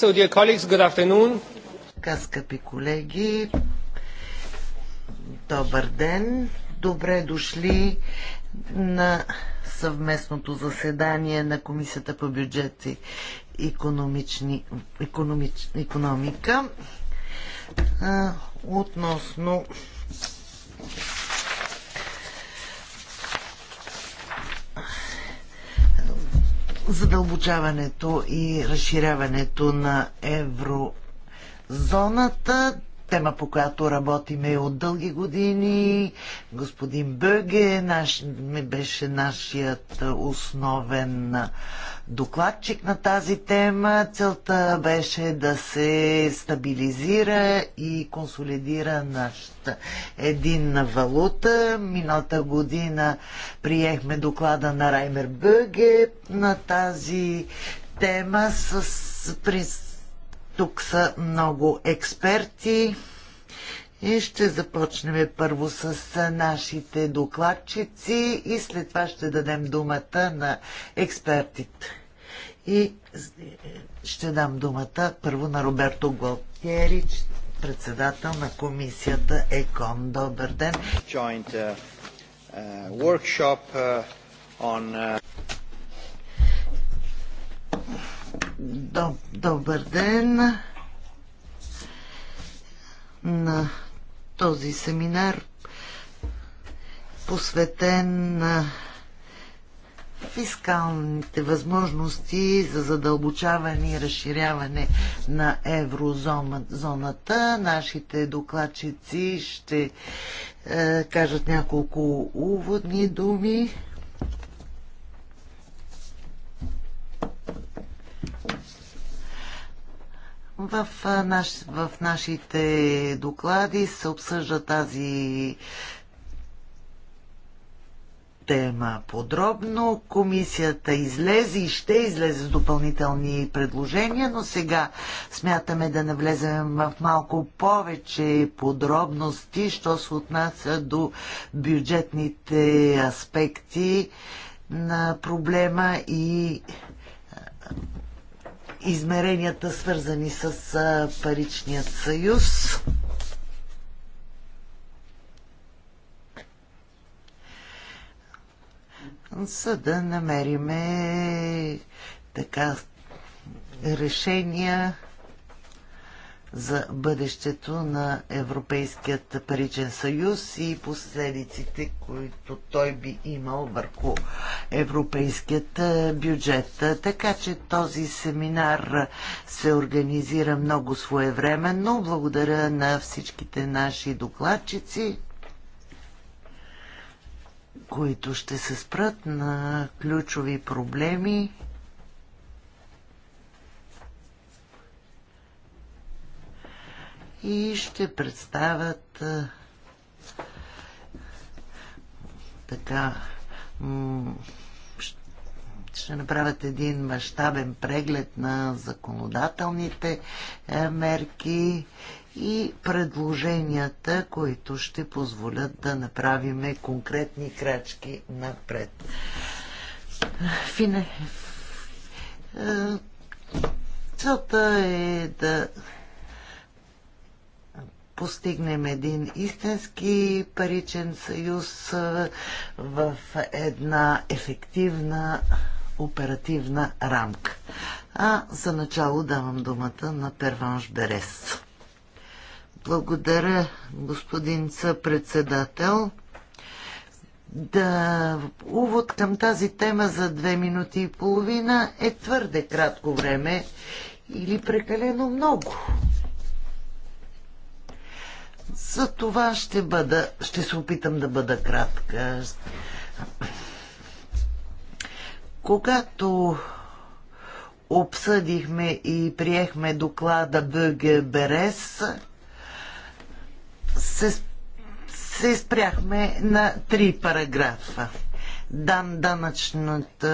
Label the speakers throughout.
Speaker 1: So, dear colleagues, good afternoon. Така, скъпи колеги, добър ден. Добре дошли на съвместното заседание на Комисията по бюджет и економични, економич, економика относно задълбочаването и разширяването на еврозоната тема, по която работиме от дълги години. Господин Бърге наш, беше нашият основен докладчик на тази тема. Целта беше да се стабилизира и консолидира нашата единна валута. Миналата година приехме доклада на Раймер Бърге на тази тема с, с, тук са много експерти и ще започнем първо с нашите докладчици и след това ще дадем думата на експертите. И ще дам думата първо на Роберто Голкерич, председател на комисията ЕКОН. Добър ден!
Speaker 2: Joint, uh, uh workshop, uh, on, uh...
Speaker 1: Добър ден на този семинар, посветен на фискалните възможности за задълбочаване и разширяване на еврозоната. Нашите докладчици ще е, кажат няколко уводни думи. В, наш, в нашите доклади се обсъжда тази тема подробно. Комисията излезе и ще излезе с допълнителни предложения, но сега смятаме да навлезем в малко повече подробности, що се отнася до бюджетните аспекти на проблема и измеренията, свързани с паричният съюз. За да намериме така решения за бъдещето на Европейският паричен съюз и последиците, които той би имал върху европейският е, бюджет. Така че този семинар се организира много своевременно. Благодаря на всичките наши докладчици които ще се спрат на ключови проблеми и ще представят така ще направят един мащабен преглед на законодателните е, мерки и предложенията, които ще позволят да направиме конкретни крачки напред. Фине. Е, целта е да постигнем един истински паричен съюз в една ефективна оперативна рамка. А за начало давам думата на Перванш Берес. Благодаря, господин съпредседател. Да, увод към тази тема за две минути и половина е твърде кратко време или прекалено много. За това ще бъда, ще се опитам да бъда кратка. Когато обсъдихме и приехме доклада БГ Берес, се, се спряхме на три параграфа. Дан, данъчната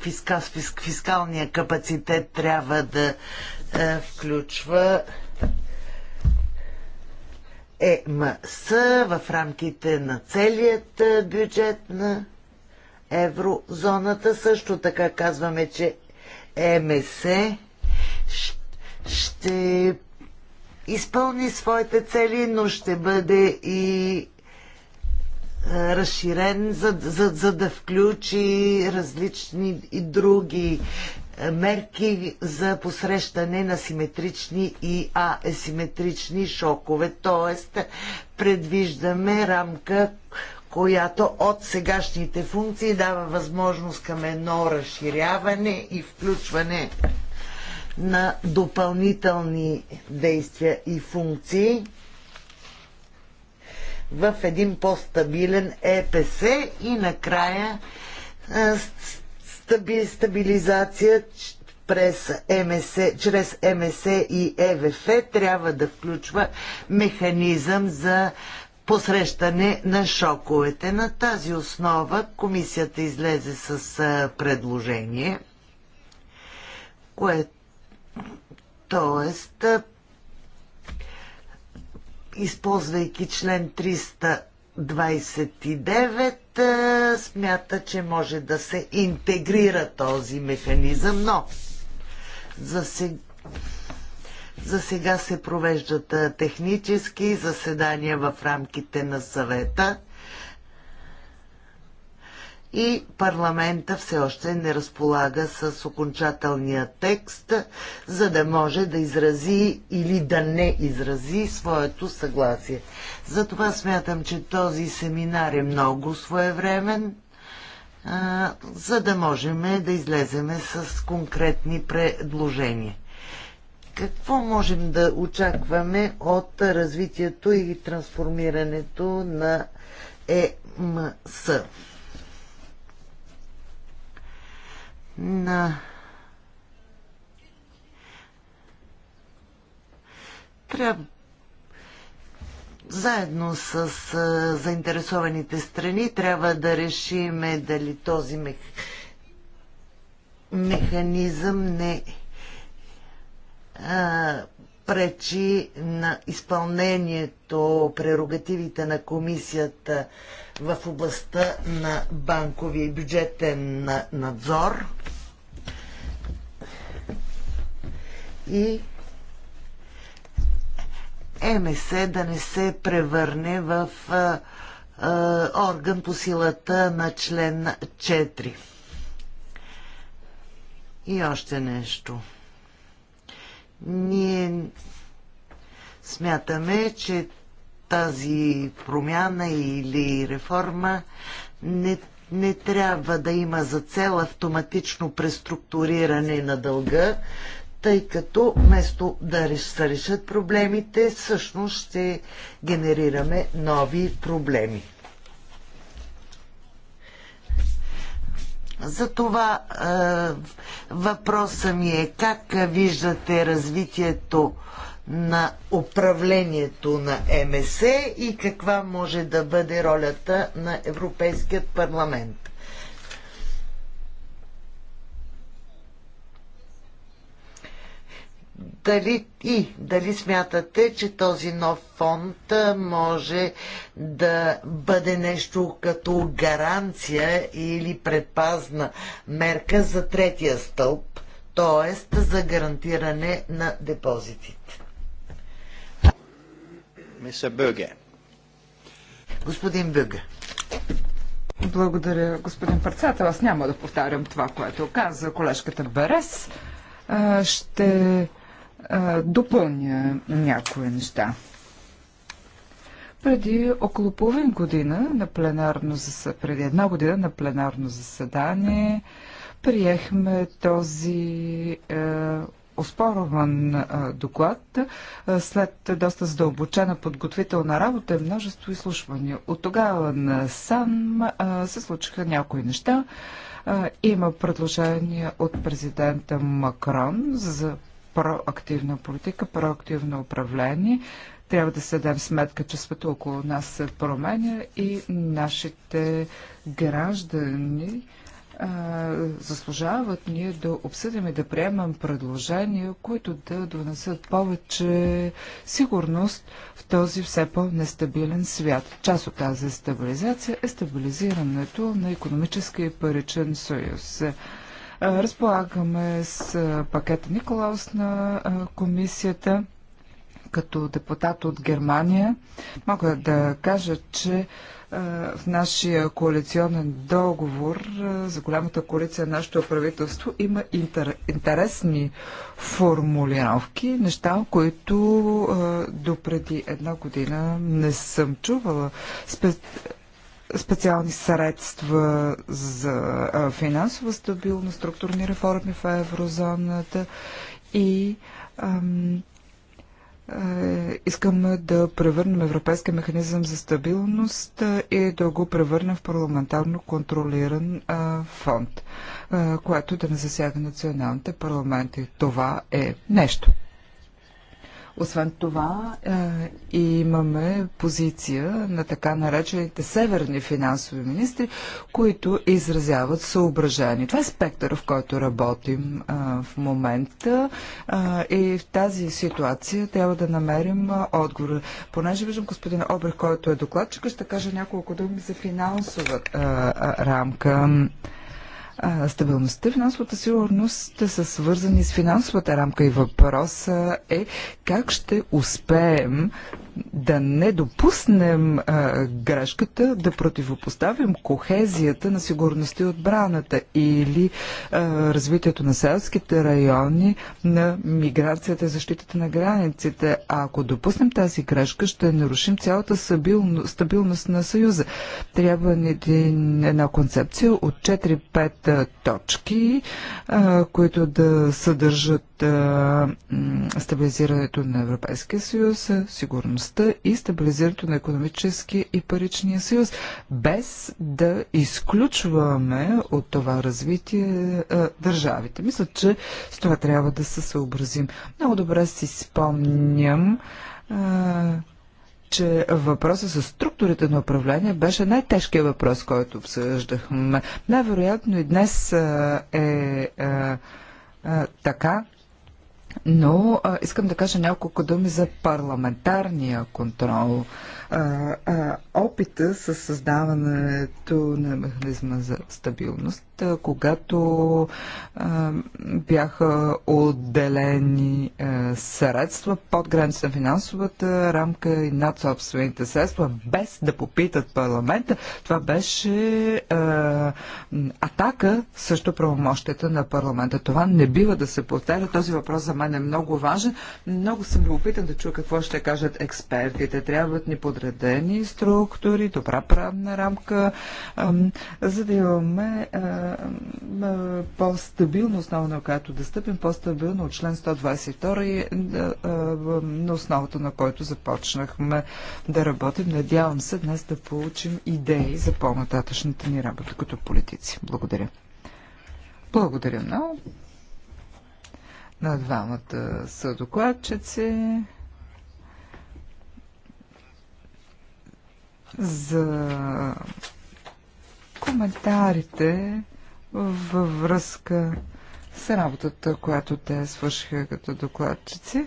Speaker 1: фискал, фискалния капацитет трябва да е, включва ЕМС в рамките на целият бюджет на еврозоната. Също така казваме, че ЕМС ще изпълни своите цели, но ще бъде и разширен, за, за, за да включи различни и други мерки за посрещане на симетрични и асиметрични шокове. Тоест, предвиждаме рамка, която от сегашните функции дава възможност към едно разширяване и включване на допълнителни действия и функции в един по-стабилен ЕПС и накрая стабилизация през МС, чрез МС и ЕВФ трябва да включва механизъм за посрещане на шоковете. На тази основа комисията излезе с предложение, което Тоест, използвайки член 300 29 е, смята, че може да се интегрира този механизъм, но за сега, за сега се провеждат е, технически заседания в рамките на съвета и парламента все още не разполага с окончателния текст, за да може да изрази или да не изрази своето съгласие. Затова смятам, че този семинар е много своевремен, за да можем да излеземе с конкретни предложения. Какво можем да очакваме от развитието и трансформирането на ЕМС? на трябва заедно с а, заинтересованите страни трябва да решиме дали този мех... механизъм не а, пречи на изпълнението прерогативите на комисията в областта на банковия и бюджетен надзор и МС да не се превърне в а, а, орган по силата на член 4. И още нещо – ние смятаме, че тази промяна или реформа не, не трябва да има за цел автоматично преструктуриране на дълга, тъй като вместо да се решат проблемите, всъщност ще генерираме нови проблеми. Затова е, въпросът ми е как виждате развитието на управлението на МСЕ и каква може да бъде ролята на Европейският парламент. дали и дали смятате, че този нов фонд може да бъде нещо като гаранция или предпазна мерка за третия стълб, т.е. за гарантиране на депозитите? Бюге. Господин Бюге,
Speaker 3: Благодаря, господин председател. Аз няма да повтарям това, което каза колежката Берес. Ще допълня някои неща. Преди около половин година на пленарно заседание, преди една година на пленарно заседание приехме този е, оспорован е, доклад е, след доста задълбочена подготвителна работа и множество изслушвания. От тогава на сам е, се случиха някои неща. Е, има предложение от президента Макрон за проактивна политика, проактивно управление. Трябва да се дадем сметка, че света около нас се променя и нашите граждани а, заслужават ние да обсъдим и да приемам предложения, които да донесат повече сигурност в този все по-нестабилен свят. Част от тази стабилизация е стабилизирането на економически и паричен съюз. Разполагаме с пакета Николаус на комисията като депутат от Германия, мога да кажа, че в нашия коалиционен договор за голямата коалиция на нашето правителство има интересни формулировки, неща, които допреди една година не съм чувала специални средства за финансова стабилност, структурни реформи в еврозоната и ам, е, искаме да превърнем Европейския механизъм за стабилност и да го превърнем в парламентарно контролиран а, фонд, а, което да не засяга националните парламенти. Това е нещо. Освен това, е, имаме позиция на така наречените северни финансови министри, които изразяват съображение. Това е спектър, в който работим е, в момента е, и в тази ситуация трябва да намерим е, отговор. Понеже виждам господин Обрех, който е докладчик, ще кажа няколко думи за финансова е, е, рамка. Стабилността и финансовата сигурност са свързани с финансовата рамка и въпроса е как ще успеем да не допуснем а, грешката, да противопоставим кохезията на сигурността и отбраната или а, развитието на селските райони на миграцията и защитата на границите. А ако допуснем тази грешка, ще нарушим цялата стабилно, стабилност на Съюза. Трябва един, една концепция от 4-5 точки, а, които да съдържат да стабилизирането на Европейския съюз, сигурността и стабилизирането на економическия и паричния съюз, без да изключваме от това развитие а, държавите. Мисля, че с това трябва да се съобразим. Много добре си спомням. А, че въпросът с структурите на управление беше най-тежкият въпрос, който обсъждахме. Най-вероятно и днес е, е, е така, но а, искам да кажа няколко думи за парламентарния контрол а, а, опита с създаването на механизма за стабилност, а, когато а, бяха отделени а, средства под граница на финансовата рамка и над собствените средства, без да попитат парламента, това беше а, атака също правомощията на парламента. Това не бива да се повтаря. Този въпрос за мен е много важен. Много съм любопитен да чуя какво ще кажат експертите. Трябват ни под подредени структури, добра правна рамка, за да имаме по-стабилно основа, на която да стъпим, по-стабилно от член 122 на основата, на който започнахме да работим. Надявам се днес да получим идеи за по-нататъчната ни работа като политици. Благодаря. Благодаря много на двамата съдокладчици. за коментарите във връзка с работата, която те свършиха като докладчици.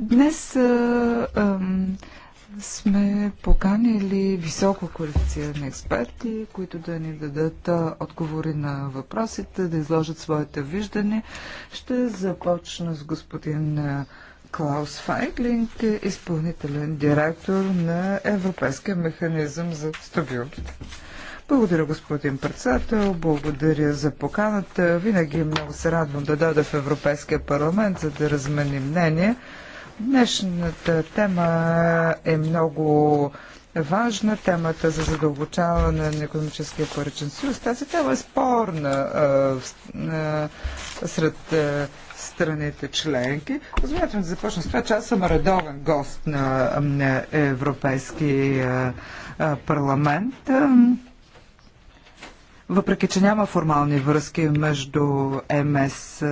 Speaker 3: Днес а, а, сме поканили високо квалифицирани експерти, които да ни дадат отговори на въпросите, да изложат своите виждане. Ще започна с господин Клаус Файглинг, изпълнителен директор на Европейския механизъм за стабилност. Благодаря, господин председател. Благодаря за поканата. Винаги много се радвам да дойда в Европейския парламент, за да размени мнение. Днешната тема е много важна, темата за задълбочаване на економическия паричен съюз. Тази тема е спорна а, а, сред а, страните членки. Позволете ми да започна с това, че аз съм редовен гост на, на Европейски парламент. Въпреки, че няма формални връзки между МС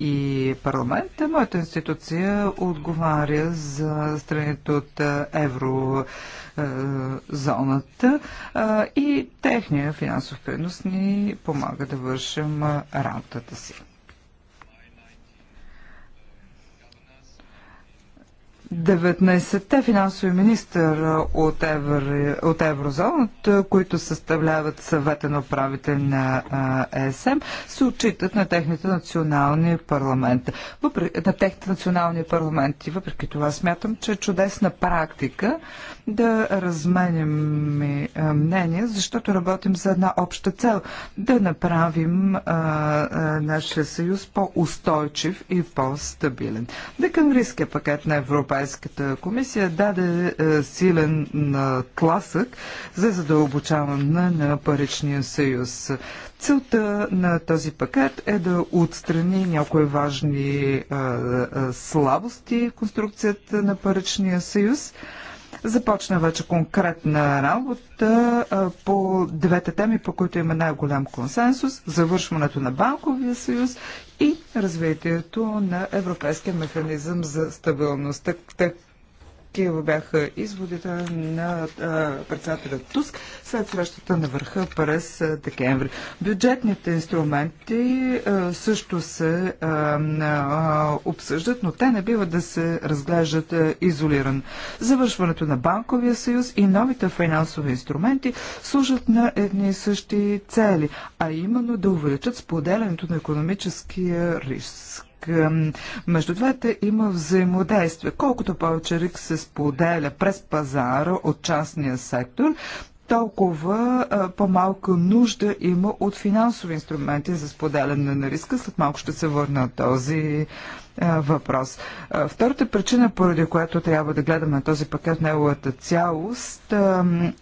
Speaker 3: и парламент, моята институция отговаря за страните от еврозоната и техния финансов принос ни помага да вършим работата си. 19-те финансови министър от, евро, от еврозоната, които съставляват съвета на управител на ЕСМ, се отчитат на техните национални парламенти. Въпреки, на техните национални парламенти, въпреки това смятам, че е чудесна практика да разменим мнение, защото работим за една обща цел да направим а, а, нашия съюз по-устойчив и по-стабилен. Да към пакет на Европа Европейската комисия даде е, силен тласък за задълбочаване на паричния съюз. Целта на този пакет е да отстрани някои важни слабости конструкцията на паричния съюз. Започна вече конкретна работа по двете теми, по които има най-голям консенсус – завършването на Банковия съюз и развитието на Европейския механизъм за стабилност. Такива бяха изводите на председателя Туск след срещата на върха през декември. Бюджетните инструменти също се обсъждат, но те не бива да се разглеждат изолиран. Завършването на банковия съюз и новите финансови инструменти служат на едни и същи цели, а именно да увеличат споделянето на економическия риск между двете има взаимодействие. Колкото повече риск се споделя през пазара от частния сектор, толкова по-малка нужда има от финансови инструменти за споделяне на риска. След малко ще се върна този въпрос. Втората причина, поради която трябва да гледаме този пакет, неговата цялост,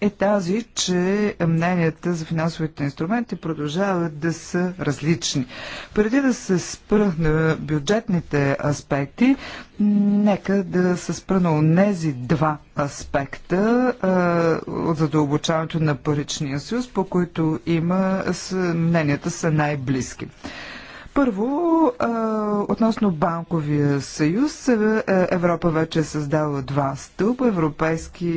Speaker 3: е тази, че мненията за финансовите инструменти продължават да са различни. Преди да се спра на бюджетните аспекти, нека да се спра на тези два аспекта от задълбочаването на паричния съюз, по които има мненията са най-близки. Първо, относно банковия съюз, е, е, Европа вече е създала два стълба, европейски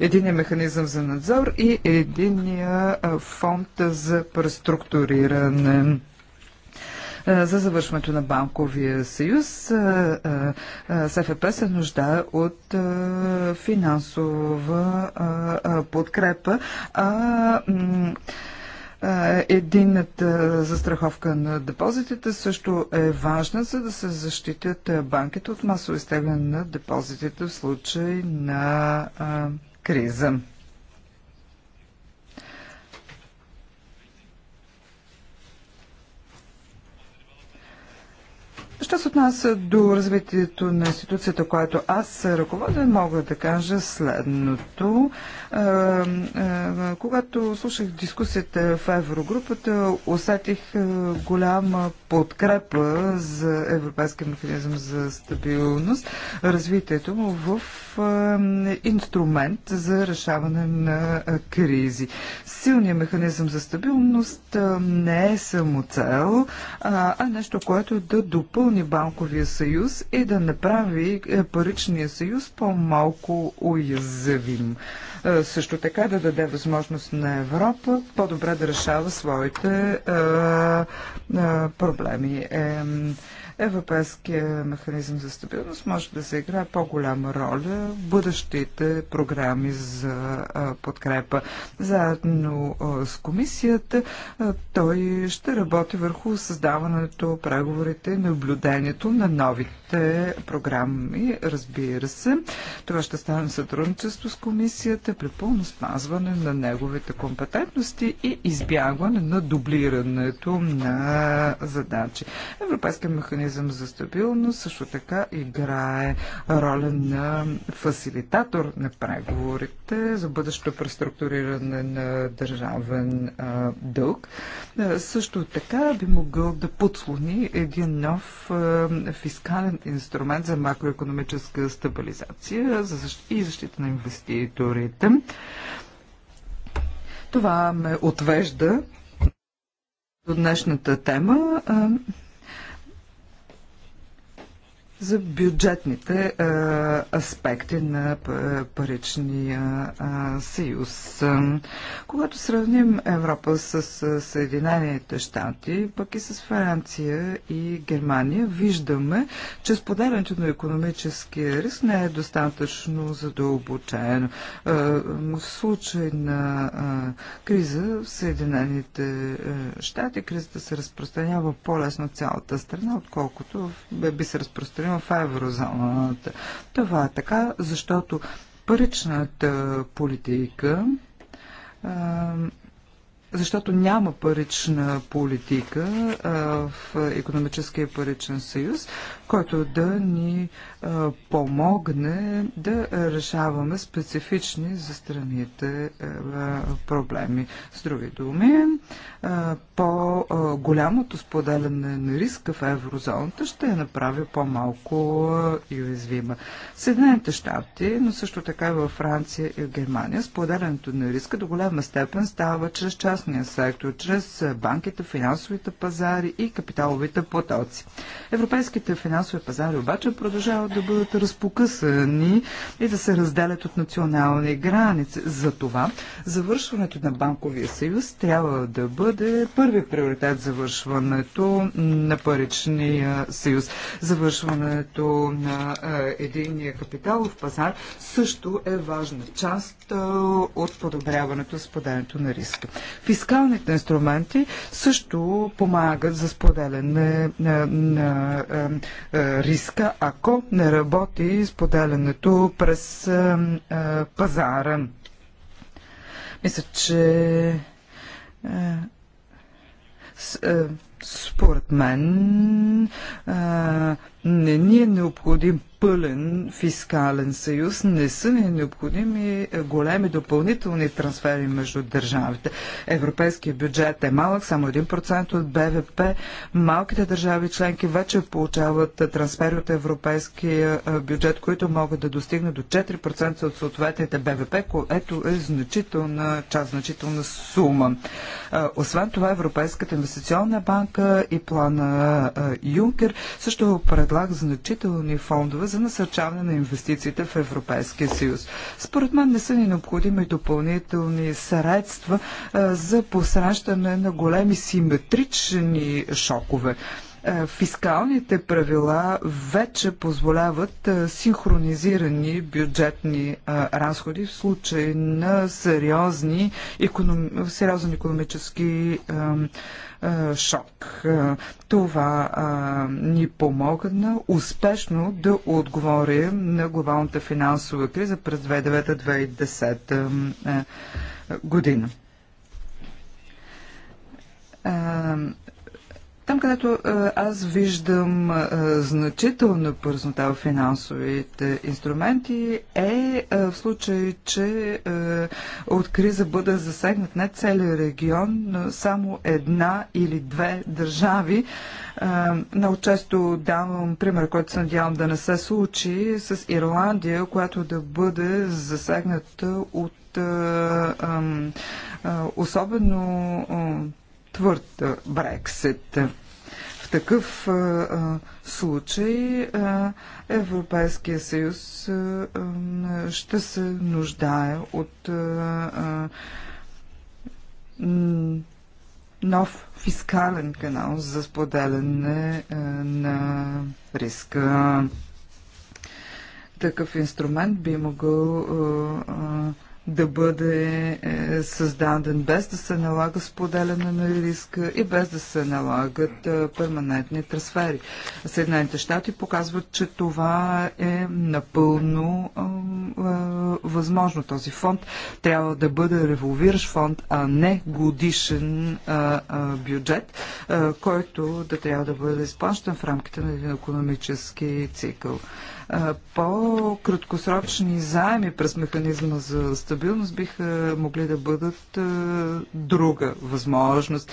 Speaker 3: единия механизъм за надзор и единия фонд за преструктуриране за завършването на банковия съюз. СФП се нуждае от финансова подкрепа. Единната застраховка на депозитите също е важна, за да се защитят банките от масово изтегляне на депозитите в случай на криза. Що се отнася до развитието на институцията, която аз ръководя, мога да кажа следното. Е, е, когато слушах дискусията в Еврогрупата, усетих е, голяма подкрепа за Европейския механизъм за стабилност, развитието му в инструмент за решаване на кризи. Силният механизъм за стабилност не е само цел, а нещо, което да допълни допълни банковия съюз и е да направи е, паричния съюз по-малко уязвим. Е, също така да даде възможност на Европа по-добре да решава своите проблеми. Европейския механизъм за стабилност може да се играе по-голяма роля в бъдещите програми за подкрепа. Заедно с комисията той ще работи върху създаването, преговорите и наблюдението на нови нашите програми, разбира се. Това ще стане сътрудничество с комисията при пълно спазване на неговите компетентности и избягване на дублирането на задачи. Европейския механизъм за стабилност също така играе роля на фасилитатор на преговорите за бъдещо преструктуриране на държавен а, дълг. А, също така би могъл да подслони един нов а, фискален инструмент за макроекономическа стабилизация и защита на инвеститорите. Това ме отвежда до днешната тема за бюджетните а, е, аспекти на е, паричния а, е, съюз. Когато сравним Европа с Съединените щати, пък и с Франция и Германия, виждаме, че споделянето на економическия риск не е достатъчно задълбочено. В случай на а, криза в Съединените щати, кризата се разпространява по-лесно цялата страна, отколкото би се разпространява страни в еврозоната. Това е така, защото паричната политика защото няма парична политика в економическия паричен съюз, който да ни помогне да решаваме специфични за страните проблеми. С други думи, по-голямото споделяне на риска в еврозоната ще я направи по-малко уязвима. Съединените щати, но също така и във Франция и в Германия, споделянето на риска до голяма степен става чрез част частния сектор, чрез банките, финансовите пазари и капиталовите потоци. Европейските финансови пазари обаче продължават да бъдат разпокъсани и да се разделят от национални граници. Затова завършването на банковия съюз трябва да бъде първи приоритет завършването на паричния съюз. Завършването на единия капиталов пазар също е важна част от подобряването с на риска. Фискалните инструменти също помагат за споделяне на, на, на е, е, риска, ако не работи споделянето през е, пазара. Мисля, че според мен не ни е необходим пълен фискален съюз, не са ни необходими големи допълнителни трансфери между държавите. Европейският бюджет е малък, само 1% от БВП. Малките държави членки вече получават трансфери от европейския бюджет, които могат да достигнат до 4% от съответните БВП, което е значителна част, значителна сума. Освен това, Европейската инвестиционна банка и плана Юнкер също пред предлага значителни фондове за насърчаване на инвестициите в Европейския съюз. Според мен не са ни необходими допълнителни средства за посрещане на големи симетрични шокове фискалните правила вече позволяват синхронизирани бюджетни разходи в случай на сериозни, сериозен економически е, шок. Е, това е, ни помогна успешно да отговорим на глобалната финансова криза през 2009-2010 година там, където е, аз виждам е, значителна пързнота в финансовите инструменти е, е в случай, че от криза бъде засегнат не целият регион, но само една или две държави. Много често давам пример, който се надявам да не се случи, с Ирландия, която да бъде засегната от особено твърд Брексит. В такъв случай Европейския съюз ще се нуждае от нов фискален канал за споделяне на риска. Такъв инструмент би могъл да бъде е, създаден без да се налага споделяне на риска и без да се налагат е, перманентни трансфери. Съединените щати показват, че това е напълно е, възможно. Този фонд трябва да бъде револвиращ фонд, а не годишен бюджет, който да трябва да бъде изплащан в рамките на един економически цикъл. По-краткосрочни заеми през механизма за стабилност биха могли да бъдат друга възможност.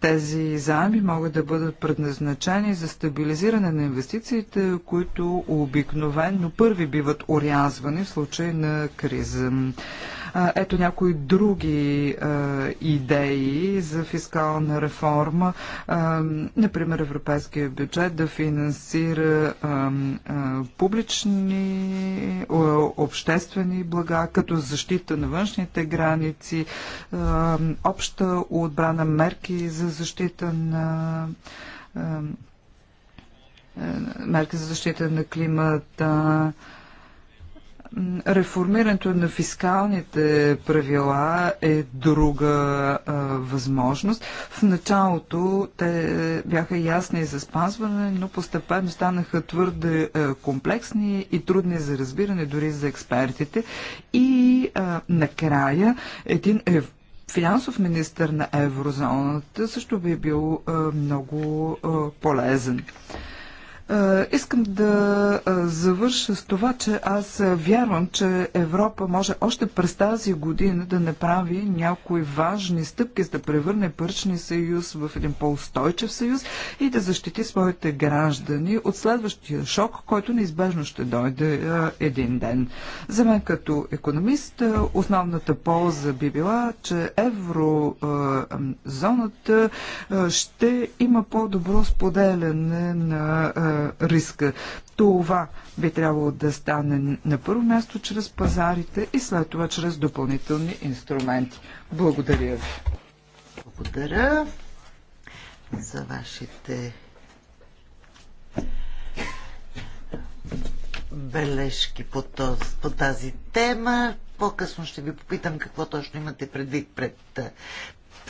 Speaker 3: Тези заеми могат да бъдат предназначени за стабилизиране на инвестициите, които обикновено първи биват орязвани в случай на криза. Ето някои други идеи за фискална реформа. Например, европейския бюджет да финансира публични, обществени блага, като защита на външните граници, обща отбрана мерки за защита на мерки за защита на климата, Реформирането на фискалните правила е друга а, възможност. В началото те бяха ясни за спазване, но постепенно станаха твърде а, комплексни и трудни за разбиране дори за експертите. И а, накрая един е, финансов министр на еврозоната също би бил а, много а, полезен. Искам да завърша с това, че аз вярвам, че Европа може още през тази година да направи някои важни стъпки, за да превърне паричния съюз в един по-устойчив съюз и да защити своите граждани от следващия шок, който неизбежно ще дойде един ден. За мен като економист основната полза би била, че еврозоната ще има по-добро споделяне на риска. Това би трябвало да стане на първо място чрез пазарите и след това чрез допълнителни инструменти. Благодаря ви.
Speaker 1: Благодаря за вашите бележки по, този, по тази тема. По-късно ще ви попитам какво точно имате предвид пред,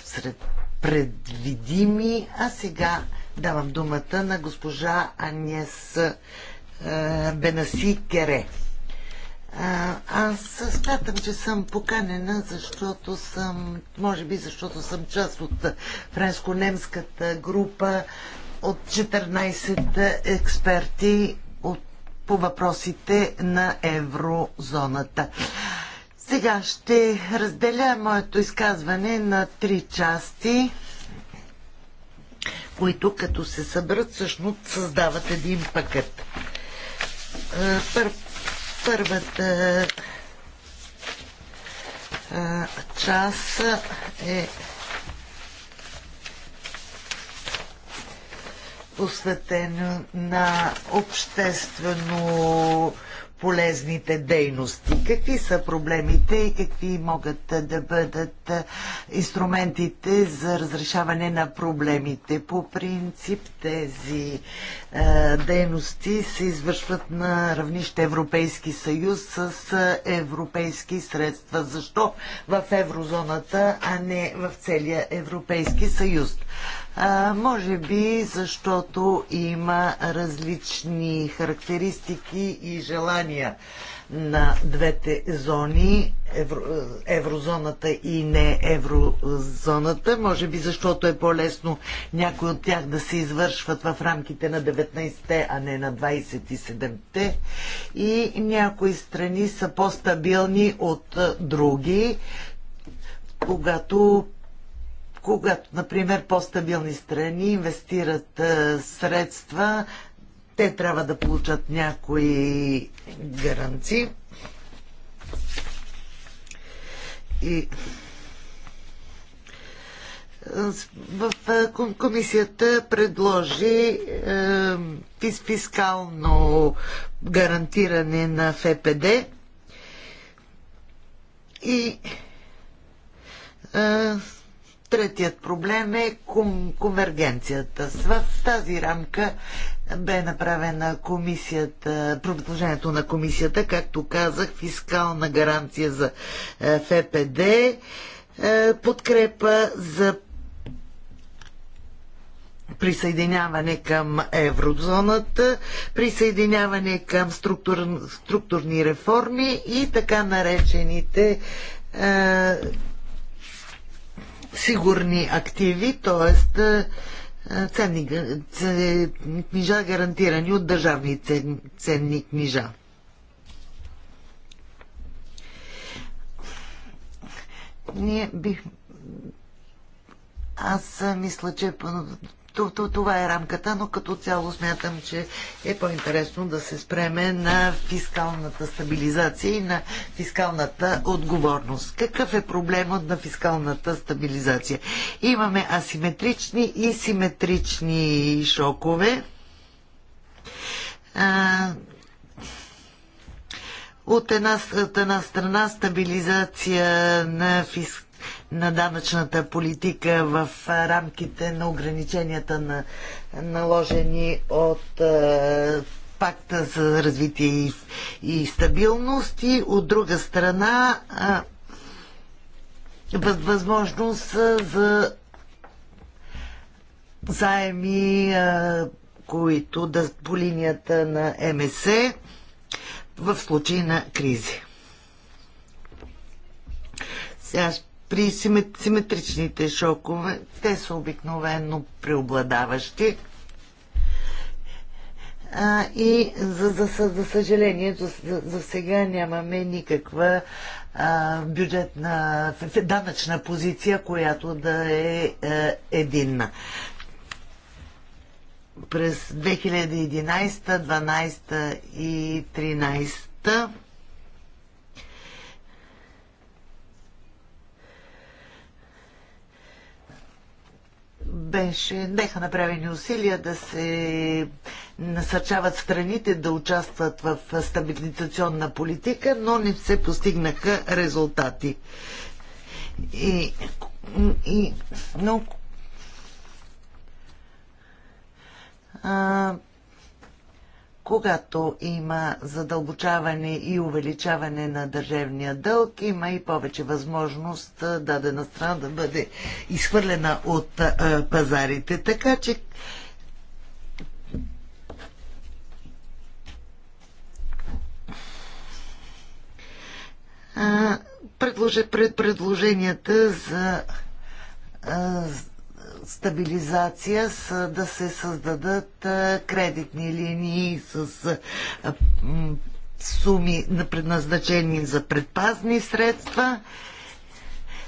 Speaker 1: сред предвидими. А сега Давам думата на госпожа Аньес е, Бенаси Кере. Аз смятам, че съм поканена, защото съм, може би защото съм част от френско-немската група от 14 експерти от, по въпросите на еврозоната. Сега ще разделя моето изказване на три части които като се съберат всъщност създават един пакет. Пър, първата част е посветена на обществено полезните дейности. Какви са проблемите и какви могат да бъдат инструментите за разрешаване на проблемите? По принцип тези е, дейности се извършват на равнище Европейски съюз с европейски средства. Защо в еврозоната, а не в целия Европейски съюз? А, може би защото има различни характеристики и желания на двете зони, евро, еврозоната и не еврозоната. Може би защото е по-лесно някои от тях да се извършват в рамките на 19-те, а не на 27-те. И някои страни са по-стабилни от други, когато когато, например, по-стабилни страни инвестират средства, те трябва да получат някои гаранции. И в комисията предложи фискално гарантиране на ФПД и Третият проблем е конвергенцията. В тази рамка бе направена комисията, предложението на комисията, както казах, фискална гаранция за е, ФПД, е, подкрепа за присъединяване към еврозоната, присъединяване към структур, структурни реформи и така наречените е, сигурни активи, т.е. Е, е, ценни е, книжа, гарантирани от държавни ценни книжа. Ние бих... Аз мисля, че това е рамката, но като цяло смятам, че е по-интересно да се спреме на фискалната стабилизация и на фискалната отговорност. Какъв е проблемът на фискалната стабилизация? Имаме асиметрични и симетрични шокове. От една, от една страна стабилизация на фискалната на данъчната политика в рамките на ограниченията на наложени от пакта за развитие и, и стабилност и от друга страна възможност за заеми, които да по линията на МСЕ в случай на кризи. Сега ще при симетричните шокове те са обикновено преобладаващи. А, и за, за, за, за съжаление, за, за сега нямаме никаква а, бюджетна, данъчна позиция, която да е а, е, единна. През 2011, 2012 и 2013 беше, беха направени усилия да се насърчават страните да участват в стабилизационна политика, но не се постигнаха резултати. И, и но а, когато има задълбочаване и увеличаване на държавния дълг, има и повече възможност дадена страна да бъде изхвърлена от пазарите. Така че предложенията за стабилизация с да се създадат кредитни линии с суми предназначени за предпазни средства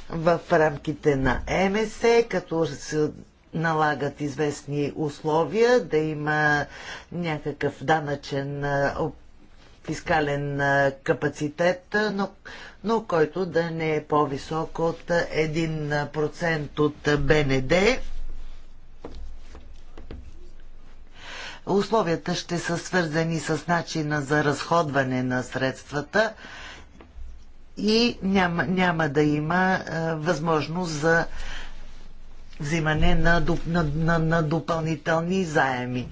Speaker 1: в рамките на МС, като се налагат известни условия, да има някакъв данъчен фискален капацитет, но, но който да не е по-висок от 1% от БНД. Условията ще са свързани с начина за разходване на средствата и няма, няма да има а, възможност за взимане на, на, на, на допълнителни заеми.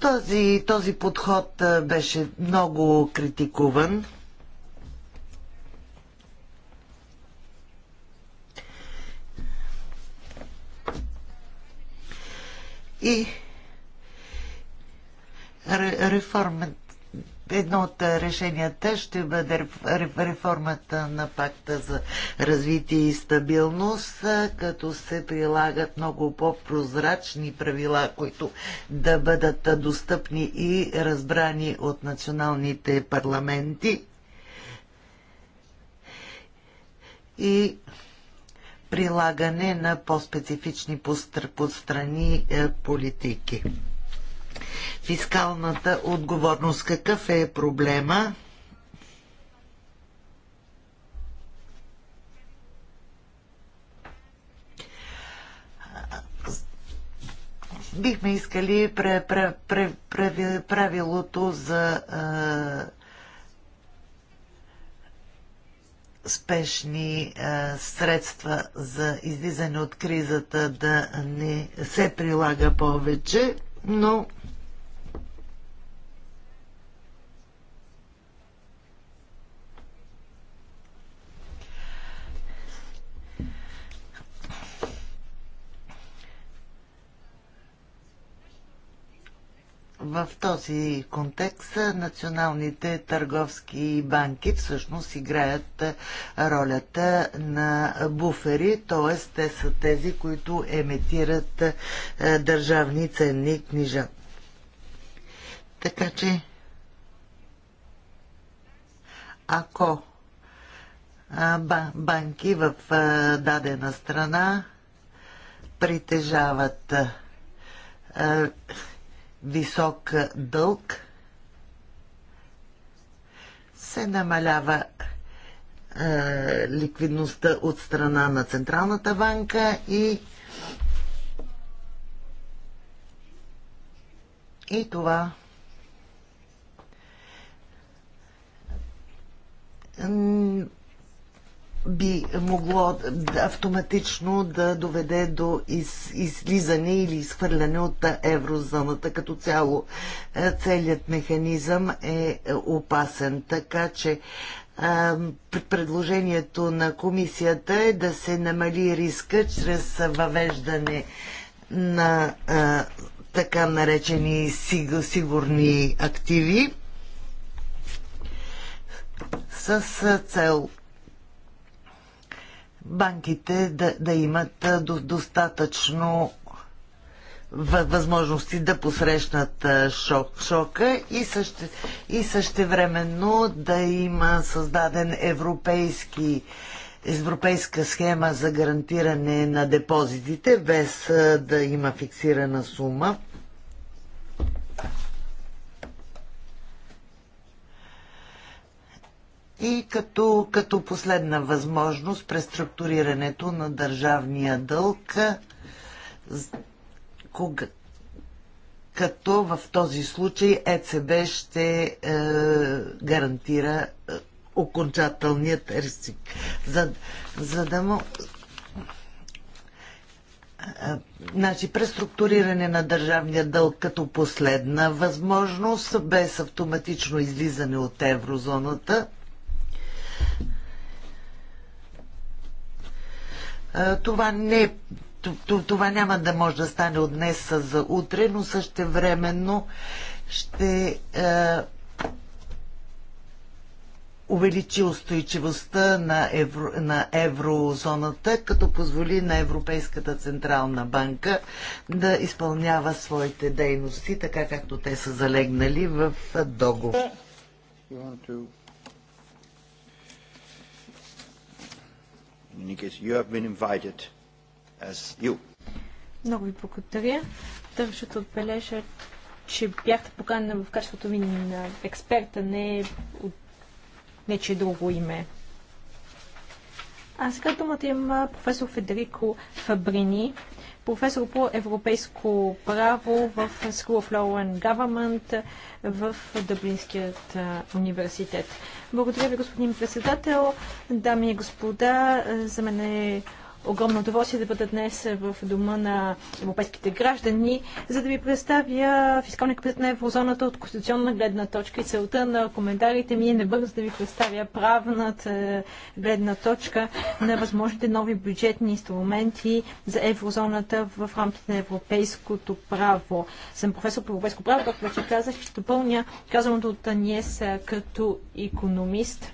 Speaker 1: Този, този подход беше много критикуван. И реформата едно от решенията ще бъде реформата на пакта за развитие и стабилност, като се прилагат много по-прозрачни правила, които да бъдат достъпни и разбрани от националните парламенти. И прилагане на по-специфични по страни е, политики фискалната отговорност. Какъв е проблема? бихме искали правилото за спешни средства за излизане от кризата да не се прилага повече, но В този контекст националните търговски банки всъщност играят е, ролята на буфери, т.е. те са тези, които емитират е, държавни ценни книжа. Така че, ако банки в дадена страна притежават висок дълг, се намалява е, ликвидността от страна на Централната банка и и това е би могло автоматично да доведе до из, излизане или изхвърляне от еврозоната като цяло. Е, целият механизъм е опасен, така че е, предложението на комисията е да се намали риска чрез въвеждане на е, така наречени сигурни активи с цел банките да, да имат достатъчно възможности да посрещнат шок, шока и, също, и същевременно да има създаден европейски европейска схема за гарантиране на депозитите, без да има фиксирана сума. И като, като последна възможност преструктурирането на държавния дълг, кога, като в този случай ЕЦБ ще е, гарантира е, окончателният рисик. За, за да му... Е, значи, преструктуриране на държавния дълг като последна възможност, без автоматично излизане от еврозоната – Това не това няма да може да стане от днес за утре, но временно ще е, увеличи устойчивостта на, евро, на еврозоната, като позволи на Европейската централна банка да изпълнява своите дейности, така както те са залегнали в договор.
Speaker 2: Много ви благодаря. Държа отбележа, че бяхте поканена в качеството ми на експерта, не, от... не че е друго име. А сега думата има професор Федерико Фабрини, професор по европейско право в School of Law and Government в Дъблинският университет. Благодаря ви, господин председател. Дами и господа, за мен е огромно удоволствие да бъда днес е, в дома на европейските граждани, за да ви представя фискалния капитет на еврозоната от конституционна гледна точка и целта на коментарите ми е не бързо да ви представя правната е, гледна точка на възможните нови бюджетни инструменти за еврозоната в рамките на европейското право. Съм професор по европейско право, както вече казах, ще допълня казаното от Аниес е, като економист.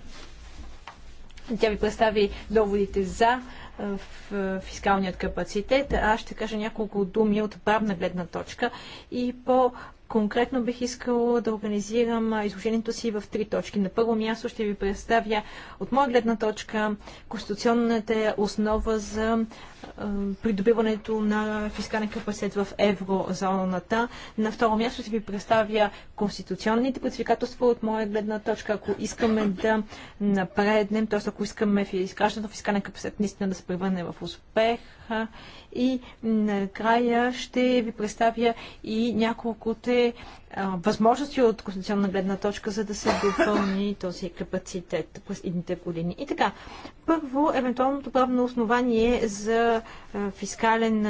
Speaker 2: Тя ви представи доводите за в фискалният капацитет. Аз ще кажа няколко думи от правна гледна точка и по Конкретно бих искала да организирам изложението си в три точки. На първо място ще ви представя от моя гледна точка конституционната основа за придобиването на фискален капацитет в еврозоната. На второ място ще ви представя конституционните предизвикателства от моя гледна точка. Ако искаме да напреднем, т.е. ако искаме изграждането фискален капацитет наистина да се превърне в успех, Ха. и накрая ще ви представя и те възможности от конституционна гледна точка, за да се допълни този капацитет през едните години. И така, първо, евентуалното правно основание за фискален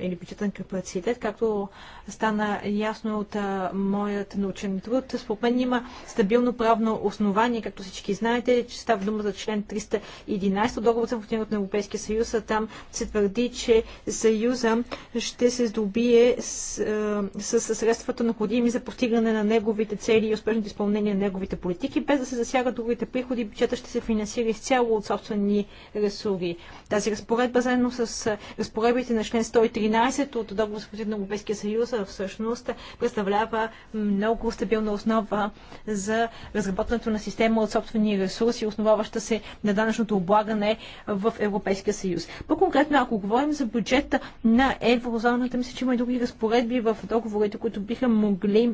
Speaker 2: или бюджетен капацитет, както стана ясно от моят научен труд, според мен има стабилно правно основание, както всички знаете, че става дума за член 311 от договора за функционирането на Европейския съюз, а там се твърди, че съюза ще се здобие с, с средствата ходими за постигане на неговите цели и успешното изпълнение на неговите политики, без да се засягат другите приходи, бюджета ще се финансира изцяло от собствени ресурси. Тази разпоредба заедно с разпоредбите на член 113 от договор за на Европейския съюз всъщност представлява много стабилна основа за разработването на система от собствени ресурси, основаваща се на данъчното облагане в Европейския съюз. По-конкретно, ако говорим за бюджета на еврозоната, мисля, че има и други разпоредби в договорите, които биха могли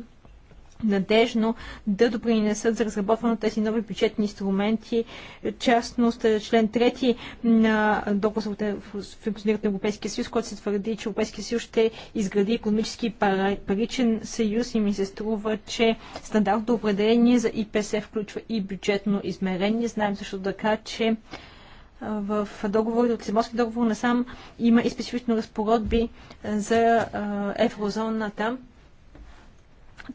Speaker 2: надежно да допринесат за разработване на тези нови бюджетни инструменти, частност е, член 3 на договор за функционирането на Европейския съюз, който се твърди, че Европейския съюз ще изгради економически паричен съюз и ми се струва, че стандартно определение за ИПС включва и бюджетно измерение. Знаем също така, че в договори, от Лисабонски договор насам има и специфични разпородби за еврозоната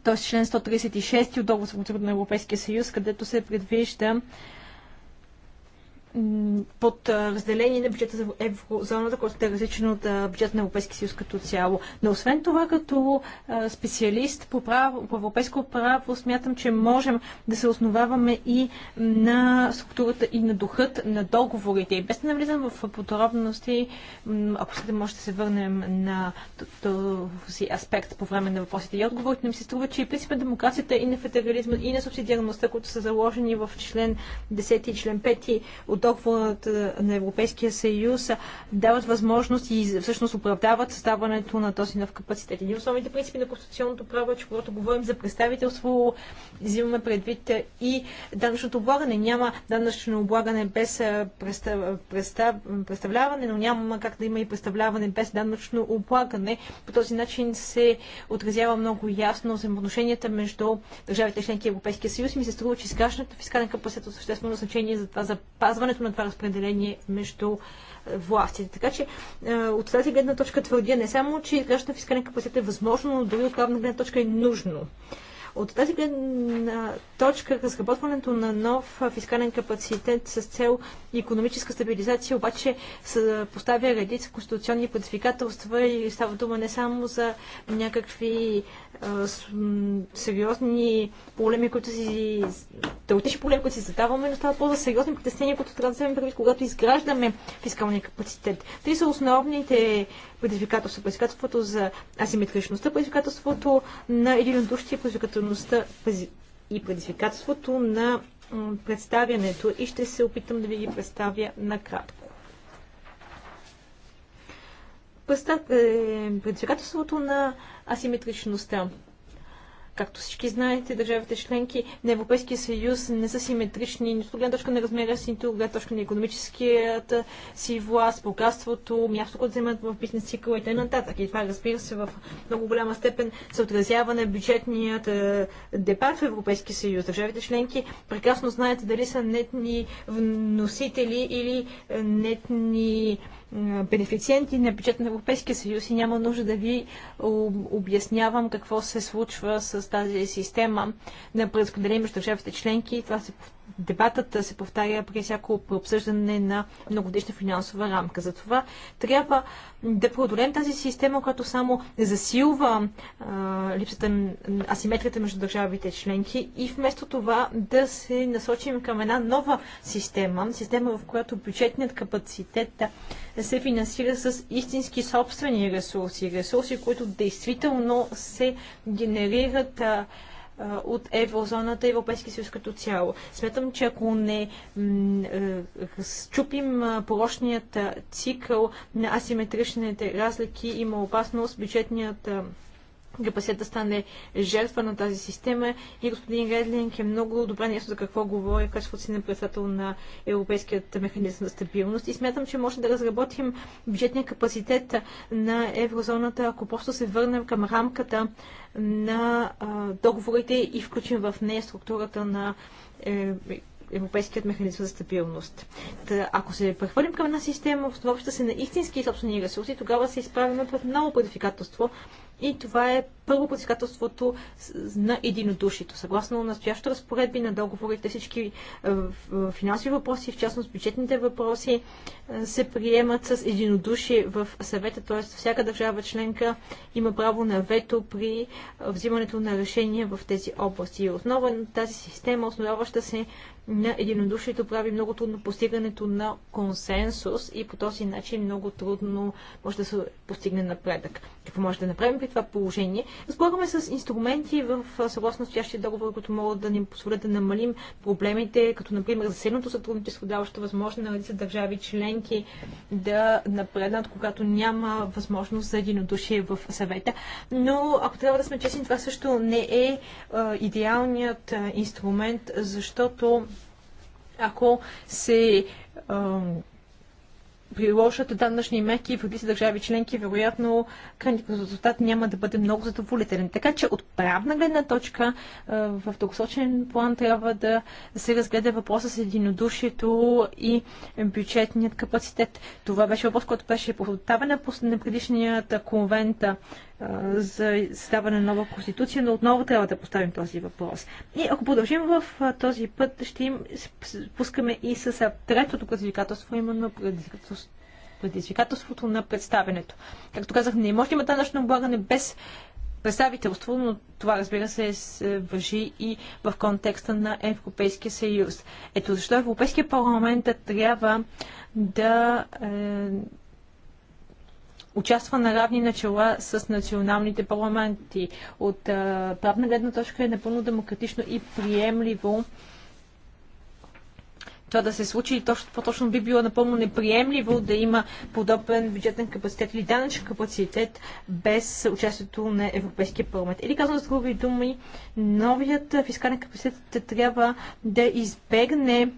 Speaker 2: т.е. член 136 от договор за функционирането на Европейския съюз, където се предвижда под разделение на бюджета за еврозоната, който е различен от бюджета на Европейския съюз като цяло. Но освен това, като специалист по, право, по европейско право, смятам, че можем да се основаваме и на структурата и на духът на договорите. И без да навлизам в подробности, ако след може да се върнем на този аспект по време на въпросите и отговорите, но ми се струва, че и принципа на демокрацията и на федерализма и на субсидиарността, които са заложени в член 10 и член 5 от от договорите на Европейския съюз дават възможност и всъщност оправдават съставането на този нов капацитет. Един от основните принципи на конституционното право е, че когато говорим за представителство, взимаме предвид и данъчното облагане. Няма данъчно облагане без представ... Представ... представляване, но няма как да има и представляване без данъчно облагане. По този начин се отразява много ясно взаимоотношенията между държавите членки и Европейския съюз и ми се струва, че сегашната фискален капацитет от съществено значение за това запазване осъществяването на това разпределение между е, властите. Така че е, от тази гледна точка твърдя не само, че изграждането на фискален капацитет е възможно, но дори от правна гледна точка е нужно. От тази гледна точка разработването на нов фискален капацитет с цел економическа стабилизация обаче поставя редица конституционни предизвикателства и става дума не само за някакви сериозни проблеми, които си... теоретични проблеми, които си задаваме, но става по-за сериозни притеснения, които трябва да вземем предвид, когато изграждаме фискалния капацитет. Три са основните предизвикателства. Предизвикателството за асиметричността, предизвикателството на единодушие, предизвикателността и предизвикателството на представянето и ще се опитам да ви ги представя накратко. Е, предизвикателството на асиметричността. Както всички знаете, държавите членки на Европейския съюз не са симетрични нито от гледна точка на размера си, нито от гледна точка на економическият си власт, богатството, място, което вземат в бизнес цикъл и т.н. И това, разбира се, в много голяма степен се отразява на бюджетният е, депар в Европейския съюз. Държавите членки прекрасно знаят дали са нетни вносители или е, нетни бенефициенти на бюджет на Европейския съюз и няма нужда да ви обяснявам какво се случва с тази система на преразпределение между държавите членки. Това се повтаря дебатът се повтаря при всяко обсъждане на многодишна финансова рамка. Затова трябва да преодолем тази система, която само засилва а, липсата, асиметрията между държавите членки и вместо това да се насочим към една нова система, система в която бюджетният капацитет се финансира с истински собствени ресурси, ресурси, които действително се генерират а, от еврозоната и Европейския съюз като цяло. Смятам, че ако не счупим порочният цикъл на асиметричните разлики, има опасност бюджетният Гепасет стане жертва на тази система и господин Редлинг е много добре нещо за какво говори в качеството си на председател на Европейският механизъм за стабилност и смятам, че може да разработим бюджетния капацитет на еврозоната, ако просто се върнем към рамката на договорите и включим в нея структурата на е, Европейският механизъм за стабилност. Та, ако се прехвърлим към една система, основаваща се на истински собствени ресурси, тогава се изправяме пред ново предизвикателство и това е първо предизвикателството на единодушието. Съгласно настоящите разпоредби на договорите, всички е, е, финансови въпроси, в частност бюджетните въпроси, е, се приемат с единодушие в съвета, т.е. всяка държава членка има право на вето при взимането на решения в тези области. И основа на тази система, основаваща се на единодушието прави много трудно постигането на консенсус и по този начин много трудно може да се постигне напредък. Какво може да направим при това положение? Разполагаме с инструменти в съгласно стоящия договор, които могат да ни позволят да намалим проблемите, като например засилното сътрудничество, даващо възможност на редица държави членки да напреднат, когато няма възможност за единодушие в съвета. Но ако трябва да сме честни, това също не е, идеалният инструмент, защото ако се приложат данъчни мерки в други държави членки, вероятно крайният резултат няма да бъде много задоволителен. Така че от правна гледна точка в дългосрочен план трябва да се разгледа въпроса с единодушието и бюджетният капацитет. Това беше въпрос, който беше поставен на предишният конвент за създаване на нова конституция, но отново трябва да поставим този въпрос. И ако продължим в този път, ще им пускаме и с третото предизвикателство, именно предизвикателството на представенето. Както казах, не може да има данъчно облагане без представителство, но това разбира се е, въжи и в контекста на Европейския съюз. Ето защо Европейския парламент трябва да е, участва на равни начала с националните парламенти. От а, правна гледна точка е напълно демократично и приемливо това да се случи и точно, по-точно би било напълно неприемливо да има подобен бюджетен капацитет или данъчен капацитет без участието на Европейския парламент. Или казвам с други думи, новият фискален капацитет трябва да избегне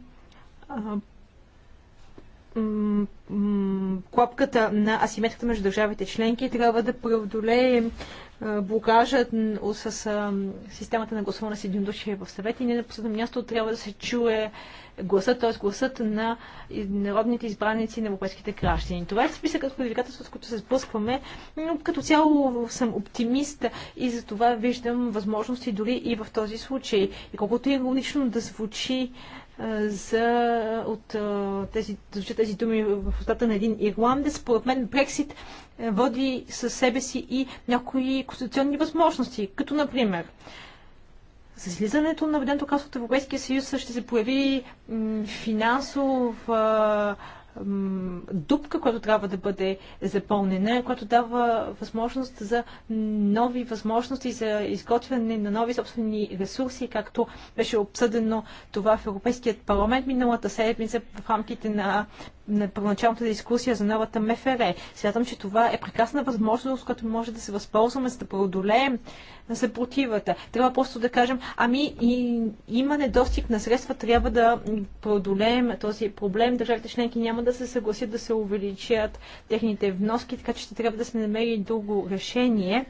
Speaker 2: клопката на асиметрията между държавите членки, трябва да преодолее блокажът с системата на гласуване с единодушие в съвет и не на последно място трябва да се чуе гласът, т.е. гласът на народните избраници на европейските граждани. Това е списъкът предизвикателство, с които се сблъскваме, но като цяло съм оптимист и за това виждам възможности дори и в този случай. И колкото иронично да звучи за, от тези, тези думи в устата на един ирландец. Според мен Брексит е, води със себе си и някои конституционни възможности, като например с излизането на Веденто кралство от Европейския съюз ще се появи финансов а, дупка, която трябва да бъде запълнена, която дава възможност за нови възможности за изготвяне на нови собствени ресурси, както беше обсъдено това в Европейският парламент миналата седмица в рамките на на първоначалната дискусия за новата МФР. Смятам, че това е прекрасна възможност, която може да се възползваме, за да преодолеем съпротивата. Трябва просто да кажем, ами и, има недостиг на средства, трябва да преодолеем този проблем. Държавите членки няма няма да се съгласят да се увеличат техните вноски, така че ще трябва да се намери друго решение.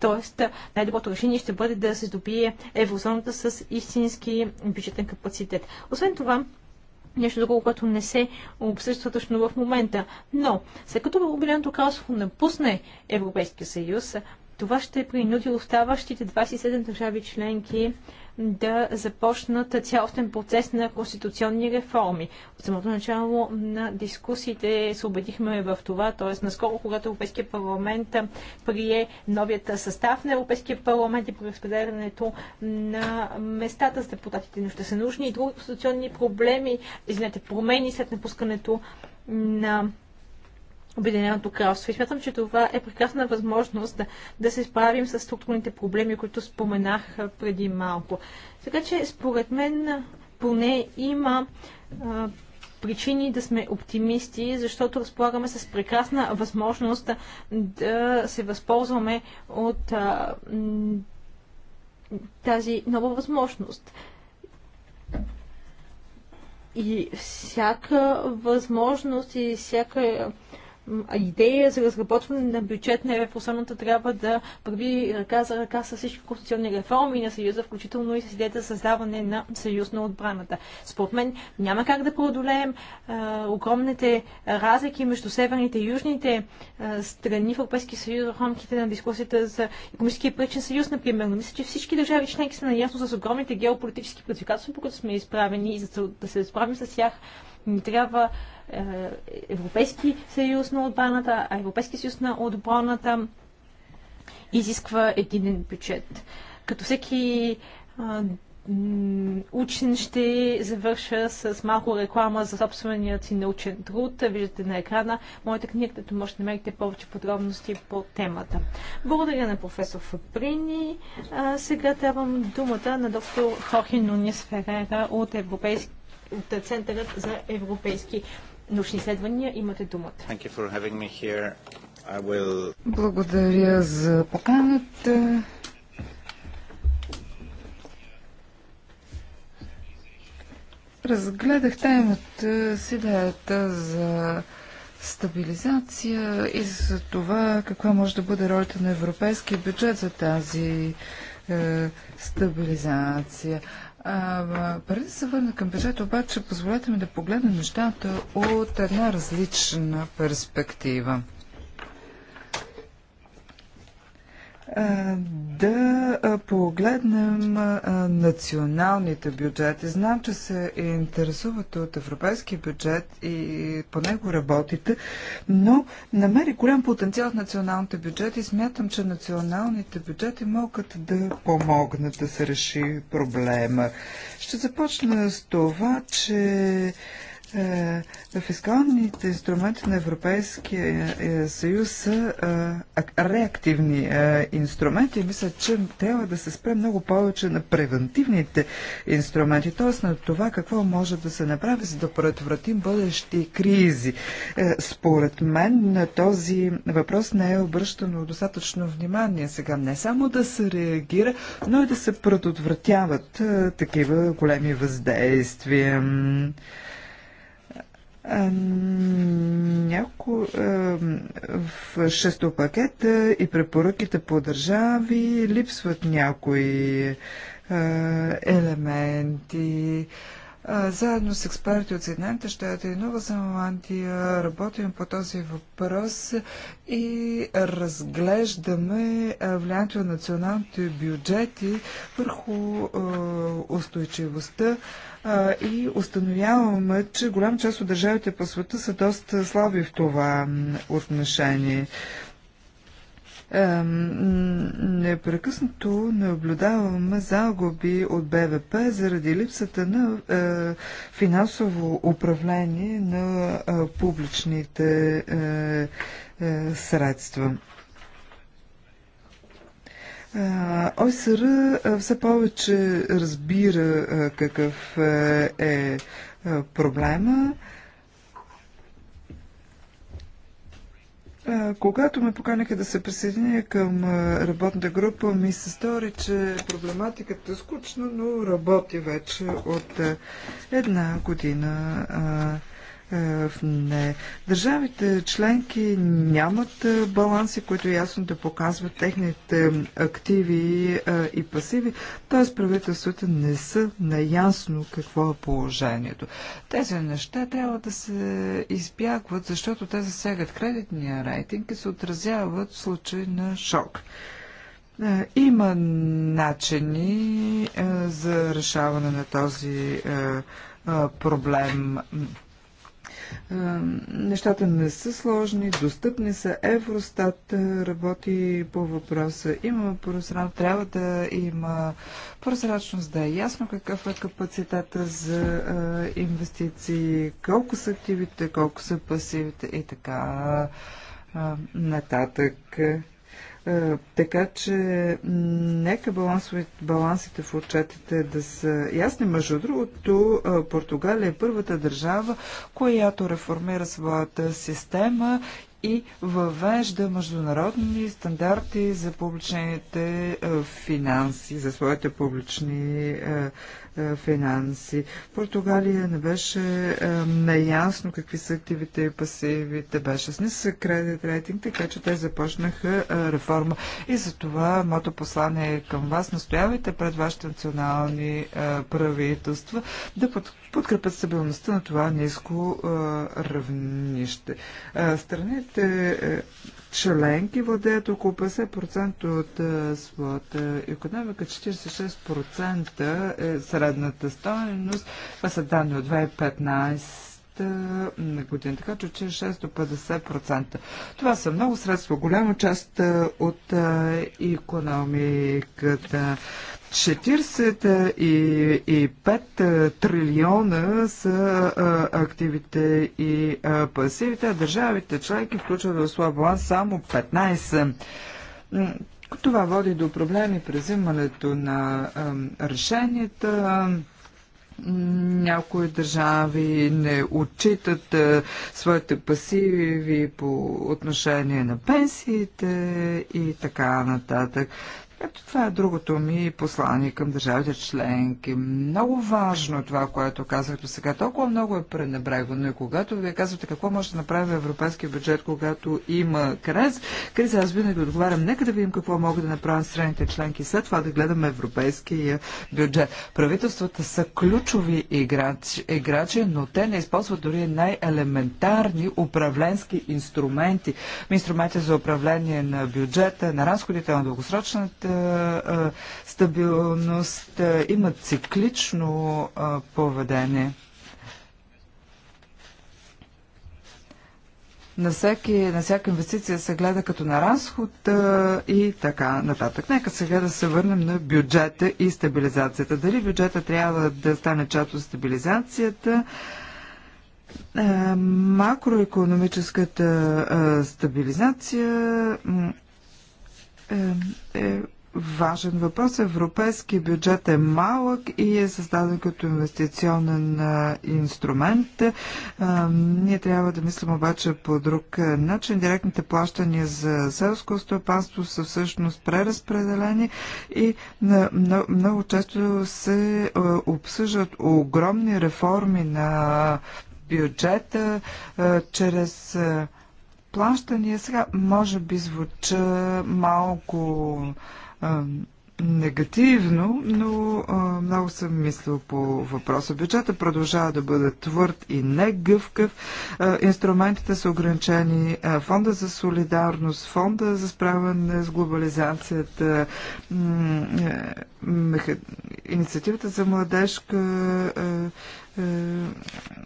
Speaker 2: Тоест, най-доброто решение ще бъде да се добие еврозоната с истински бюджетен капацитет. Освен това, нещо друго, което не се обсъжда точно в момента. Но, след като Обединеното кралство напусне Европейския съюз, това ще принуди оставащите 27 държави членки да започнат цялостен процес на конституционни реформи. От самото начало на дискусиите се убедихме в това, т.е. наскоро, когато Европейския парламент прие новият състав на Европейския парламент и преразпределянето на местата с депутатите, но ще са нужни и други конституционни проблеми, извинете, промени след напускането на Обединеното кралство. И смятам, че това е прекрасна възможност да, да се справим с структурните проблеми, които споменах преди малко. Така че, според мен, поне има а, причини да сме оптимисти, защото разполагаме с прекрасна възможност да се възползваме от а, тази нова възможност. И всяка възможност и всяка идея за разработване на бюджет на реформата трябва да прави ръка за ръка с всички конституционни реформи на Съюза, включително и с идеята за създаване на Съюз на отбраната. Според мен няма как да преодолеем а, огромните разлики между северните и южните а, страни в Европейския съюз в рамките на дискусията за економическия пречен съюз, например. Но мисля, че всички държави членки са наясно с огромните геополитически предизвикателства, по които сме изправени и за да се справим с тях ни трябва е, европейски съюз на отбраната, а Европейски съюз на отбраната изисква единен бюджет. Като всеки учен ще завърша с малко реклама за собственият си научен труд. Виждате на екрана моята книга, където може да намерите повече подробности по темата. Благодаря на професор Фабрини. А, сега давам думата на доктор Хохи Нунис Ферера от Европейски от Центърът за европейски научни изследвания. Имате думата. Will...
Speaker 3: Благодаря за поканата. Разгледах темата с идеята за стабилизация и за това каква може да бъде ролята на европейския бюджет за тази е, стабилизация. А, преди да се върна към бюджета, обаче, позволете ми да погледна нещата от една различна перспектива. Е, да е, погледнем е, националните бюджети. Знам, че се интересувате от европейски бюджет и по него работите, но намери голям потенциал в националните бюджети. и Смятам, че националните бюджети могат да помогнат да се реши проблема. Ще започна с това, че Фискалните е, инструменти на Европейския е, съюз са е, реактивни инструменти и мисля, че трябва да се спре много повече на превентивните инструменти, т.е. на това какво може да се направи, за да предотвратим бъдещи кризи. Според мен на този въпрос не е обръщано достатъчно внимание сега. Не само да се реагира, но и да се предотвратяват такива големи въздействия. Няко, в шесто пакет и препоръките по държави липсват някои елементи. Заедно с експерти от Съединените щати и Нова Зеландия работим по този въпрос и разглеждаме влиянието на националните бюджети върху устойчивостта и установяваме, че голяма част от държавите по света са доста слаби в това отношение непрекъснато наблюдаваме загуби от БВП заради липсата на е, финансово управление на е, публичните е, средства. ОСР все повече разбира какъв е проблема. Когато ме поканиха да се присъединя към работната група, ми се стори, че проблематиката е скучна, но работи вече от една година в е, не. Държавите членки нямат е, баланси, които ясно да показват техните активи е, и пасиви, т.е. правителствата не са наясно какво е положението. Тези неща трябва да се избягват, защото те засягат кредитния рейтинг и се отразяват в случай на шок. Има начини за решаване на този проблем. Нещата не са сложни, достъпни са. Евростат работи по въпроса. Има прозрачност, трябва да има прозрачност, да е ясно какъв е капацитета за инвестиции, колко са активите, колко са пасивите и така нататък. Е, така че нека балансите в отчетите да са ясни. Между другото, е, Португалия е първата държава, която реформира своята система и въвежда международни стандарти за публичните е, финанси, за своите публични е, финанси. Португалия не беше е, неясно какви са активите и пасивите. Беше с нисък кредит рейтинг, така че те започнаха е, реформа. И за това моето послание е към вас. Настоявайте пред вашите национални правителства да подкрепят стабилността на това ниско равнище. Страните членки владеят около 50% от своята економика, 46% е средната стоеност. Това са данни от 2015 на година, така че 6 50%. Това са много средства, голяма част от економиката. 45 трилиона са активите и пасивите, а държавите членки включват в своя баланс само 15. Това води до проблеми при взимането на решенията. Някои държави не отчитат своите пасиви по отношение на пенсиите и така нататък. Ето това е другото ми послание към държавите членки. Много важно е това, което казах сега. Толкова много е пренебрегвано. И когато вие казвате какво може да направи европейския бюджет, когато има криза, криза аз винаги отговарям, нека да видим какво могат да направят страните членки. След това да гледаме европейския бюджет. Правителствата са ключови играчи, играчи но те не използват дори най-елементарни управленски инструменти. Инструменти за управление на бюджета, на разходите на дългосрочната стабилност, имат циклично поведение. на, всеки, на всяка инвестиция се гледа като на разход а, и така нататък. Нека сега да се върнем на бюджета и стабилизацията. Дали бюджета трябва да стане част от стабилизацията? макроекономическата стабилизация е, е важен въпрос. Европейски бюджет е малък и е създаден като инвестиционен инструмент. Ние трябва да мислим обаче по друг начин. Директните плащания за селско стопанство са всъщност преразпределени и много често се обсъждат огромни реформи на бюджета чрез плащания. Сега може би звуча малко негативно, но а, много съм мислил по въпроса. Бюджета продължава да бъде твърд и не гъвкав. А, инструментите са ограничени. А, фонда за солидарност, фонда за справяне с глобализацията, е, инициативата за младежка а, е,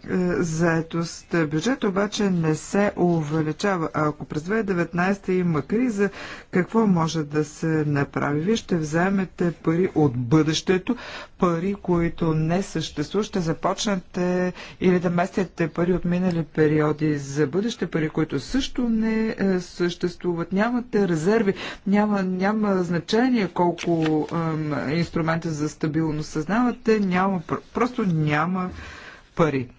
Speaker 3: е, заетост. Бюджет обаче не се увеличава. А ако през 2019 има криза, какво може да се направи? Вие ще вземете пари от бъдещето, пари, които не съществуват, ще започнете или да местите пари от минали периоди за бъдеще, пари, които също не е, съществуват. Нямате резерви, няма, няма значение колко инструмента за стабилност съзнавате, няма, просто няма пари.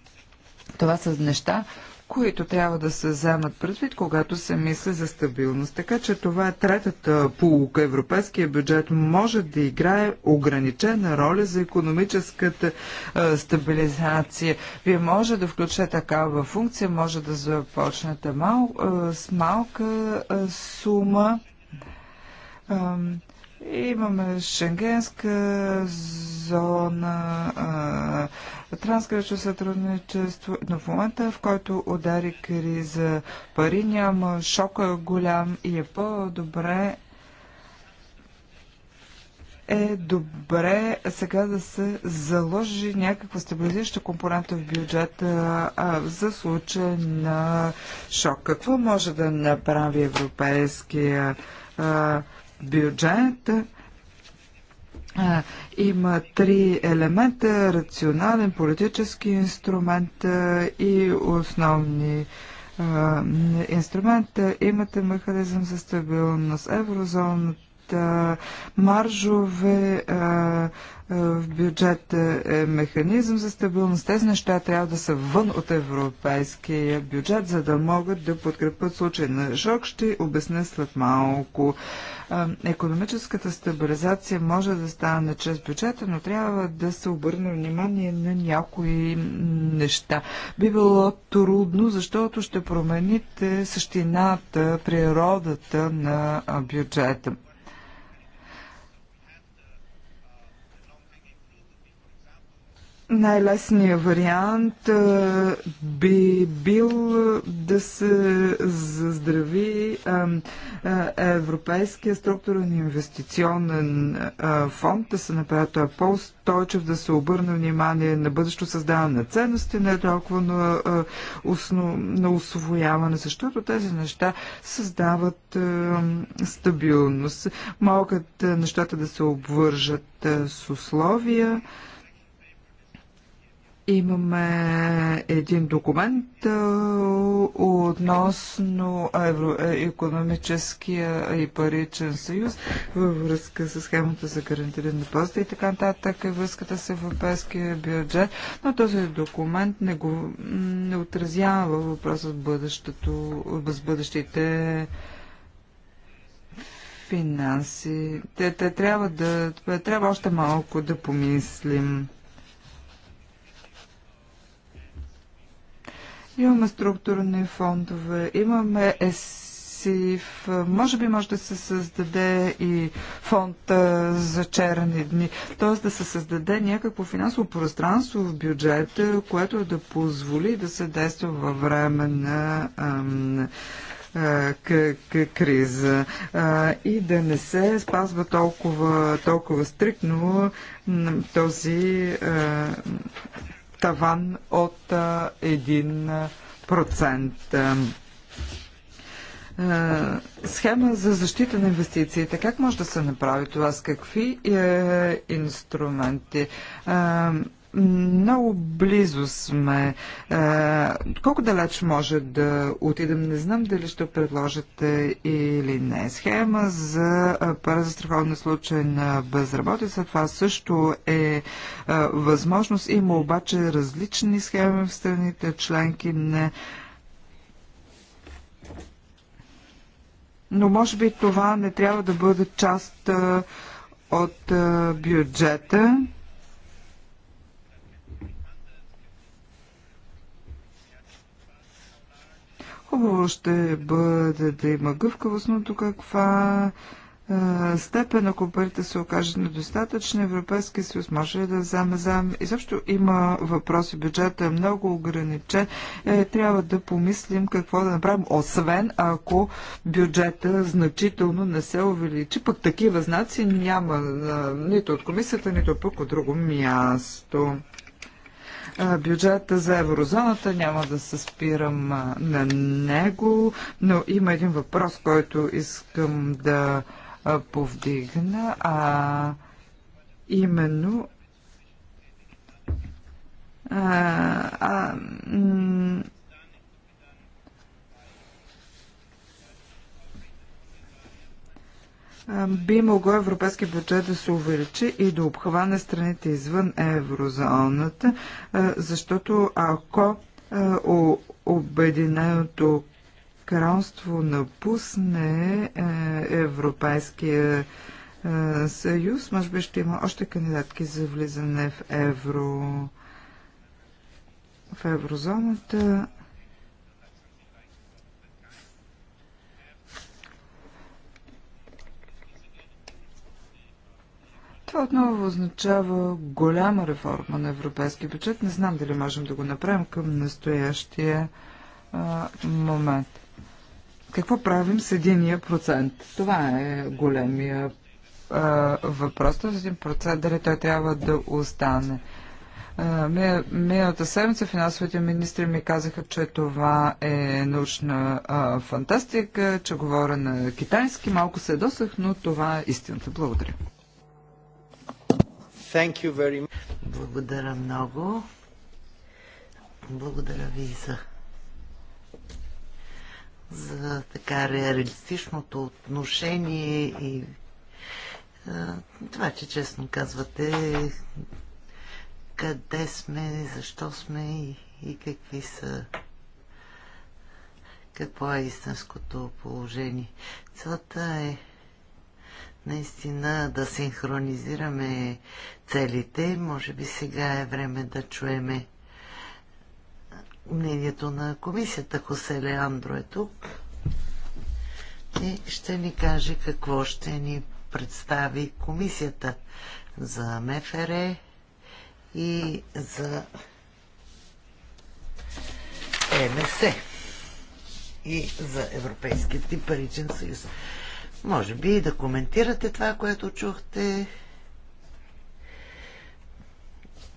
Speaker 3: Това са неща, които трябва да се вземат предвид, когато се мисли за стабилност. Така че това е третата полука. Европейския бюджет може да играе ограничена роля за економическата стабилизация. Вие може да включите такава функция, може да започнете мал, с малка сума. Имаме Шенгенска зона, трансгранично сътрудничество, но в момента, в който удари криза, пари няма, шока е голям и е по-добре е добре сега да се заложи някаква стабилизираща компонента в бюджета а, за случай на шок. Какво може да направи Европейския а, бюджет има три елемента – рационален, политически инструмент и основни инструмент. Имате механизъм за стабилност, еврозоната, маржове в бюджет е, е механизъм за стабилност. Тези неща трябва да са вън от европейския бюджет, за да могат да подкрепят случай на шок. Ще обясня след малко. Економическата стабилизация може да стане чрез бюджета, но трябва да се обърне внимание на някои неща. Би било трудно, защото ще промените същината, природата на бюджета. Най-лесният вариант би бил да се заздрави Европейския структурен инвестиционен фонд, да се направи той по-стойчив, да се обърне внимание на бъдещо създаване на ценности, не толкова на, на освояване, защото тези неща създават стабилност. Могат нещата да се обвържат с условия. Имаме един документ относно е, економическия и паричен съюз във връзка с схемата за гарантиране на и така нататък, и е връзката с европейския бюджет, но този документ не, го, не отразява въпроса с, бъдещето, с бъдещите финанси. Те, те трябва, да, трябва още малко да помислим. Имаме структурни фондове, имаме ЕСИФ, може би може да се създаде и фонд за черни дни, т.е. да се създаде някакво финансово пространство в бюджета, което да позволи да се действа във време на криза и да не се спазва толкова, толкова стриктно този таван от 1% схема за защита на инвестициите. Как може да се направи това? С какви е, инструменти? А, много близо сме. А, колко далеч може да отидем? Не знам дали ще предложите или не. Схема за презастраховане случай на безработица. Това също е, а, възможност. Има обаче различни схеми в страните членки. Не. На Но може би това не трябва да бъде част от бюджета. Хубаво ще бъде да има гъвкавост, но до каква степен, ако парите се окажат недостатъчни, Европейския съюз може ли да вземе заем? И също има въпроси. Бюджетът е много ограничен. Е, трябва да помислим какво да направим, освен ако бюджета значително не се увеличи. Пък такива знаци няма нито от комисията, нито пък от друго място бюджета за еврозоната, няма да се спирам на него, но има един въпрос, който искам да повдигна, а именно а, а, би могло европейски бюджет да се увеличи и да обхване страните извън еврозоната, защото ако Обединеното кралство напусне е, Европейския е, съюз, може би ще има още кандидатки за влизане в евро в еврозоната. Това отново означава голяма реформа на европейски бюджет. Не знам дали можем да го направим към настоящия а, момент. Какво правим с единия процент? Това е големия а, въпрос. Този процент дали той трябва да остане? Миналата седмица финансовите министри ми казаха, че това е научна а, фантастика, че говоря на китайски. Малко
Speaker 1: се досъх, но това е истината. Благодаря. Благодаря много. Благодаря ви за за така реалистичното отношение и а, това, че честно казвате къде сме, защо сме и, и какви са какво е истинското положение. Целта е наистина да синхронизираме целите. Може би сега е време да чуеме мнението на комисията. Хосе Леандро е тук и ще ни каже какво ще ни представи комисията за МФР и за МС и за Европейския тип паричен съюз. Може би и да коментирате това, което чухте.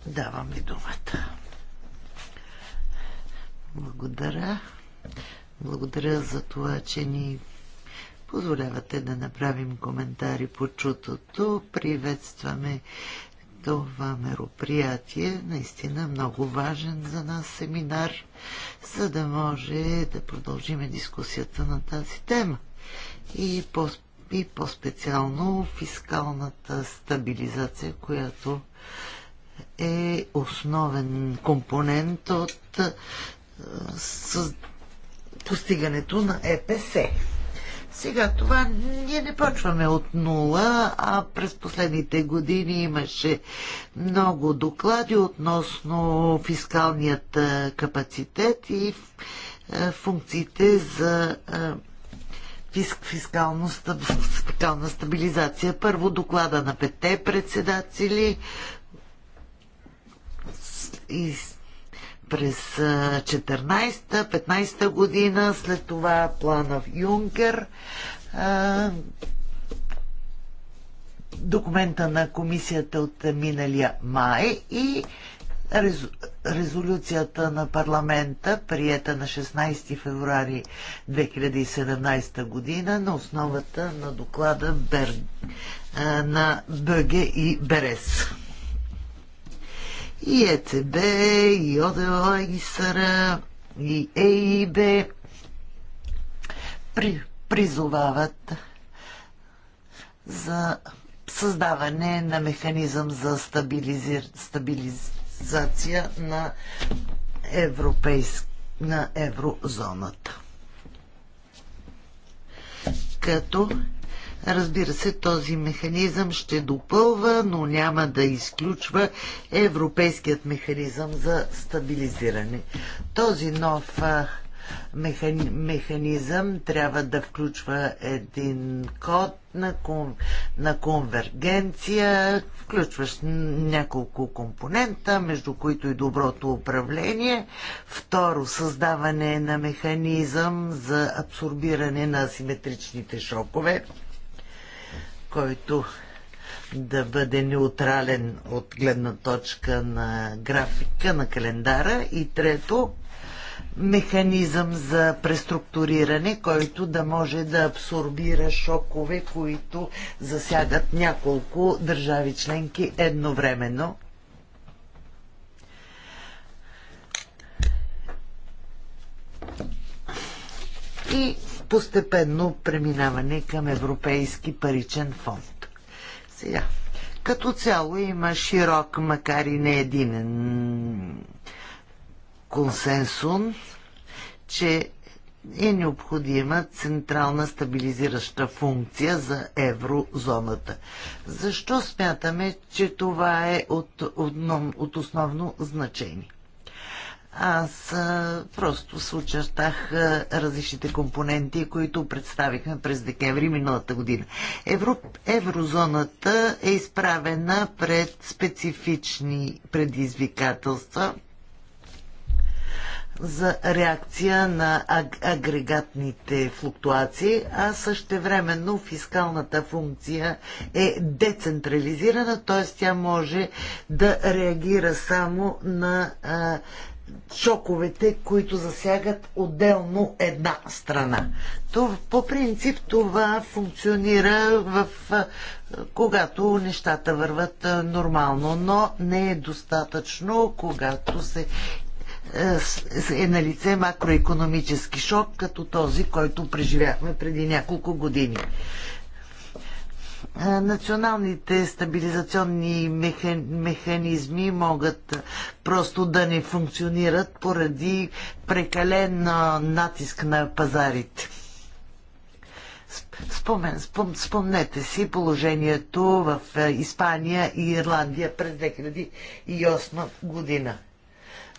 Speaker 1: Давам ви думата. Благодаря. Благодаря за това, че ни позволявате да направим коментари по чутото. Приветстваме това мероприятие. Наистина много важен за нас семинар, за да може да продължиме дискусията на тази тема. И по и по-специално фискалната стабилизация, която е основен компонент от с постигането на ЕПС. Сега това ние не почваме от нула, а през последните години имаше много доклади относно фискалният капацитет и функциите за фиск, фискална, фискална стабилизация. Първо доклада на пете председатели и през 14-15 година, след това плана в Юнкер, документа на комисията от миналия май и резолюцията на парламента, приета на 16 февруари 2017 година на основата на доклада Бер... на Бъге и Берес и ЕЦБ, и ОДО, и СРА, и ЕИБ при, призовават за създаване на механизъм за стабилизир, стабилизация на, европейск, на еврозоната. Като Разбира се, този механизъм ще допълва, но няма да изключва европейският механизъм за стабилизиране. Този нов механизъм трябва да включва един код на, кон, на конвергенция, включващ няколко компонента, между които и доброто управление. Второ, създаване на механизъм за абсорбиране на асиметричните шокове който да бъде неутрален от гледна точка на графика, на календара. И трето, механизъм за преструктуриране, който да може да абсорбира шокове, които засягат няколко държави членки едновременно. И постепенно преминаване към Европейски паричен фонд. Сега, като цяло има широк, макар и не един консенсус, че е необходима централна стабилизираща функция за еврозоната. Защо смятаме, че това е от, от, от основно значение? Аз а, просто очертах а, различните компоненти, които представихме през декември миналата година. Евро, еврозоната е изправена пред специфични предизвикателства за реакция на аг- агрегатните флуктуации, а същевременно фискалната функция е децентрализирана, т.е. тя може да реагира само на а, шоковете, които засягат отделно една страна. То, по принцип това функционира в, когато нещата върват нормално, но не е достатъчно, когато се е на лице макроекономически шок, като този, който преживяхме преди няколко години националните стабилизационни механизми могат просто да не функционират поради прекален натиск на пазарите. Спомен, спом, спомнете си положението в Испания и Ирландия през 2008 година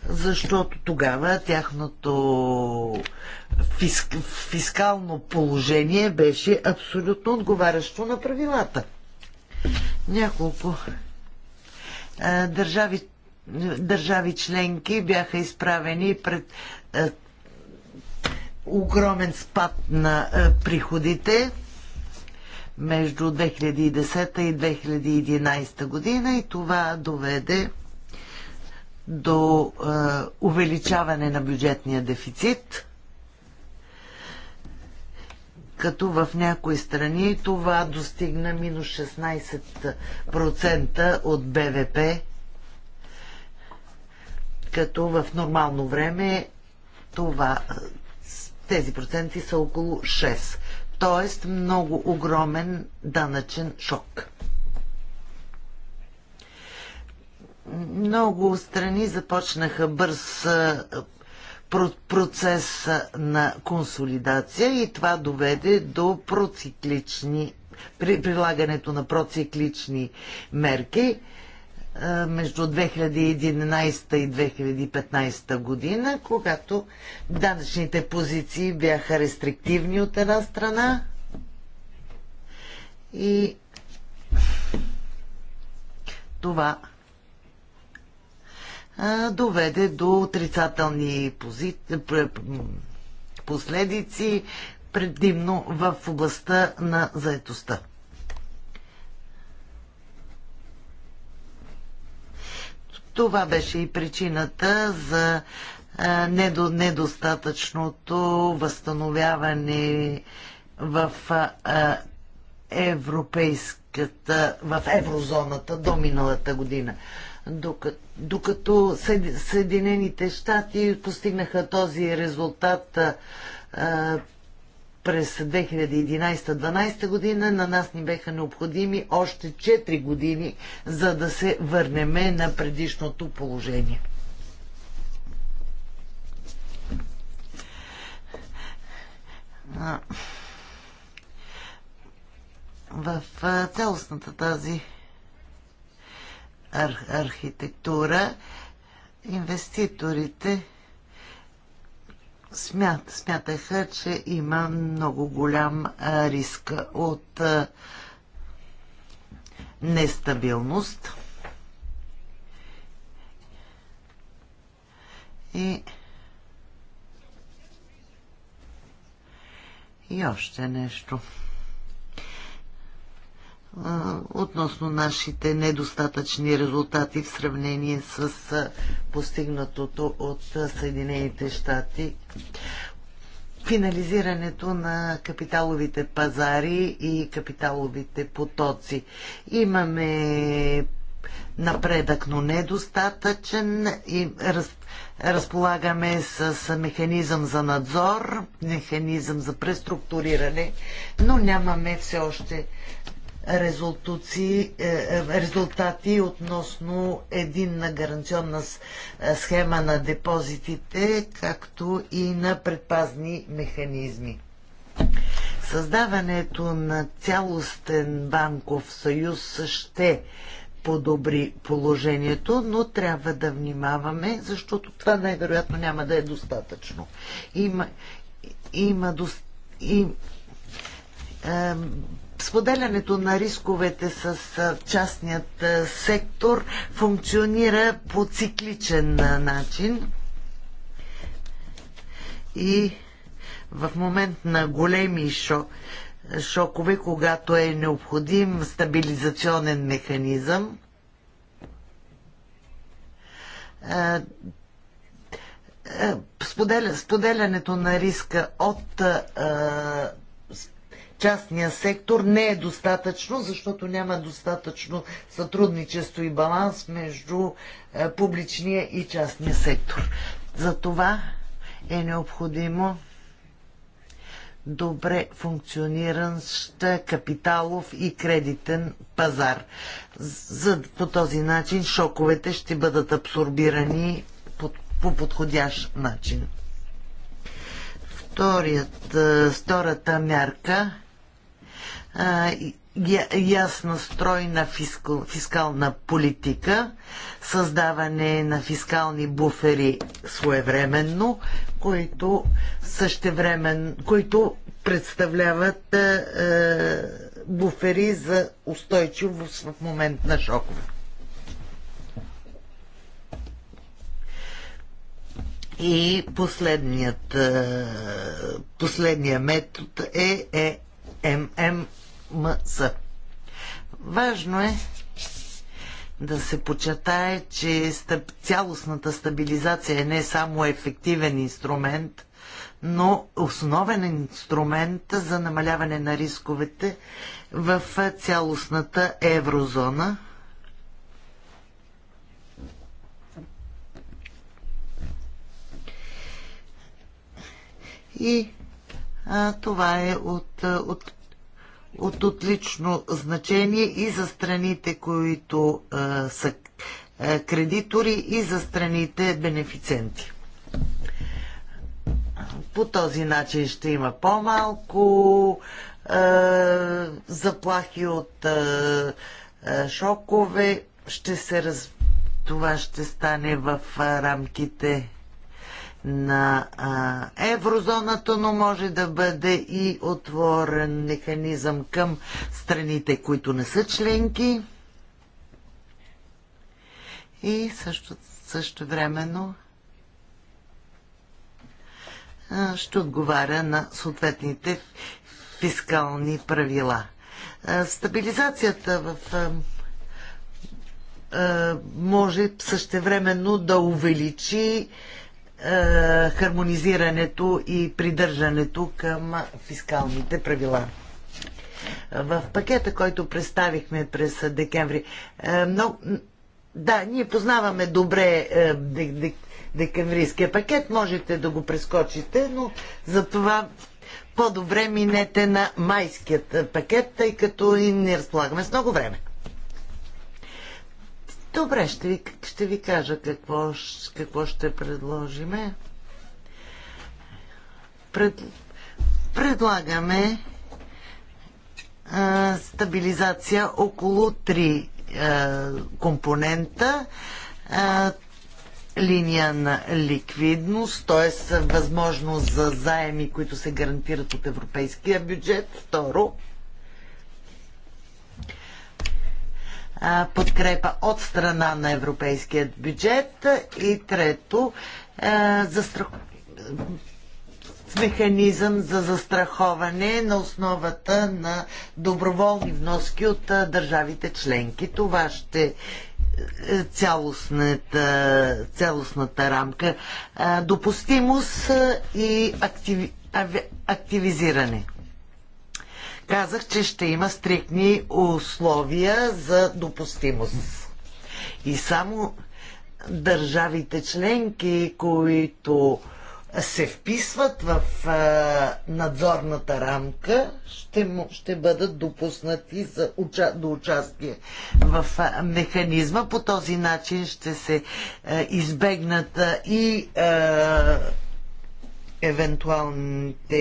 Speaker 1: защото тогава тяхното фиск, фискално положение беше абсолютно отговарящо на правилата. Няколко а, държави, държави членки бяха изправени пред а, огромен спад на а, приходите между 2010 и 2011 година и това доведе до е, увеличаване на бюджетния дефицит, като в някои страни това достигна минус 16% от БВП, като в нормално време това, тези проценти са около 6. Тоест много огромен данъчен шок. много страни започнаха бърз процес на консолидация и това доведе до проциклични, при прилагането на проциклични мерки между 2011 и 2015 година, когато данъчните позиции бяха рестриктивни от една страна и това доведе до отрицателни пози... последици, предимно в областта на заетостта. Това беше и причината за недостатъчното възстановяване в европейската, в еврозоната до миналата година докато, докато Съединените щати постигнаха този резултат а, през 2011-2012 година, на нас ни беха необходими още 4 години, за да се върнеме на предишното положение. В цялостната тази ар- архитектура, инвеститорите смят, смятаха, че има много голям а, риск от а, нестабилност. И, и още нещо относно нашите недостатъчни резултати в сравнение с постигнатото от Съединените щати. Финализирането на капиталовите пазари и капиталовите потоци. Имаме напредък, но недостатъчен. И раз, разполагаме с, с механизъм за надзор, механизъм за преструктуриране, но нямаме все още е, е, резултати относно единна гаранционна е, схема на депозитите, както и на предпазни механизми. Създаването на цялостен банков съюз ще подобри положението, но трябва да внимаваме, защото това най-вероятно няма да е достатъчно. Има, има, до, споделянето на рисковете с частният сектор функционира по цикличен начин и в момент на големи шокове, когато е необходим стабилизационен механизъм, споделя, споделянето на риска от частния сектор не е достатъчно, защото няма достатъчно сътрудничество и баланс между е, публичния и частния сектор. За това е необходимо добре функциониращ е, капиталов и кредитен пазар. За, по този начин шоковете ще бъдат абсорбирани по, по подходящ начин. Вторият, е, втората мярка ясно стройна фискал, фискална политика, създаване на фискални буфери своевременно, които същевремен, които представляват е, буфери за устойчивост в момент на шокове. И последният, последният метод е, е МММС. Важно е да се почетае, че цялостната стабилизация е не само ефективен инструмент, но основен инструмент за намаляване на рисковете в цялостната еврозона. И това е от, от, от отлично значение и за страните, които а, са а, кредитори, и за страните бенефициенти. По този начин ще има по-малко заплахи от а, а, шокове. Ще се раз... Това ще стане в а, рамките на а, еврозоната, но може да бъде и отворен механизъм към страните, които не са членки. И също, също времено ще отговаря на съответните фискални правила. Стабилизацията в може същевременно да увеличи е, хармонизирането и придържането към фискалните правила. В пакета, който представихме през декември, е, много, да, ние познаваме добре е, декемврийския пакет, можете да го прескочите, но за това по-добре минете на майският пакет, тъй като и не разполагаме с много време. Добре, ще ви, ще ви кажа какво, какво ще предложиме. Пред, предлагаме а, стабилизация около 3 а, компонента. А, линия на ликвидност, т.е. възможност за заеми, които се гарантират от европейския бюджет. Второ, подкрепа от страна на европейският бюджет и трето за механизъм за застраховане на основата на доброволни вноски от държавите членки. Това ще е, цялостната, цялостната рамка, допустимост и активизиране казах, че ще има стрикни условия за допустимост. И само държавите членки, които се вписват в а, надзорната рамка, ще, му, ще бъдат допуснати за, уча, до участие в а, механизма. По този начин ще се а, избегнат а, и а, евентуалните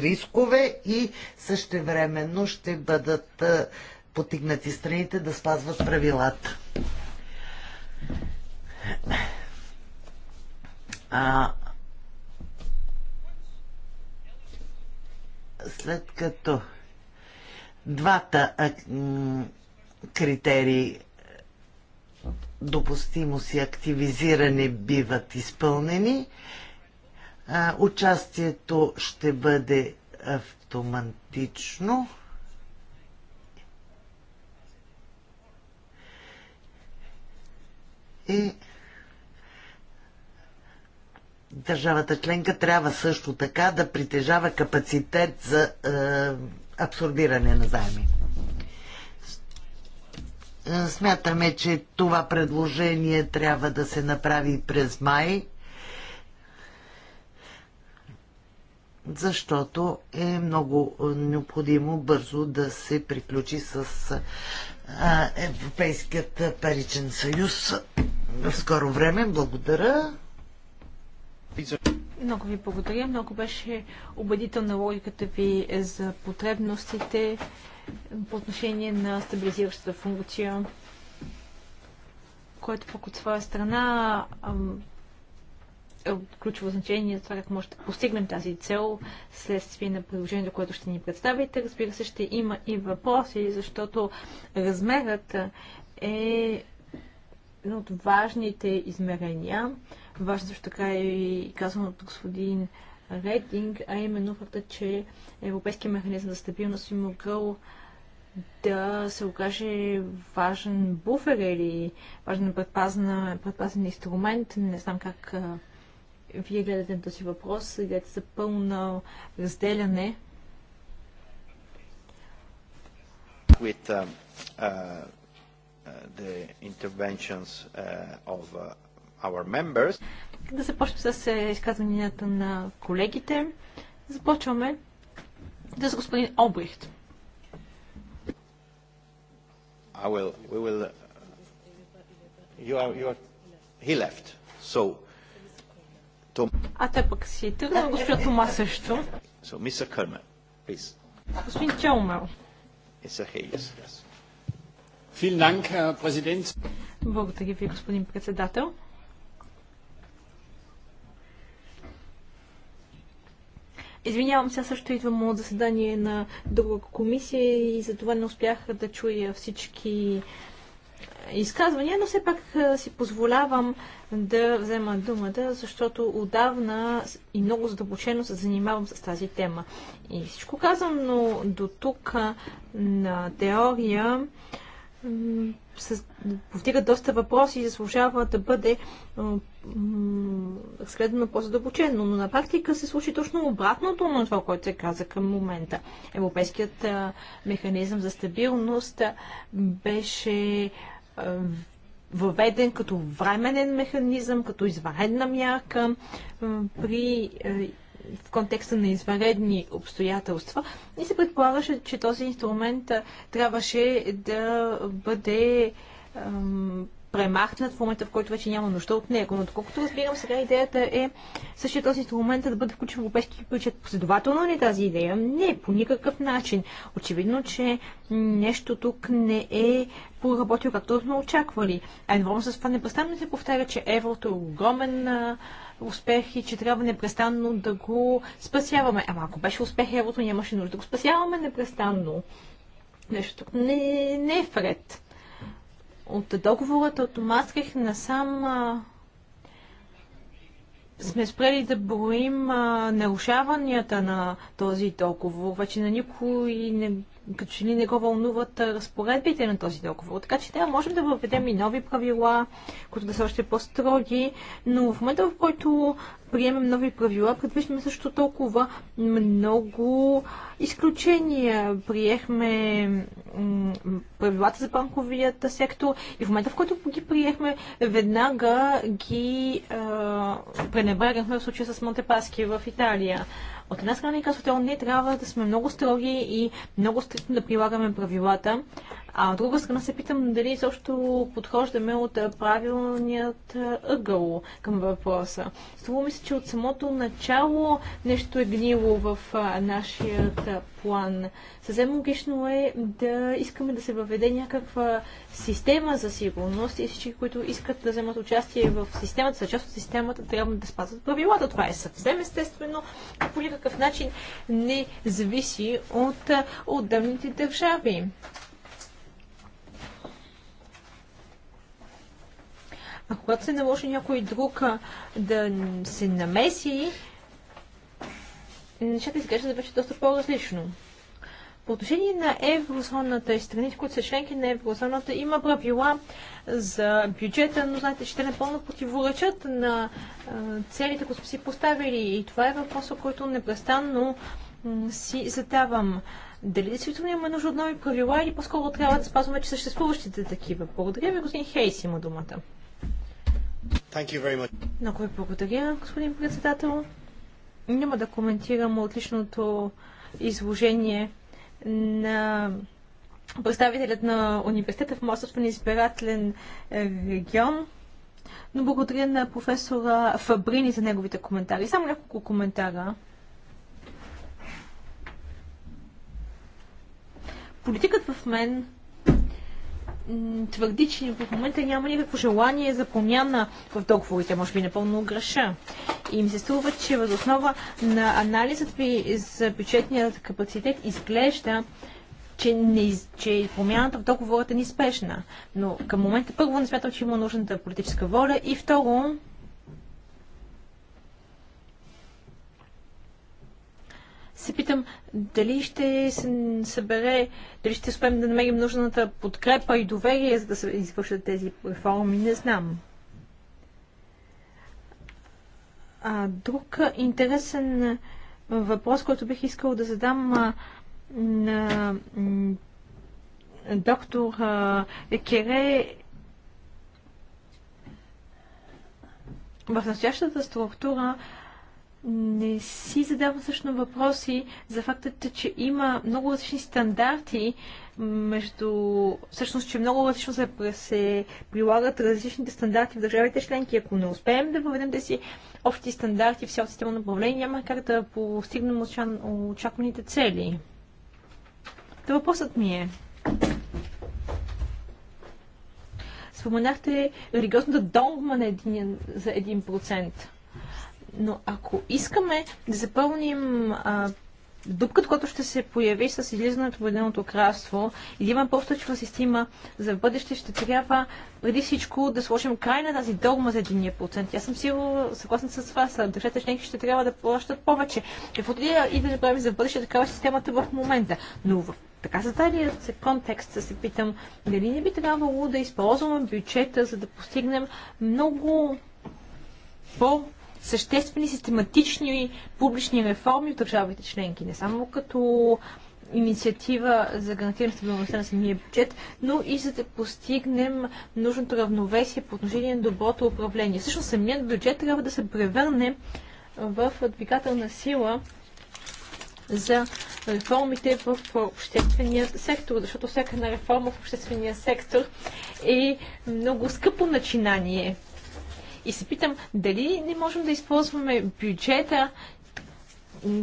Speaker 1: рискове и същевременно ще бъдат потигнати страните да спазват правилата. А, след като двата а, критерии допустимост и активизиране биват изпълнени, а, участието ще бъде автоматично. И държавата членка трябва също така да притежава капацитет за е, абсорбиране на заеми. Смятаме, че това предложение трябва да се направи през май защото е много необходимо бързо да се приключи с Европейският паричен съюз в скоро време. Благодаря.
Speaker 2: Много ви благодаря. Много беше убедителна логиката ви за потребностите по отношение на стабилизиращата функция, което пък от своя страна е ключово значение за това как може да постигнем тази цел следствие на приложението, което ще ни представите. Разбира се, ще има и въпроси, защото размерът е едно от важните измерения. Важно също така е и казано от господин Рединг, а именно факта, че Европейския механизъм за стабилност би могъл да се окаже важен буфер или важен предпазен инструмент. Не знам как вие гледате на този въпрос, гледате за пълно разделяне. With, um, uh, uh, the interventions uh, of uh, our members. Да започнем с е, изказванията на колегите. Започваме да с господин Обрихт. I will, we will, uh, you are, you are, he left. So, Том... А те пък си тръгна, господин Тома също. So, Mr. Kermel, please. Господин Кьолмер. Mr. Hayes, yes. Vielen Dank, Herr Präsident. Благодаря ви, господин председател. Извинявам се, също идвам от заседание на друга комисия и затова не успях да чуя всички изказвания, но все пак си позволявам да взема думата, защото отдавна и много задълбочено се занимавам с тази тема. И всичко казано до тук на теория повдига доста въпроси и заслужава да бъде разгледано по-задълбочено. Но на практика се случи точно обратното на това, което се каза към момента. Европейският механизъм за стабилност беше въведен като временен механизъм, като извънредна мярка при в контекста на извънредни обстоятелства и се предполагаше, че този инструмент трябваше да бъде ам, премахнат в момента, в който вече няма нужда от него. Но доколкото разбирам сега, идеята е същия този инструмент да бъде включен в европейски бюджет. Последователно ли е тази идея? Не, по никакъв начин. Очевидно, че нещо тук не е поработил както сме очаквали. А едно с това непрестанно се повтаря, че еврото е огромен успех и че трябва непрестанно да го спасяваме. Ама ако беше успех, еврото нямаше нужда да го спасяваме непрестанно. Нещо не, не е вред. От договората от Мастрих насам а, сме спрели да броим а, нарушаванията на този договор. Вече на никой не като че ли не го вълнуват разпоредбите на този договор. Така че трябва, да, можем да въведем и нови правила, които да са още по-строги, но в момента, в който приемем нови правила, предвиждаме също толкова много изключения. Приехме правилата за банковият сектор и в момента, в който ги приехме, веднага ги пренебрегнахме в случая с Монтепаски в Италия. От една страна ни казвате, не трябва да сме много строги и много стрикно да прилагаме правилата, а от друга страна се питам дали изобщо подхождаме от правилният ъгъл към въпроса. Струва ми се, че от самото начало нещо е гнило в нашия план. Съвсем логично е да искаме да се въведе някаква система за сигурност и всички, които искат да вземат участие в системата, са част от системата, трябва да спазват правилата. Това е съвсем естествено и по никакъв начин не зависи от отделните държави. А когато се наложи някой друг да се намеси, нещата изглеждат вече доста по-различно. По отношение на еврозоната и страните, които са членки на еврозоната, има правила за бюджета, но знаете, че те напълно противоречат на целите, които сме си поставили. И това е въпросът, който непрестанно си задавам. Дали действително има нужда от нови правила или по-скоро трябва да спазваме че съществуващите такива? Благодаря ви, господин Хейс има думата. Много ви благодаря, господин председател. Няма да коментирам отличното изложение на представителят на университета в моят собствен избирателен е, регион, но благодаря на професора Фабрини за неговите коментари. Само няколко коментара. Политикът в мен твърди, че в момента няма никакво желание за промяна в договорите. Може би напълно греша. И ми се струва, че въз основа на анализът ви за бюджетният капацитет изглежда, че, не, че промяната в договорите е неспешна. Но към момента първо не смятам, че има нужната политическа воля и второ се питам дали ще се събере, дали ще успеем да намерим нужната подкрепа и доверие, за да се извършат тези реформи, не знам. А, друг интересен въпрос, който бих искал да задам на доктор Екере в настоящата структура не си задавам всъщност въпроси за факта, че има много различни стандарти между... Всъщност, че много различно се, се прилагат различните стандарти в държавите членки. Ако не успеем да въведем тези общи стандарти в цялата система на управление, няма как да постигнем очакваните цели. Та въпросът ми е... Споменахте религиозната догма на един, за 1%. Но ако искаме да запълним а, дупката, която ще се появи с излизането в Обединеното кралство и да има по-устойчива система за бъдеще, ще трябва преди всичко да сложим край на тази догма за единия процент. Аз съм сигурно съгласна с вас. Държавите членки ще трябва да плащат повече. Каквото и да направим за бъдеще, такава е системата в момента. Но в така зададия се контекст се питам дали не би трябвало да използваме бюджета, за да постигнем много по- съществени систематични публични реформи в държавите членки. Не само като инициатива за гарантиране стабилността на самия бюджет, но и за да постигнем нужното равновесие по отношение на доброто управление. Всъщност самият бюджет трябва да се превърне в двигателна сила за реформите в обществения сектор, защото всяка една реформа в обществения сектор е много скъпо начинание и се питам дали не можем да използваме бюджета,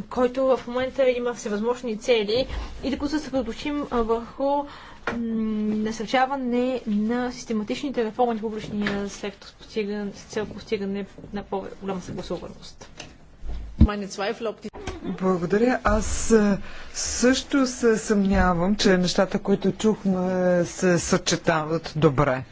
Speaker 2: който в момента има всевъзможни цели и да го съсредоточим върху насърчаване на систематичните реформи на публичния сектор с, с цел постигане на по-голяма съгласуваност.
Speaker 3: Благодаря. Аз също се съмнявам, че нещата, които чухме, се съчетават добре.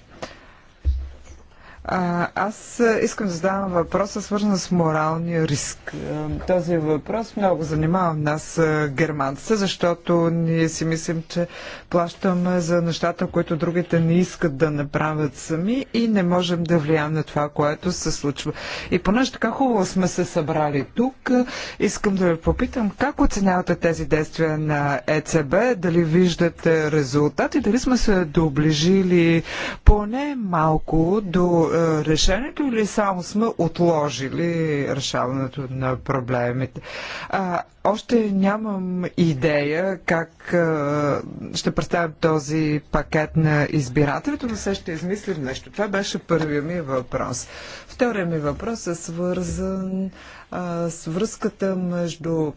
Speaker 3: А, аз искам да задавам въпроса, свързан с моралния риск. Е, този въпрос много занимава нас е, германците, защото ние си мислим, че плащаме за нещата, които другите не искат да направят сами и не можем да влияем на това, което се случва. И понеже така хубаво сме се събрали тук, е, искам да ви попитам как оценявате тези действия на ЕЦБ, дали виждате резултат и дали сме се доближили поне малко до е, решението или само сме отложили решаването на проблемите. А, още нямам идея как а, е, ще представим този пакет на избирателите, но се ще измислим нещо. Това беше първият ми въпрос. Вторият ми въпрос е свързан а, с връзката между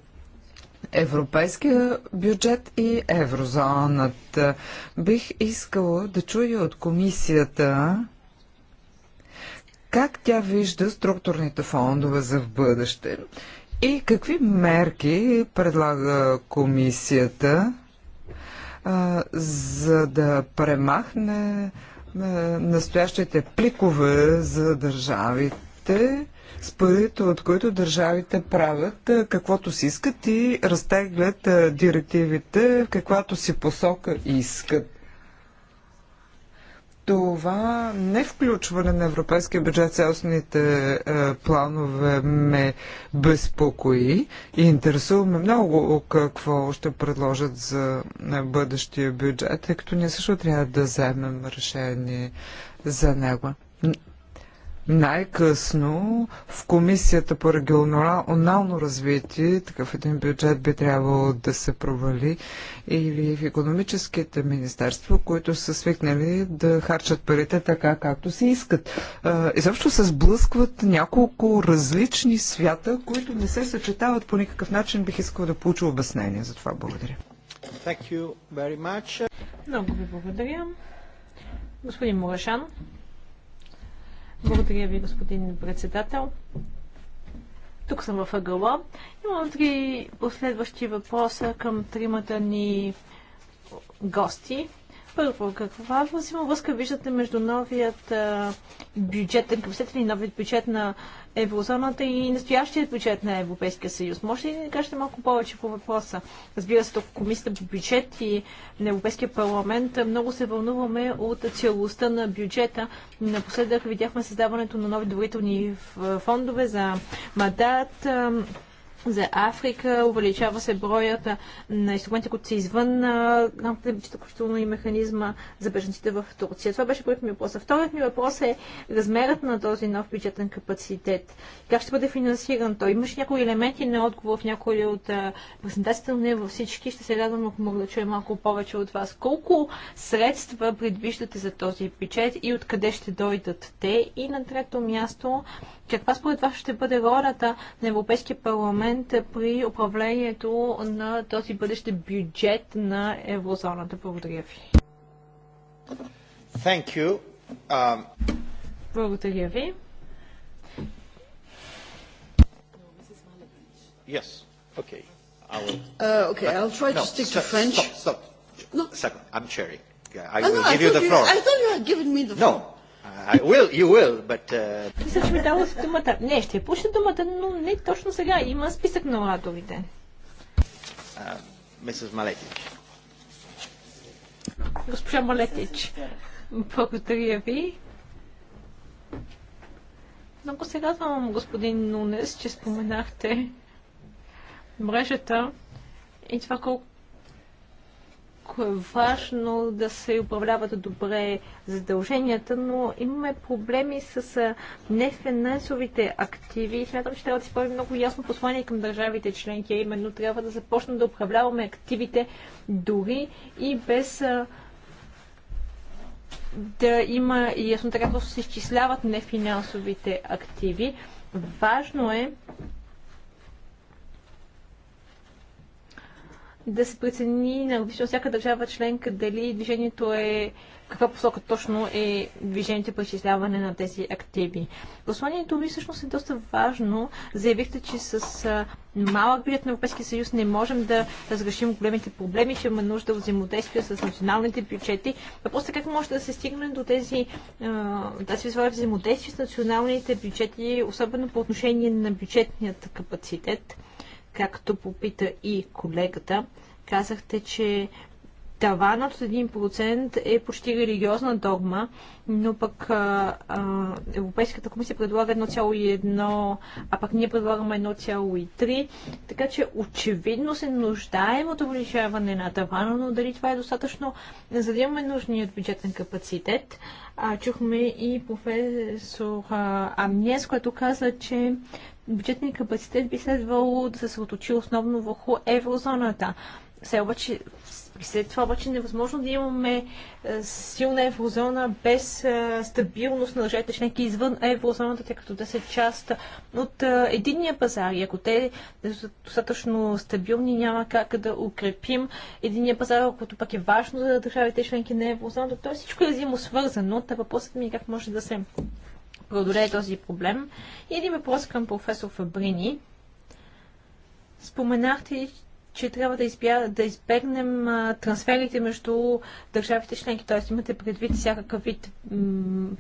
Speaker 3: европейския бюджет и еврозоната. Бих искала да чуя от комисията как тя вижда структурните фондове за в бъдеще? И какви мерки предлага комисията а, за да премахне а, настоящите пликове за държавите, с парите, от които държавите правят каквото си искат и разтеглят директивите в каквато си посока искат. Това не включване на европейския бюджет в цялостните е, планове ме безпокои и интересуваме много какво ще предложат за е, бъдещия бюджет, тъй като ние също трябва да вземем решение за него най-късно в Комисията по регионално развитие такъв един бюджет би трябвало да се провали или в економическите министерства, които са свикнали да харчат парите така, както си искат. И също се сблъскват няколко различни свята, които не се съчетават по никакъв начин. Бих искал да получа обяснение за това. Благодаря.
Speaker 2: Thank you very much. Много ви благодаря. Господин Мурашан. Благодаря ви, господин председател. Тук съм в ъгъла. Имам три последващи въпроса към тримата ни гости. Първо, каква връзка, виждате между новият бюджет, капацитет новият бюджет на еврозоната и настоящият бюджет на Европейския съюз? Може ли да ни кажете малко повече по въпроса? Разбира се, тук комисията по бюджет и на Европейския парламент много се вълнуваме от целостта на бюджета. Напоследък видяхме създаването на нови доверителни фондове за мандат, за Африка, увеличава се броят на инструменти, които са извън рамките на включително и механизма за беженците в Турция. Това беше първият ми въпрос. вторият ми въпрос е размерът на този нов бюджетен капацитет. Как ще бъде финансиран той? Имаше някои елементи на отговор в някои от презентациите, но не във всички. Ще се радвам, ако мога да чуя малко повече от вас. Колко средства предвиждате за този бюджет и откъде ще дойдат те? И на трето място, каква според вас ще бъде ролята на Европейския парламент момент при управлението на този бъдещ бюджет на еврозоната. Благодаря ви. Thank you. Um... Благодаря ви.
Speaker 1: Yes. Okay. I will. Uh, okay, I'll try no, to stick stop, to French. Stop, stop. No. Second, I'm chairing. I no, will no, give I you the floor. you, I
Speaker 2: thought you had given me the floor.
Speaker 1: No, I will, you will, but...
Speaker 2: Uh... Мисля, че ми дала с думата. Не, ще я пуща думата, но не точно сега. Има списък на оратовите. Мисъс Малетич. Госпожа Малетич, благодаря ви. Много се радвам, господин Нунес, че споменахте мрежата и това колко е важно да се управляват добре задълженията, но имаме проблеми с нефинансовите активи и смятам, че трябва да си правим много ясно послание към държавите членки, а именно трябва да започнем да управляваме активите дори и без да има ясно така, просто се изчисляват нефинансовите активи. Важно е да се прецени на различно всяка държава членка дали движението е каква посока точно е движението по изчисляване на тези активи. Посланието ви всъщност е доста важно. Заявихте, че с малък бюджет на Европейския съюз не можем да разрешим големите проблеми, ще има нужда от взаимодействие с националните бюджети. Въпросът е как може да се стигне до тези, да се висока взаимодействие с националните бюджети, особено по отношение на бюджетният капацитет както попита и колегата. Казахте, че таванът от 1% е почти религиозна догма, но пък а, а, Европейската комисия предлага 1,1, а пък ние предлагаме 1,3. Така че очевидно се нуждаем от увеличаване на тавана, но дали това е достатъчно, за да имаме нужният бюджетен капацитет. А, чухме и професор Амнес, който каза, че Бюджетния капацитет би следвало да се съоточи основно върху еврозоната. Все обаче, след това обаче е невъзможно да имаме е, силна еврозона без е, стабилност на държавите членки извън еврозоната, тъй като те са част от единния пазар. И ако те са достатъчно стабилни, няма как да укрепим единния пазар, който пък е важно за държавите членки на еврозоната. То е всичко е взаимосвързано. Та въпросът ми е как може да се преодолее този проблем. И един въпрос към професор Фабрини. Споменахте, че трябва да, избя... да избегнем а, трансферите между държавите членки, т.е. имате предвид всякакъв вид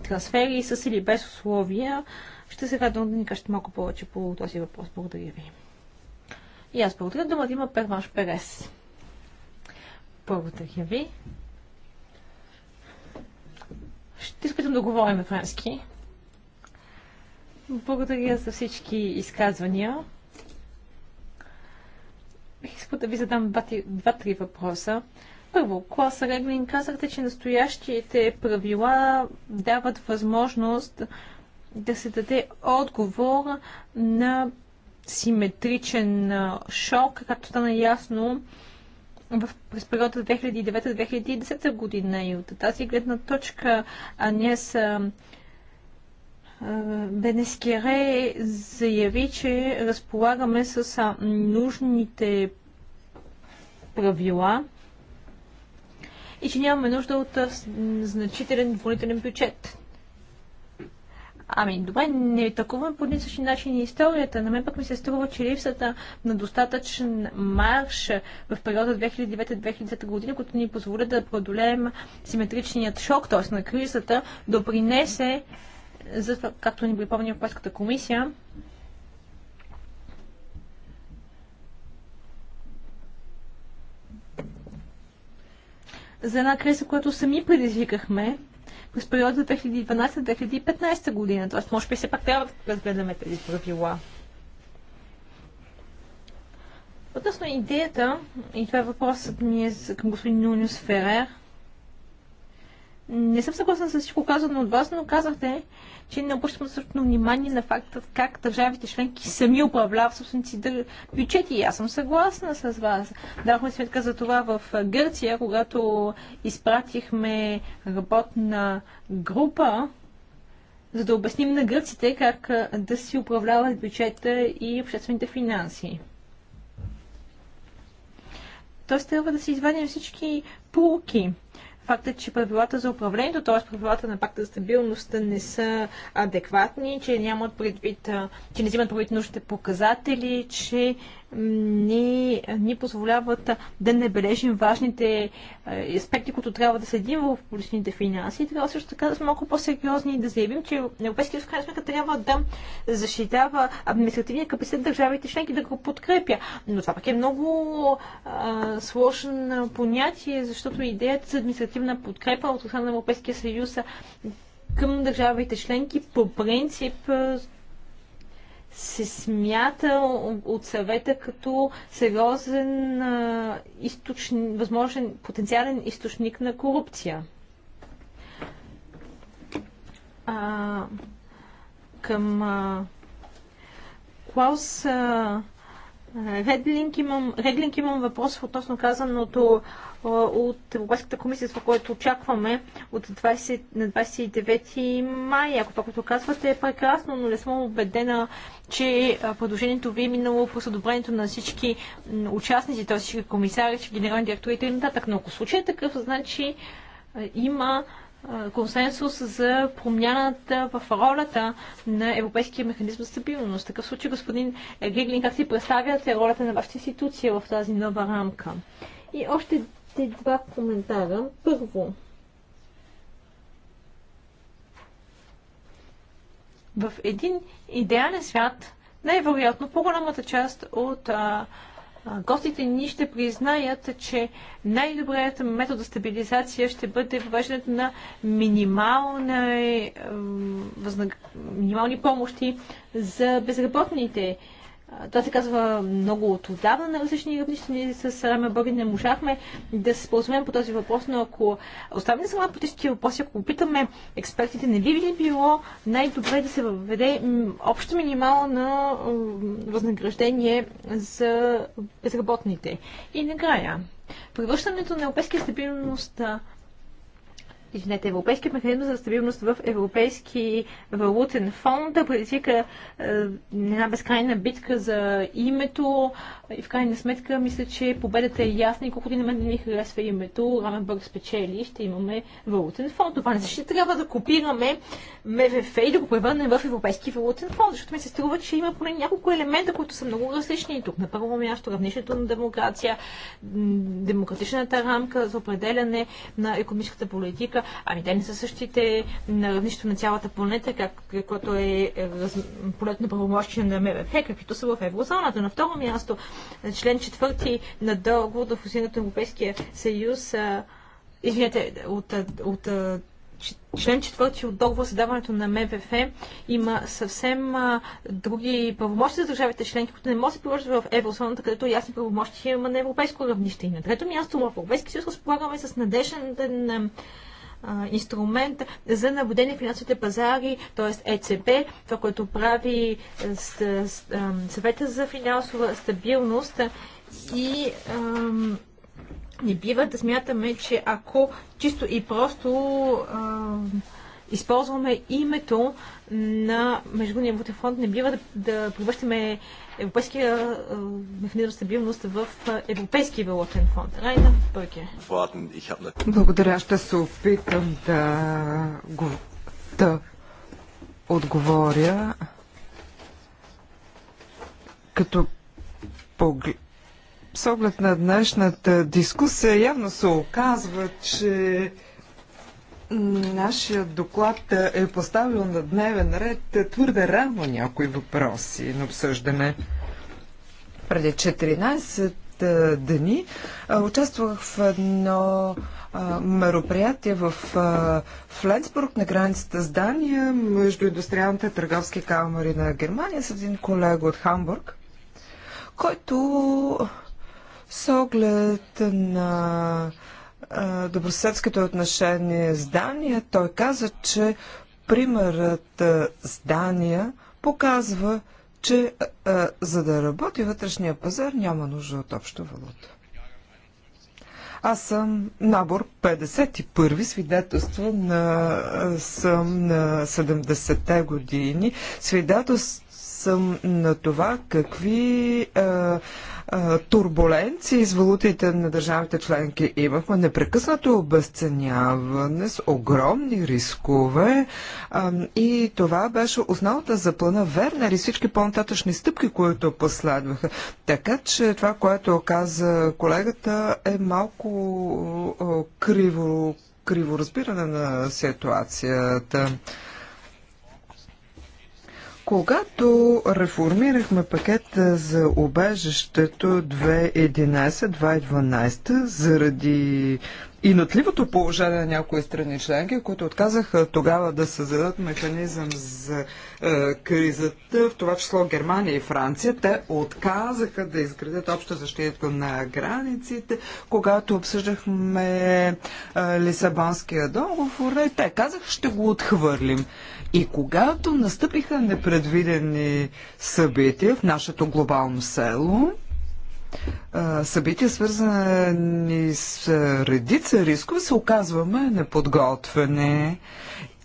Speaker 2: трансфери с или без условия. Ще се радвам да ни кажете малко повече по този въпрос. Благодаря ви. И аз благодаря. Думата има Перваш Перес. Благодаря ви. Ще искам да говорим френски. Благодаря за всички изказвания. Бих искал да ви задам два-три въпроса. Първо, клас Реглин, казахте, че настоящите правила дават възможност да се даде отговор на симетричен шок, както стана ясно в, през периода 2009-2010 година. И от тази гледна точка, а не са Бенескере заяви, че разполагаме с нужните правила и че нямаме нужда от значителен допълнителен бюджет. Ами, добре, не такова по един същи начин и историята. На мен пък ми се струва, че липсата на достатъчен марш в периода 2009-2010 година, който ни позволя да преодолеем симетричният шок, т.е. на кризата, допринесе да за, това както ни припомни Европейската комисия, за една криза, която сами предизвикахме през периода 2012-2015 година. Тоест, може би все пак трябва да разгледаме тези правила. Относно идеята, и това е въпросът ми е към господин Нуниус Ферер, не съм съгласна с всичко казано от вас, но казахте, че не обръщаме същото внимание на факта как държавите членки сами управляват собствените дър... бюджети. И аз съм съгласна с вас. Дахме сметка за това в Гърция, когато изпратихме работна група, за да обясним на гърците как да си управляват бюджета и обществените финанси. Тоест трябва да се извадим всички полуки факта, че правилата за управлението, т.е. правилата на пакта за стабилността не са адекватни, че нямат предвид, че не взимат предвид нужните показатели, че ни, ни позволяват да не бележим важните е, аспекти, които трябва да следим в публичните финанси. Трябва също така да сме малко по-сериозни и да заявим, че Европейския съюз сметка трябва да защитава административния капацитет държавите членки да го подкрепя. Но това пък е много а, сложно понятие, защото идеята за административна подкрепа от страна на Европейския съюз към държавите членки по принцип се смята от съвета като сериозен източник, възможен потенциален източник на корупция. А, към а, Клаус а, Редлинг имам, Редлинг имам въпрос относно казаното от Европейската комисия, за което очакваме от 20, на 29 май. Ако това, което казвате, е прекрасно, но не съм убедена, че предложението ви е минало по съдобрението на всички участници, т.е. всички комисари, че генерални директори и нататък. Но ако случай е такъв, значи има консенсус за промяната в ролята на Европейския механизъм за стабилност. В такъв случай, господин Гиглин, как си представяте ролята на вашата институция в тази нова рамка? И още два коментара. Първо, в един идеален свят най-вероятно по-голямата част от а, Гостите ни ще признаят, че най-добрият метод за стабилизация ще бъде въвеждането на минимални, възнаг... минимални помощи за безработните това се казва много от отдавна на различни равнища. Ние с Раме Боги не можахме да се споразумеем по този въпрос, но ако оставим сама по тези въпроси, ако попитаме експертите, не би ли било най-добре да се въведе общо на възнаграждение за безработните? И накрая, превръщането на европейския стабилност извинете, Европейския механизъм за стабилност в Европейски валутен фонд да предизвика е, една безкрайна битка за името и в крайна сметка мисля, че победата е ясна и колкото и на мен не ми харесва името, Раменбърг спечели и ще имаме валутен фонд. Това не защо значи, трябва да копираме МВФ и да го превърнем в Европейски валутен фонд, защото ми се струва, че има поне няколко елемента, които са много различни и тук. На първо място равнището на демокрация, демократичната рамка за определяне на економическата политика, сметка, ами те не са същите на равнището на цялата планета, как, което е раз, полетно на правомощие на МВФ, каквито са в еврозоната. На второ място, член четвърти на договор до функционирането на Европейския съюз, а, извинете, от, от, от член 4 от договор за даването на МВФ има съвсем а, други правомощи за държавите членки, които не може да се приложат в еврозоната, където ясни правомощи има на европейско равнище. И на трето място в Европейския съюз разполагаме с надежден инструмент за наблюдение на финансовите пазари, т.е. ЕЦБ, това, което прави е, съвета за финансова стабилност и не бива да смятаме, че ако чисто и просто а, използваме името на Международния валутен фонд, не бива да, да превръщаме европейския механизъм стабилност в Европейския валутен фонд. Райна Бърге. Благодаря,
Speaker 3: ще се опитам да, да отговоря като поглед с оглед на днешната дискусия явно се оказва, че Нашия доклад е, е поставил на дневен ред е, твърде рано някои въпроси на обсъждане. Преди 14 е, дни участвах в едно мероприятие в Фленсбург на границата с Дания между индустриалните търговски камери на Германия с един колега от Хамбург, който с оглед на добросъседските отношения с Дания, той каза, че примерът с Дания показва, че а, за да работи вътрешния пазар няма нужда от обща валута. Аз съм набор 51 ви свидетелство на, съм на 70-те години. Свидетелство съм на това какви а, турбуленции с валутите на държавите членки. Имахме непрекъснато обесценяване с огромни рискове и това беше основата за плана Вернер и всички по-нататъчни стъпки, които последваха. Така че това, което каза колегата е малко криво, криво разбиране на ситуацията. Когато реформирахме пакет за обежището 2011-2012 заради и натливото положение на някои страни членки, които отказаха тогава да създадат механизъм за е, кризата, в това число Германия и Франция, те отказаха да изградят обща защита на границите, когато обсъждахме е, Лисабонския договор, и е, те казаха, ще го отхвърлим. И когато настъпиха непредвидени събития в нашето глобално село, събития, свързани с редица рискове, се оказваме неподготвени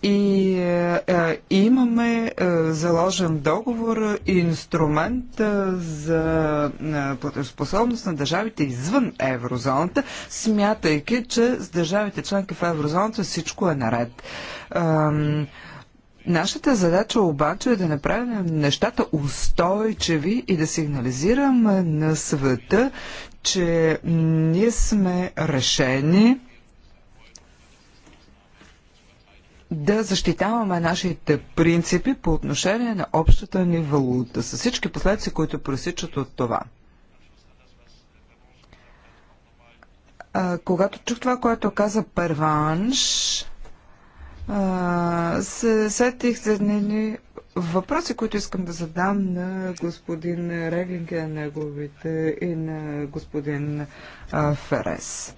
Speaker 3: и е, е имаме е, заложен договор и инструмент е, за е, платежоспособност на държавите извън еврозоната, смятайки, че с държавите членки в еврозоната всичко е наред. Е, Нашата задача обаче е да направим нещата устойчиви и да сигнализираме на света, че ние сме решени да защитаваме нашите принципи по отношение на общата ни валута, с всички последици, които пресичат от това. А, когато чух това, което каза Перванш, се сетих за едни въпроси, които искам да задам на господин на неговите и на господин а, Ферес.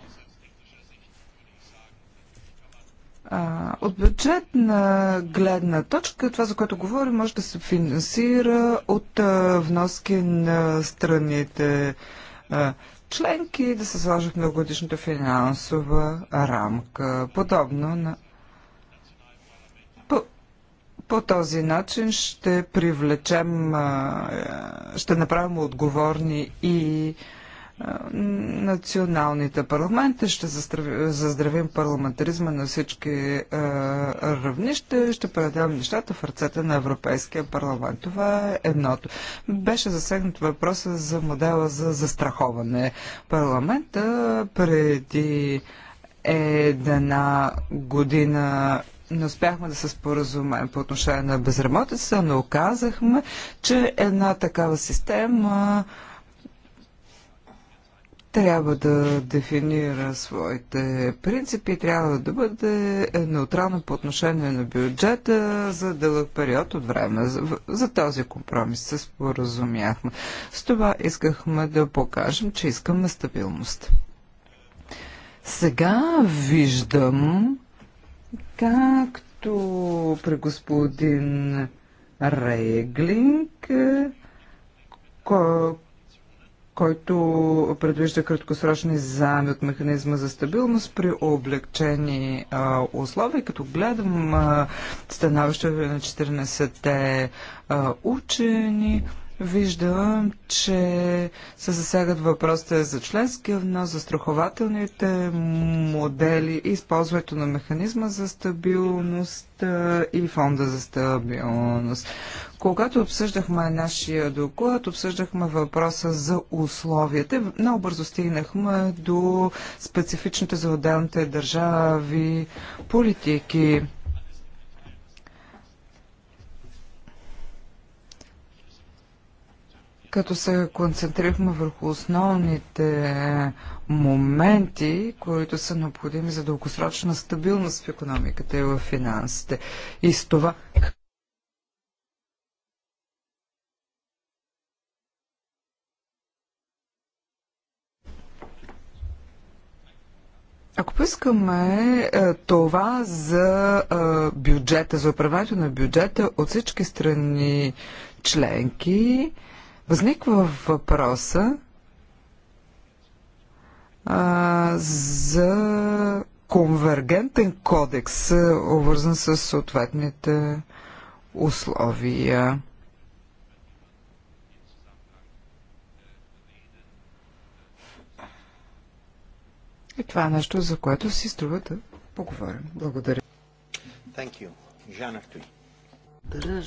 Speaker 3: А, от бюджетна гледна точка, това за което говорим, може да се финансира от а, вноски на страните а, членки да се сложат на годишната финансова рамка, подобно на по този начин ще привлечем, е, ще направим отговорни и националните парламенти, ще заздравим парламентаризма на всички равнища, ще предадем нещата в ръцете на Европейския парламент. Това е едното. Беше засегнат въпроса за модела за застраховане. Парламента преди една година не успяхме да се споразумеем по отношение на безработица, но оказахме, че една такава система трябва да дефинира своите принципи, трябва да бъде неутрална по отношение на бюджета за дълъг период от време. За, за този компромис се споразумяхме. С това искахме да покажем, че искаме стабилност. Сега виждам, както при господин Рейглинг, кой, който предвижда краткосрочни заеми от механизма за стабилност при облегчени а, условия. Като гледам а, становище на 14-те учени, Виждам, че се засягат въпросите за членския внос, за страхователните модели, използването на механизма за стабилност и фонда за стабилност. Когато обсъждахме нашия доклад, обсъждахме въпроса за условията. Много бързо стигнахме до специфичните за отделните държави политики. като се концентрирахме върху основните моменти, които са необходими за дългосрочна стабилност в економиката и в финансите. И с това Ако поискаме е, това за е, бюджета, за управлението на бюджета от всички страни членки, Възниква въпроса а, за конвергентен кодекс, обвързан с съответните условия. И това е нещо, за което си струва да поговорим. Благодаря.
Speaker 2: Thank you. Жан Артуи.
Speaker 3: Благодаря,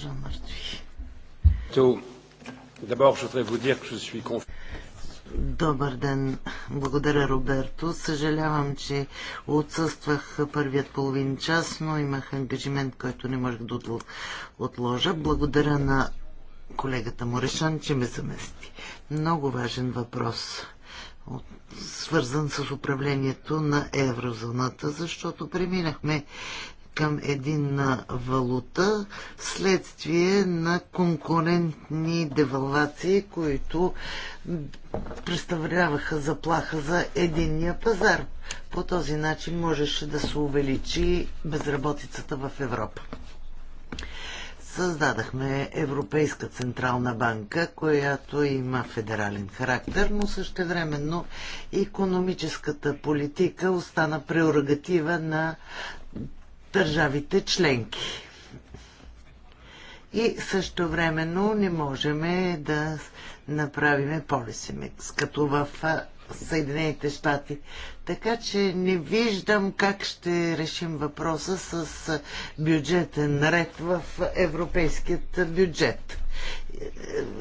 Speaker 1: Добър ден. Благодаря, Роберто. Съжалявам, че отсъствах първият половин час, но имах ангажимент, който не можех да отложа. Благодаря на колегата Морешан, че ме замести. Много важен въпрос, свързан с управлението на еврозоната, защото преминахме към единна валута вследствие на конкурентни девалвации, които представляваха заплаха за единния пазар. По този начин можеше да се увеличи безработицата в Европа. Създадахме Европейска централна банка, която има федерален характер, но същевременно економическата политика остана прерогатива на държавите членки. И също времено не можем да направиме полиси като в Съединените щати. Така че не виждам как ще решим въпроса с бюджетен ред в европейският бюджет.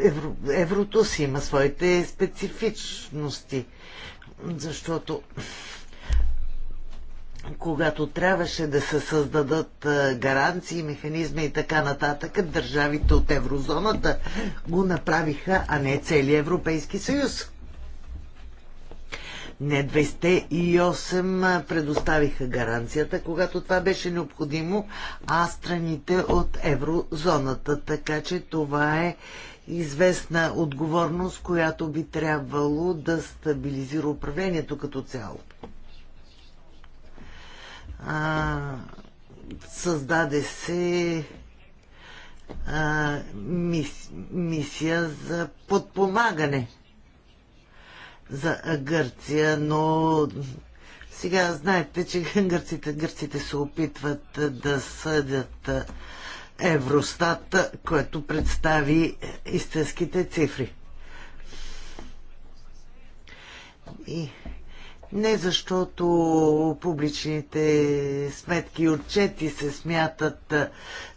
Speaker 1: Евро, еврото си има своите специфичности, защото когато трябваше да се създадат гаранции, механизми и така нататък, държавите от еврозоната го направиха, а не целият Европейски съюз. Не 208 предоставиха гаранцията, когато това беше необходимо, а страните от еврозоната. Така че това е известна отговорност, която би трябвало да стабилизира управлението като цяло. А, създаде се а, мис, мисия за подпомагане за Гърция, но сега знаете, че гърците, гърците се опитват да съдят Евростат, което представи истинските цифри. И не защото публичните сметки и отчети се смятат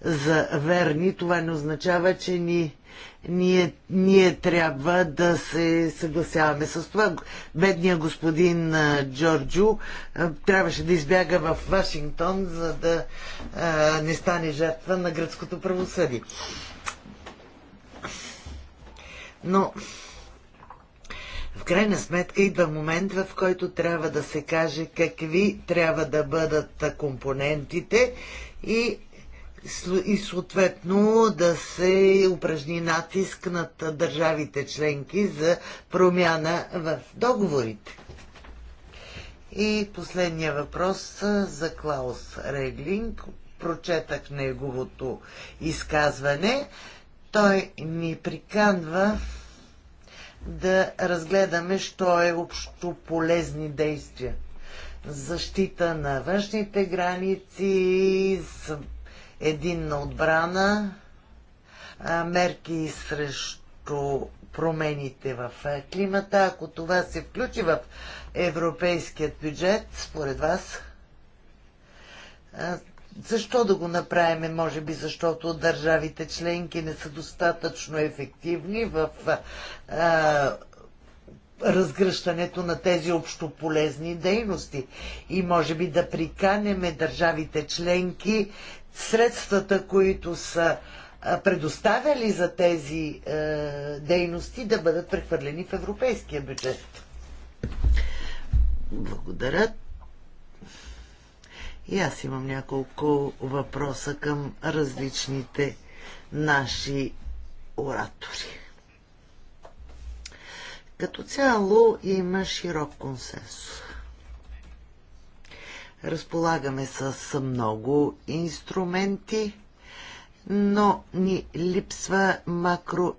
Speaker 1: за верни, това не означава, че ни, ние, ние трябва да се съгласяваме с това. Бедният господин Джорджо трябваше да избяга в Вашингтон, за да а, не стане жертва на гръцкото правосъдие. Но в крайна сметка идва момент, в който трябва да се каже какви трябва да бъдат компонентите и и съответно да се упражни натиск над държавите членки за промяна в договорите. И последния въпрос за Клаус Реглинг. Прочетах неговото изказване. Той ни приканва да разгледаме, що е общо полезни действия. Защита на външните граници, единна отбрана, мерки срещу промените в климата. Ако това се включи в европейският бюджет, според вас, защо да го направим? Може би защото държавите членки не са достатъчно ефективни в а, разгръщането на тези общополезни дейности. И може би да приканеме държавите членки средствата, които са предоставяли за тези е, дейности да бъдат прехвърлени в европейския бюджет. Благодаря. И аз имам няколко въпроса към различните наши оратори. Като цяло има широк консенсус. Разполагаме с много инструменти, но ни липсва макро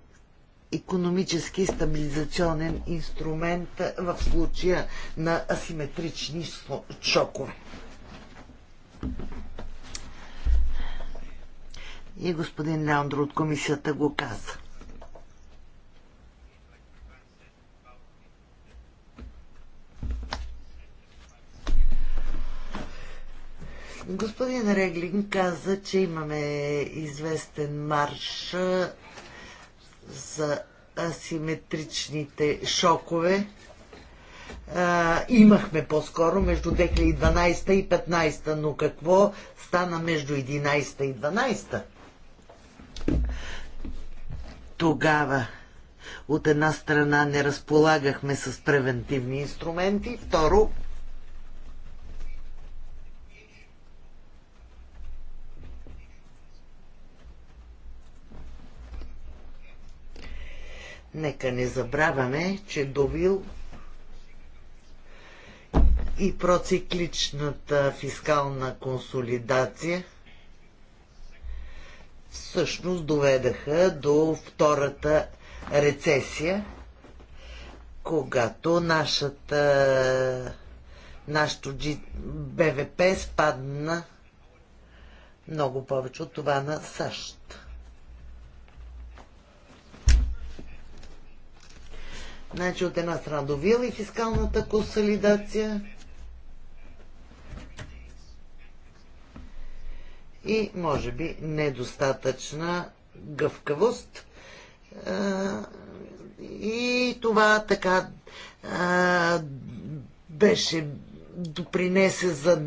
Speaker 1: економически стабилизационен инструмент в случая на асиметрични шокове. И господин Леандро от комисията го каза. Господин Реглин каза, че имаме известен марш за асиметричните шокове имахме по-скоро между 2012 и 2015, но какво стана между 11 и 12? Тогава от една страна не разполагахме с превентивни инструменти, второ Нека не забравяме, че Довил и процикличната фискална консолидация всъщност доведаха до втората рецесия, когато нашата, нашото БВП спадна много повече от това на САЩ. Значи от една страна довила и фискалната консолидация, и може би недостатъчна гъвкавост. И това така беше допринесе за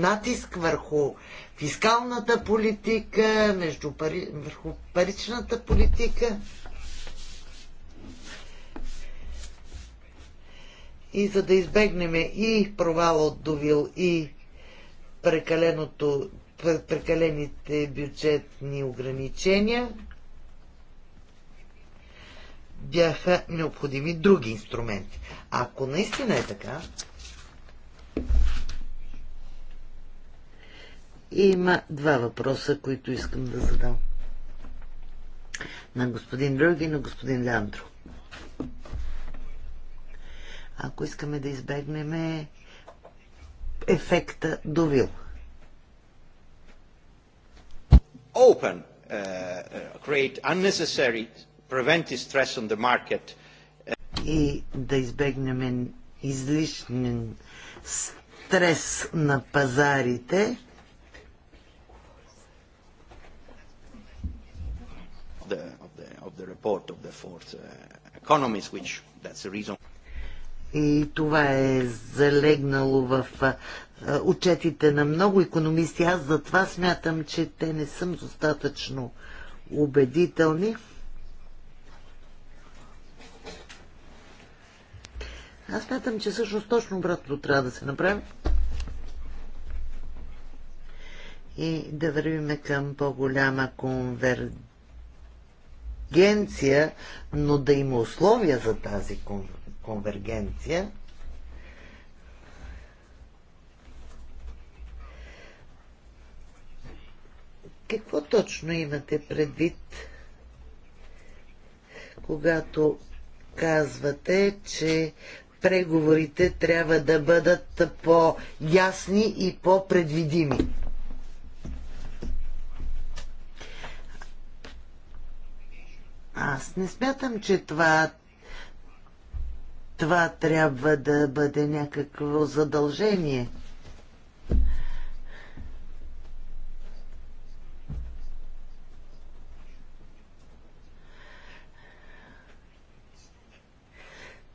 Speaker 1: натиск върху фискалната политика, между пари, върху паричната политика. И за да избегнем и провала от Довил, и прекаленото прекалените бюджетни ограничения бяха необходими други инструменти. Ако наистина е така, има два въпроса, които искам да задам. На господин Други и на господин Леандро. Ако искаме да избегнем ефекта Довил –
Speaker 2: open, uh, uh, create unnecessary preventive stress on the market.
Speaker 1: И да избегнем излишен стрес на пазарите. The, of, the, of the report of the fourth uh, economist, which that's the reason. И това е залегнало в отчетите на много економисти. Аз затова смятам, че те не съм достатъчно убедителни. Аз смятам, че всъщност точно обратно трябва да се направи и да вървим към по-голяма конвергенция, но да има условия за тази конвергенция. Какво точно имате предвид, когато казвате, че преговорите трябва да бъдат по-ясни и по-предвидими? Аз не смятам, че това това трябва да бъде някакво задължение.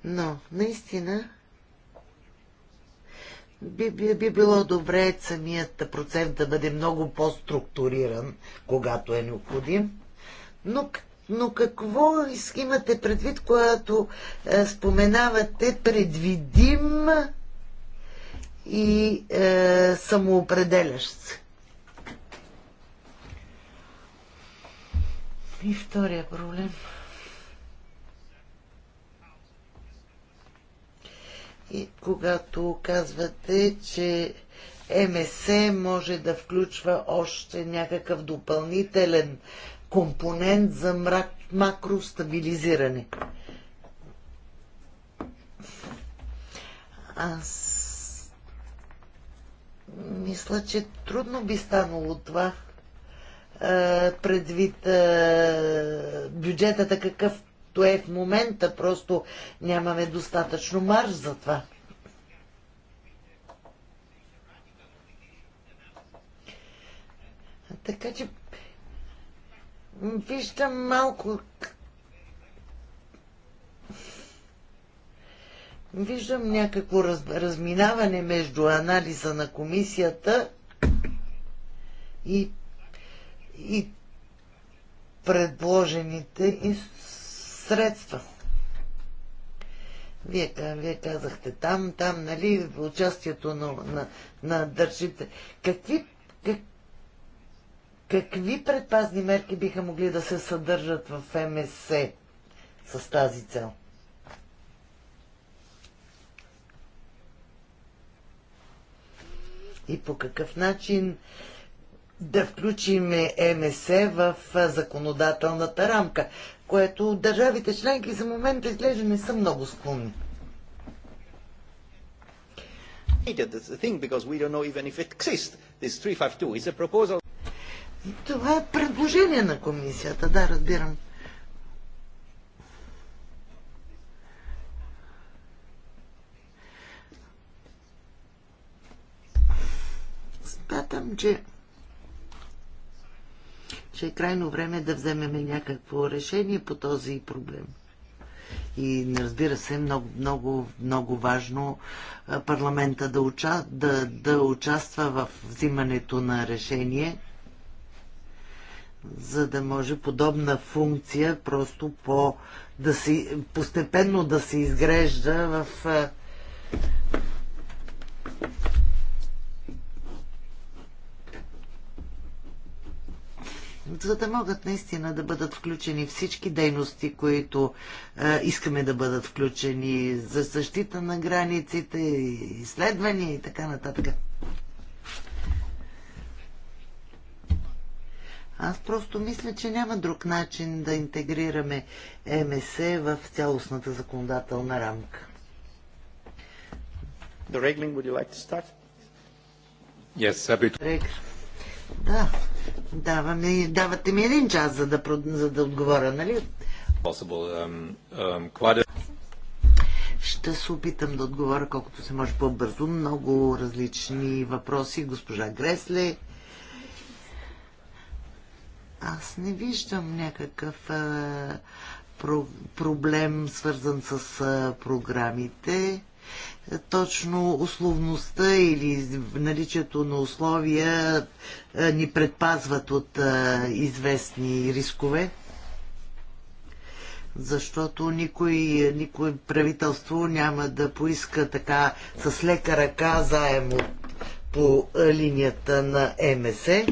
Speaker 1: Но, наистина, би, би, би било добре самият процент да бъде много по-структуриран, когато е необходим. Но, но какво имате предвид, когато е, споменавате предвидим и е, самоопределящ се? И втория проблем – и когато казвате, че МС може да включва още някакъв допълнителен компонент за мрак, макростабилизиране. Аз мисля, че трудно би станало това предвид бюджетата какъв което е в момента. Просто нямаме достатъчно марш за това. Така че виждам малко Виждам някакво раз, разминаване между анализа на комисията и, и предложените инс, средства. Вие, вие казахте там, там, нали, в участието на, на, на държите. Какви, как, какви предпазни мерки биха могли да се съдържат в МСС с тази цел? И по какъв начин да включим МСЕ в законодателната рамка което държавите членки за момента изглежда не са много склонни. Това е предложение на комисията, да, разбирам. Смятам, че че е крайно време да вземем някакво решение по този проблем. И разбира се, много, много, много важно парламента да, уча, да, да участва в взимането на решение, за да може подобна функция просто по, да си, постепенно да се изгрежда в за да могат наистина да бъдат включени всички дейности, които а, е, искаме да бъдат включени за защита на границите, изследвания и така нататък. Аз просто мисля, че няма друг начин да интегрираме МСЕ в цялостната законодателна рамка.
Speaker 2: The regling, would you like to start? Yes,
Speaker 1: да, даваме, давате ми един час, за да, за да отговоря, нали?
Speaker 3: Um, um,
Speaker 1: Ще се опитам да отговоря колкото се може по-бързо. Много различни въпроси, госпожа Гресле. Аз не виждам някакъв а, про- проблем, свързан с а, програмите точно условността или наличието на условия ни предпазват от известни рискове? Защото никой, никой правителство няма да поиска така с лека ръка заемо по линията на МСЕ,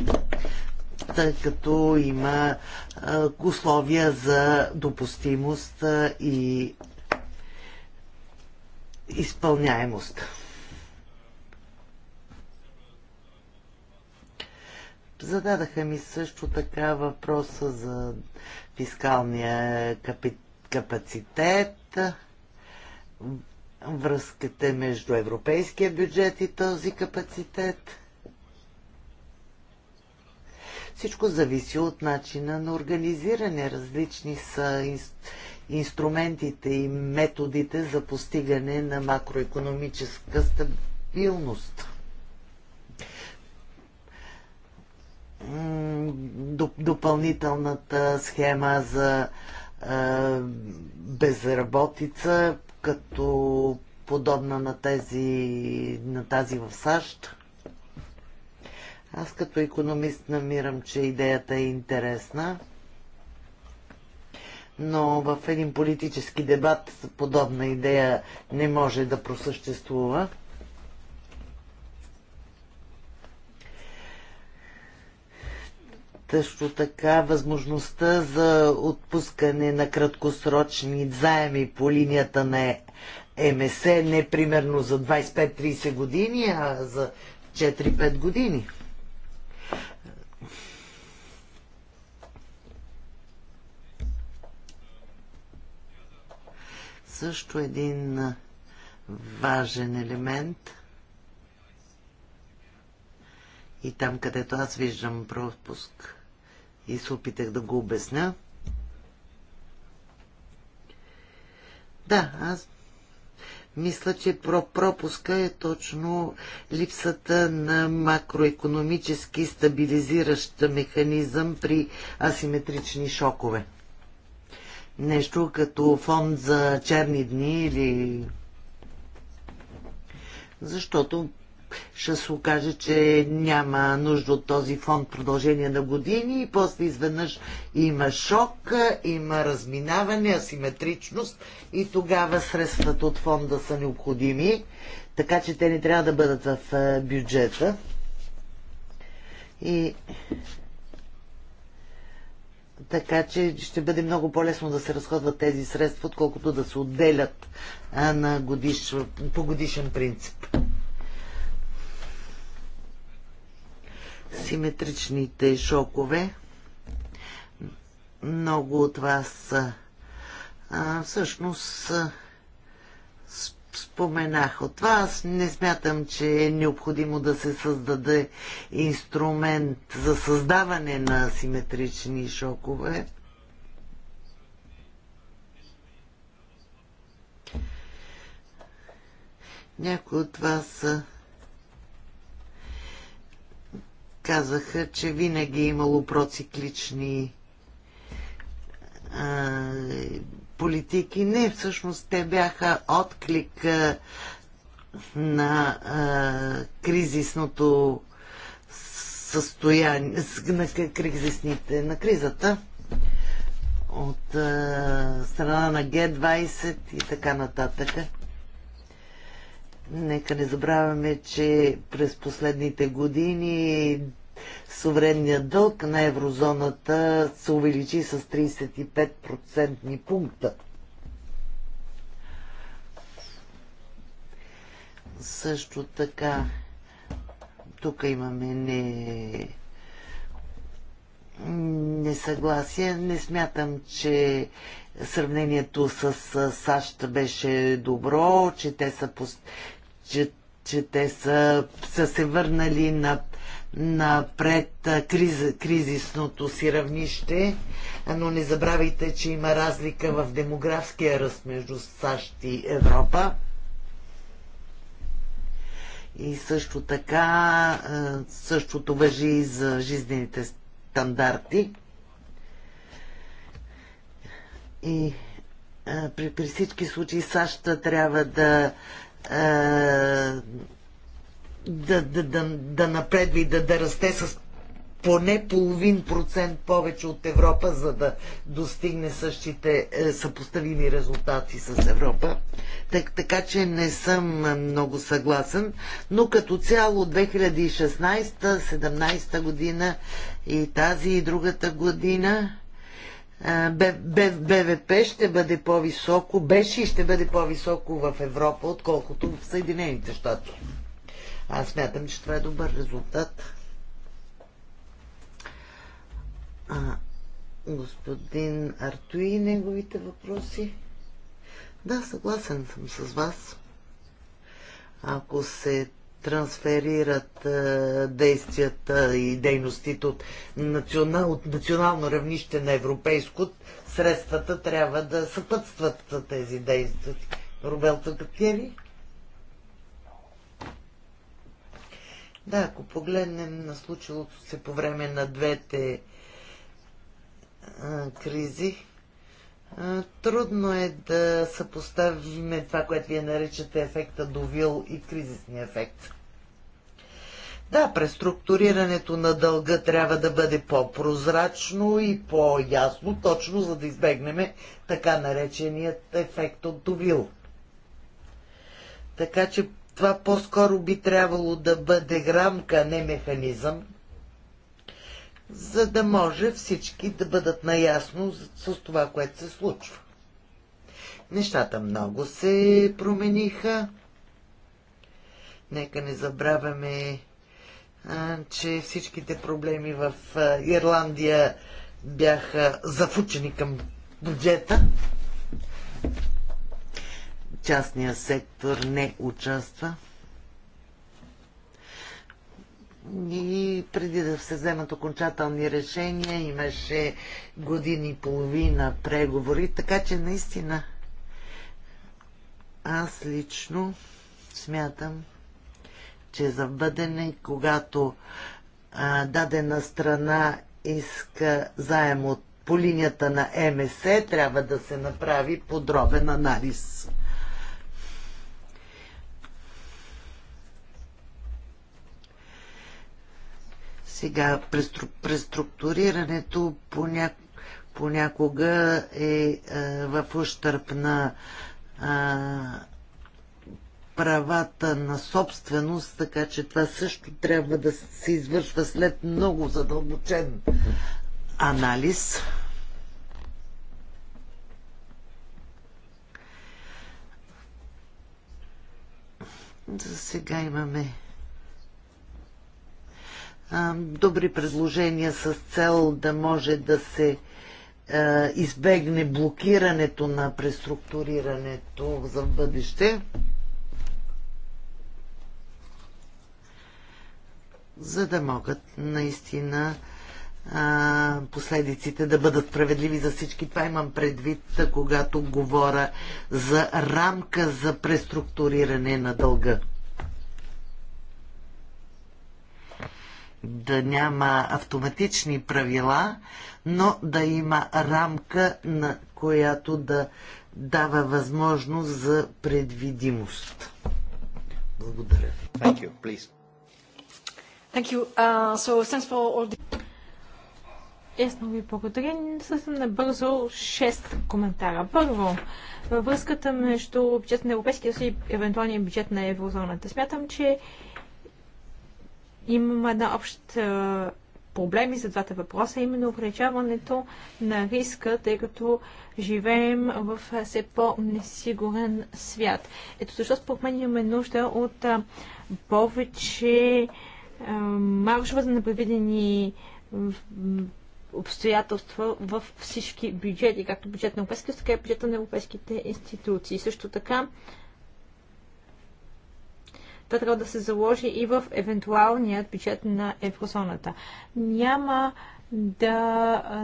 Speaker 1: тъй като има условия за допустимост и изпълняемост. Зададаха ми също така въпроса за фискалния капи... капацитет, връзката между европейския бюджет и този капацитет. Всичко зависи от начина на организиране. Различни са инструментите и методите за постигане на макроекономическа стабилност. Допълнителната схема за безработица, като подобна на, тези, на тази в САЩ. Аз като економист намирам, че идеята е интересна но в един политически дебат подобна идея не може да просъществува. Тъщо така възможността за отпускане на краткосрочни заеми по линията на МСЕ не примерно за 25-30 години, а за 4-5 години. също един важен елемент. И там, където аз виждам пропуск и се опитах да го обясня. Да, аз мисля, че пропуска е точно липсата на макроекономически стабилизиращ механизъм при асиметрични шокове нещо като фонд за черни дни или... Защото ще се окаже, че няма нужда от този фонд продължение на години и после изведнъж има шок, има разминаване, асиметричност и тогава средствата от фонда са необходими, така че те не трябва да бъдат в е, бюджета. И така че ще бъде много по-лесно да се разходват тези средства, отколкото да се отделят а, на годиш, по годишен принцип. Симетричните шокове. Много от вас а, всъщност а, споменах от това. Аз не смятам, че е необходимо да се създаде инструмент за създаване на симетрични шокове. Някои от вас казаха, че винаги е имало проциклични политики. Не, всъщност те бяха отклик на а, кризисното състояние, на кризисните, на кризата от а, страна на Г-20 и така нататък. Нека не забравяме, че през последните години суверенният дълг на еврозоната се увеличи с 35% пункта. Също така, тук имаме не несъгласие. Не смятам, че сравнението с САЩ беше добро, че те са, че, че те са, са се върнали на, на пред криз, кризисното си равнище, но не забравяйте, че има разлика в демографския ръст между САЩ и Европа. И също така, е, същото въжи и за жизнените стандарти. И е, при, при всички случаи САЩ трябва да е, да, да, да, да напредва и да, да расте с поне половин процент повече от Европа, за да достигне същите е, съпоставими резултати с Европа. Так, така че не съм много съгласен, но като цяло 2016-17 година и тази и другата година е, БВП ще бъде по-високо, беше и ще бъде по-високо в Европа, отколкото в Съединените щати. Аз смятам, че това е добър резултат. а, господин Артуи и неговите въпроси. Да, съгласен съм с вас. Ако се трансферират а, действията и дейностите от, национал, от национално равнище на европейско, средствата трябва да съпътстват тези действия. Рубелта Каптери? Е да, ако погледнем на случилото се по време на двете кризи, трудно е да съпоставим това, което вие наричате ефекта Довил и кризисния ефект. Да, преструктурирането на дълга трябва да бъде по-прозрачно и по-ясно, точно за да избегнем така нареченият ефект от Довил. Така че това по-скоро би трябвало да бъде рамка, не механизъм, за да може всички да бъдат наясно с това, което се случва. Нещата много се промениха. Нека не забравяме, че всичките проблеми в Ирландия бяха зафучени към бюджета. Частният сектор не участва. И преди да се вземат окончателни решения, имаше години и половина преговори, така че наистина аз лично смятам, че за бъдене, когато а, дадена страна иска заем от по линията на МСЕ, трябва да се направи подробен анализ. Сега преструктурирането понякога е, е в ущърп на правата на собственост, така че това също трябва да се извършва след много задълбочен анализ. За сега имаме добри предложения с цел да може да се избегне блокирането на преструктурирането за бъдеще. за да могат наистина а, последиците да бъдат справедливи за всички. Това имам предвид, когато говоря за рамка за преструктуриране на дълга. да няма автоматични правила, но да има рамка, на която да дава възможност за предвидимост. Благодаря. Thank you, please.
Speaker 2: Thank you. Uh, so, thanks for all the... много ви благодаря. Съвсем набързо 6 коментара. Първо, във връзката между бюджет на Европейския съюз и евентуалния бюджет на еврозоната. Смятам, че имам една обща проблеми за двата въпроса, именно ограничаването на риска, тъй като живеем в все по-несигурен свят. Ето защо според мен имаме нужда от повече маржове за непредвидени обстоятелства в всички бюджети, както бюджет на Европейския съюз, така и бюджета на европейските институции. Също така Та трябва да се заложи и в евентуалният бюджет на еврозоната. Няма да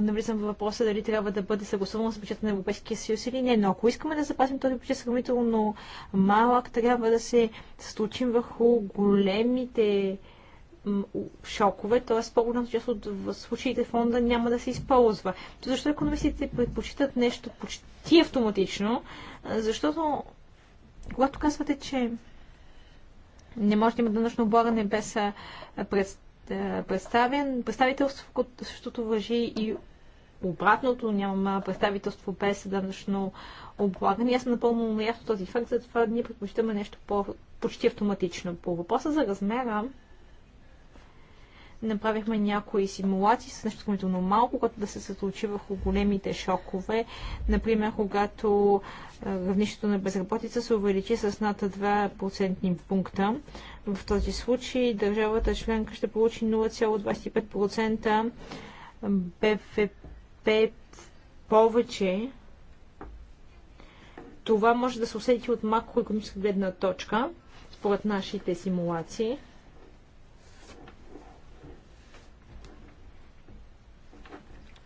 Speaker 2: навлизам във въпроса дали трябва да бъде съгласувано с бюджета на Европейския съюз или не, но ако искаме да запазим този бюджет сравнително малък, трябва да се случим върху големите шокове, т.е. по-голямата част от случаите фонда няма да се използва. То защо економистите предпочитат нещо почти автоматично? Защото когато казвате, че не може да има данъчно облагане без представен, представителство, същото въжи и обратното, няма представителство без данъчно облагане. Аз съм напълно наясно този факт, затова ние предпочитаме нещо по- почти автоматично. По въпроса за размера, направихме някои симулации с нещо сравнително малко, което да се съточи върху големите шокове. Например, когато равнището на безработица се увеличи с над 2% пункта. В този случай държавата членка ще получи 0,25% БФП повече. Това може да се усети от макроекономическа гледна точка, според нашите симулации.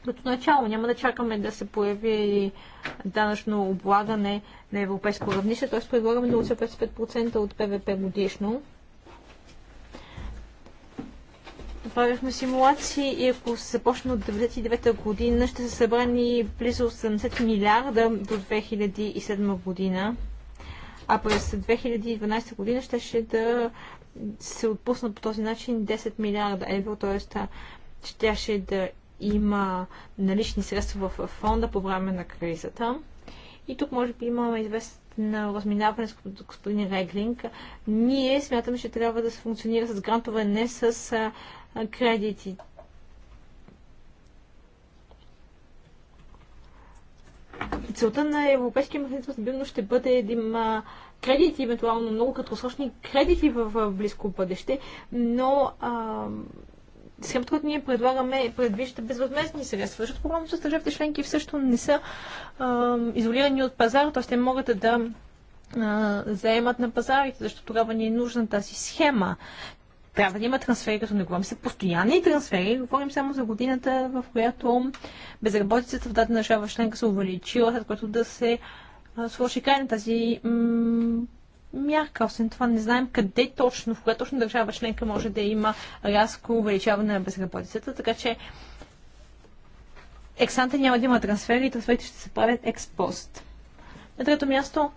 Speaker 2: Като начало. Няма да чакаме да се появи данъчно облагане на европейско равнище, т.е. предлагаме 0,55% от ПВП годишно. Направихме симулации и ако се започне от 1999 година, ще са събрани близо 80 милиарда до 2007 година. А през 2012 година ще, ще да се отпусна по този начин 10 милиарда евро, т.е. ще да има налични средства в фонда по време на кризата. И тук може би имаме известно разминаване с господин Реглинг. Ние смятаме, че трябва да се функционира с грантове, не с кредити. Целта на Европейския механизъм стабилно ще бъде да има кредити, евентуално много краткосрочни кредити в, близко бъдеще, но а, схемата, която ние предлагаме, предвижда безвъзместни средства, защото програмите с държавите членки също не са а, изолирани от пазара, т.е. те могат да а, заемат на пазарите, защото тогава ни е нужна тази схема. Трябва да има трансфери, като не говорим Са. постоянни трансфери, говорим само за годината, в която безработицата в дадена държава членка се увеличила, след което да се сложи край на тази мярка. Освен това не знаем къде точно, в коя точно държава членка може да има рязко увеличаване на безработицата, така че ексанта няма да има трансфери и трансферите ще се правят експост. На трето място,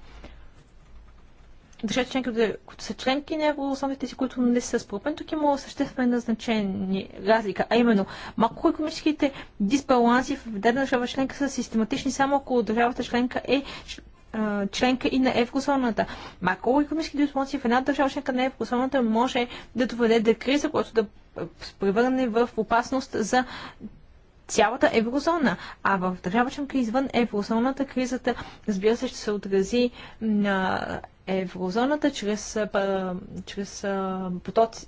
Speaker 2: държавите членки, които са членки на еврозоната, си, които не са според тук има съществено значение разлика, а именно макроекономическите дисбаланси в дадена държава членка са систематични само ако държавата членка е членка и на еврозоната. Макроекономически дисбаланси в една държава членка на еврозоната може да доведе до криза, която да превърне в опасност за цялата еврозона. А в държава членка извън еврозоната кризата, разбира се, ще се отрази на еврозоната чрез, чрез потоци,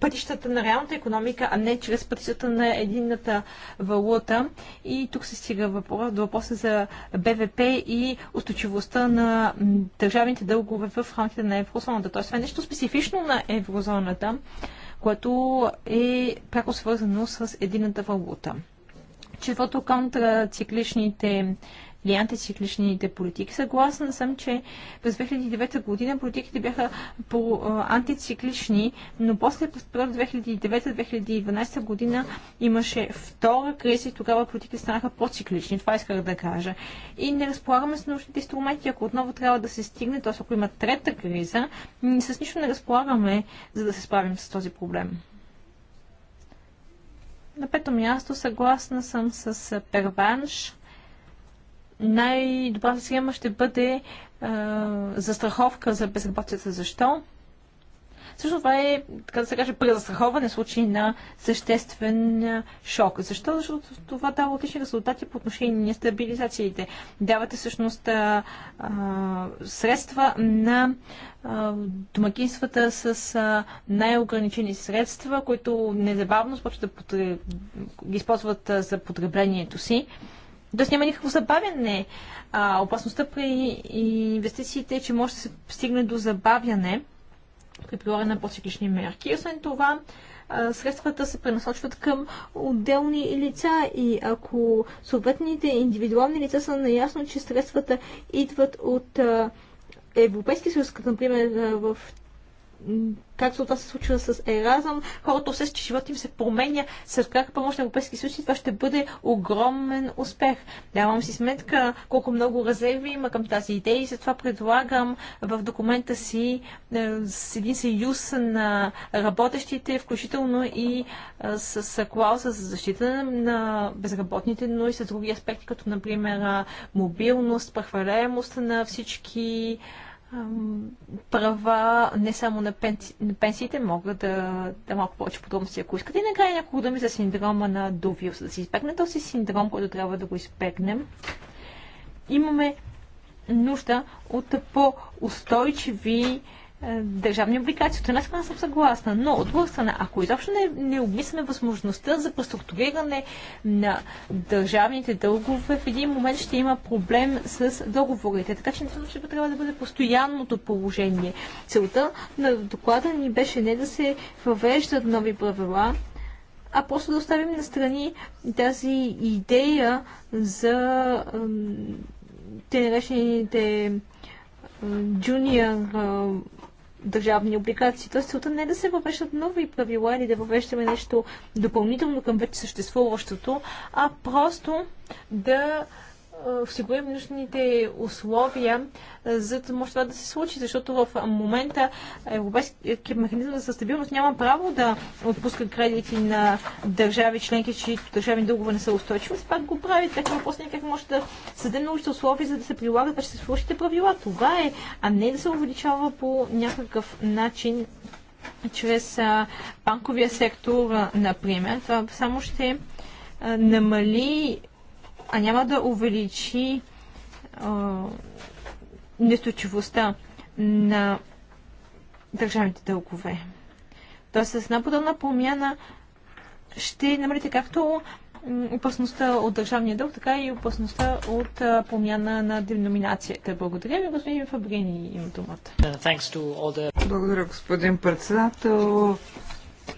Speaker 2: пътищата на реалната економика, а не чрез пътищата на единната валута. И тук се стига въпрос, до въпроса за БВП и устойчивостта на държавните дългове в рамките на еврозоната. Тоест това е нещо специфично на еврозоната, което е пряко свързано с едината валута. Четвърто, контрацикличните или антицикличните политики. Съгласна съм, че през 2009 година политиките бяха по антициклични, но после през 2009-2012 година имаше втора криза и тогава политиките станаха по-циклични. Това исках да кажа. И не разполагаме с научните инструменти. Ако отново трябва да се стигне, т.е. ако има трета криза, с нищо не разполагаме, за да се справим с този проблем. На пето място съгласна съм с Перванш най-добрата схема ще бъде а, застраховка за безработица. Защо? Също това е, така да се каже, презастраховане в случай на съществен шок. Защо? Защото това дава отлични резултати по отношение на стабилизациите. Давате всъщност а, а, средства на а, домакинствата с най-ограничени средства, които незабавно започват да потреб... ги използват за потреблението си. Тоест няма никакво забавяне. А, опасността при инвестициите е, че може да се стигне до забавяне при прилагане на по-циклични мерки. Освен това, средствата се пренасочват към отделни лица и ако съответните индивидуални лица са наясно, че средствата идват от Европейския съюз, като например в както това се случва с Еразъм, хората усещат, че живота им се променя с как помощ на Европейски съюз и това ще бъде огромен успех. Давам си сметка колко много резерви има към тази идея и затова предлагам в документа си е, с един съюз на работещите, включително и е, с, клауза за защита на безработните, но и с други аспекти, като например е, мобилност, прехваляемост на всички права не само на, пенси, на пенсиите, мога да, да малко повече подробности, ако искате. И накрая няколко думи за синдрома на Довиус. да се избегне този синдром, който трябва да го избегнем, имаме нужда от по-устойчиви държавни облигации. От една страна съм съгласна, но от друга страна, ако изобщо не, не обмисляме възможността за преструктуриране на държавните дългове, в един момент ще има проблем с договорите. Така че мисля, че трябва да бъде постоянното положение. Целта на доклада ни беше не да се въвеждат нови правила, а просто да оставим настрани тази идея за те наречените junior държавни облигации. Тоест целта не е да се въвеждат нови правила или да въвеждаме нещо допълнително към вече съществуващото, а просто да осигурим нужните условия, за да може това да се случи, защото в момента Европейският механизъм за стабилност няма право да отпуска кредити на държави членки, чието държавни дългове не са устойчиви. Все пак го прави, така въпрос е как може да създадем нужните условия, за да се прилагат вече се случите правила. Това е, а не да се увеличава по някакъв начин чрез банковия сектор, например. Това само ще намали а няма да увеличи нестойчивостта на държавните дългове. Тоест, с една подобна промяна ще намалите както опасността от държавния дълг, така и опасността от промяна на деноминацията. Благодаря ви, господин Фабрини, има думата.
Speaker 3: Благодаря, господин председател.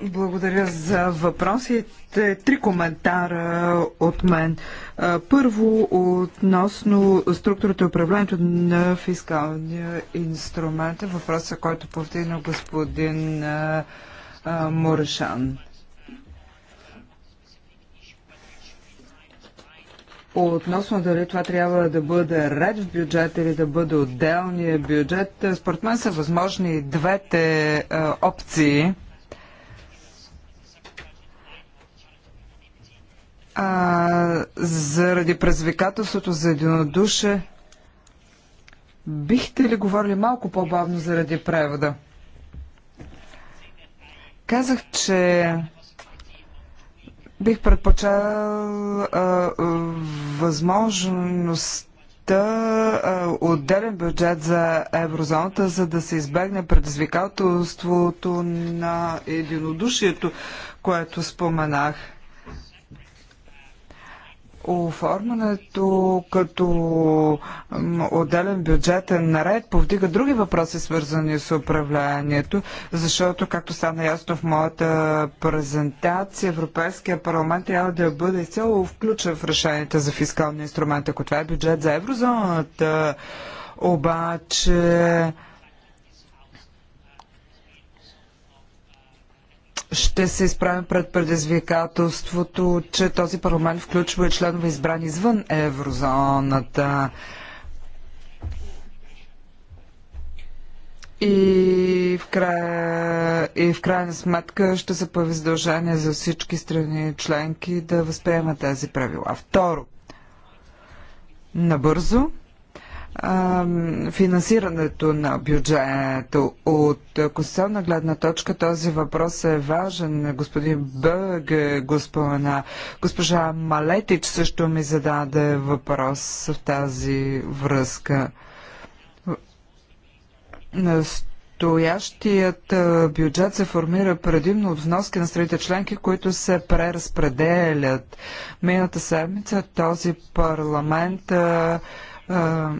Speaker 3: Благодаря за въпросите. Три коментара от мен. Първо, относно структурата и управлението на фискалния инструмент, е въпросът, който повдигна господин Морешан. Относно дали това трябва да бъде ред в бюджет или да бъде отделния бюджет, според мен са възможни двете опции. а, заради предизвикателството за единодушие, бихте ли говорили малко по-бавно заради превода? Казах, че бих предпочел възможността а, отделен бюджет за еврозоната, за да се избегне предизвикателството на единодушието, което споменах. Оформянето като отделен бюджетен наред повдига други въпроси, свързани с управлението, защото, както стана ясно в моята презентация, Европейския парламент трябва да бъде изцяло включен в решенията за фискални инструменти. Ако това е бюджет за еврозоната, обаче ще се изправим пред предизвикателството, че този парламент включва и членове избрани извън еврозоната. И в, края, и в крайна сметка ще се появи задължение за всички страни членки да възприемат тези правила. Второ, набързо финансирането на бюджета. От конституционна гледна точка този въпрос е важен. Господин Бъг спомена. госпожа Малетич също ми зададе въпрос в тази връзка. Настоящият бюджет се формира предимно от вноски на страните членки, които се преразпределят. Мината седмица този парламент а, а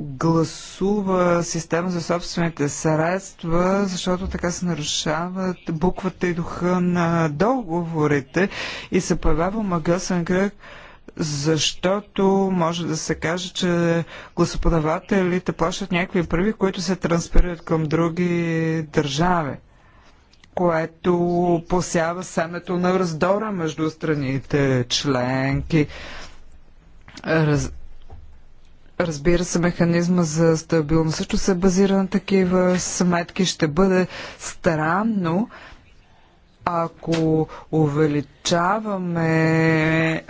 Speaker 3: гласува система за собствените средства, защото така се нарушават буквата и духа на договорите и се появява магъсен кръг защото може да се каже, че гласоподавателите плащат някакви прави, които се трансферират към други държави, което посява семето на раздора между страните членки. Раз... Разбира се, механизма за стабилност също се базира на такива сметки. Ще бъде странно, ако увеличаваме е,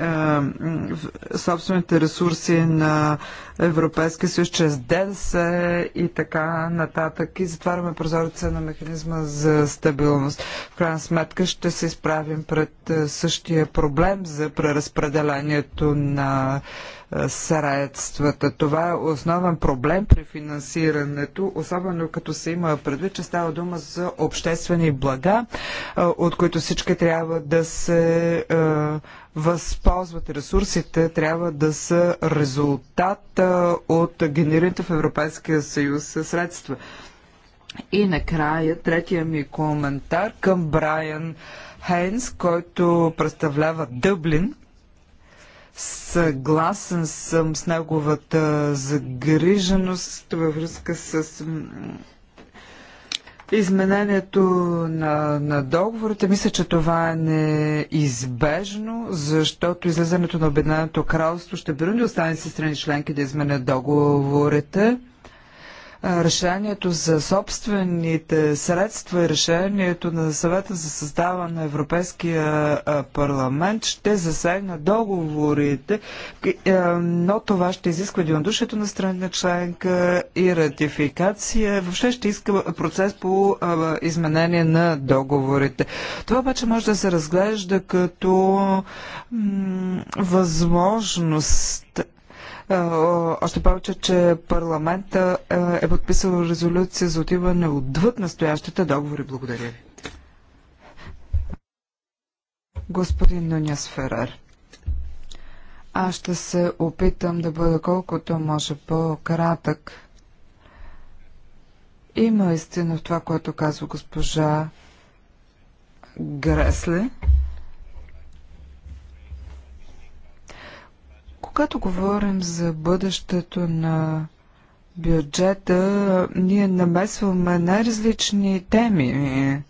Speaker 3: собствените ресурси на Европейския съюз чрез ДДС и така нататък и затваряме прозореца на механизма за стабилност. В крайна сметка ще се изправим пред е, същия проблем за преразпределението на средствата. Това е основен проблем при финансирането, особено като се има предвид, че става дума за обществени блага, от които всички трябва да се възползват ресурсите, трябва да са резултат от генерираните в Европейския съюз средства. И накрая, третия ми коментар към Брайан Хейнс, който представлява Дъблин – Съгласен съм с неговата загриженост във връзка с изменението на, на договорите. Мисля, че това е неизбежно, защото излизането на Обединеното кралство ще принуди останалите страни членки да изменят договорите решението за собствените средства и решението на съвета за създаване на Европейския парламент ще засегна договорите, но това ще изисква единодушието на страната членка и ратификация. Въобще ще иска процес по изменение на договорите. Това обаче може да се разглежда като възможност е, още повече, че парламента е, е подписал резолюция за отиване отвъд настоящите договори. Благодаря ви. Господин Нуняс Ферер, Аз ще се опитам да бъда колкото може по-кратък. Има истина в това, което казва госпожа Гресле. Когато говорим за бъдещето на бюджета, ние намесваме най-различни теми.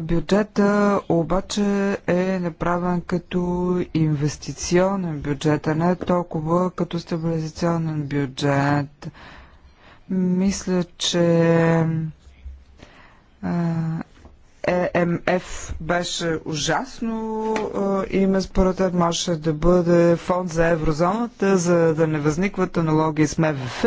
Speaker 3: Бюджета обаче е направен като инвестиционен бюджет, а не толкова като стабилизационен бюджет. Мисля, че ЕМФ беше ужасно е, име според мен Може да бъде фонд за еврозоната, за да не възникват аналогии с МВФ.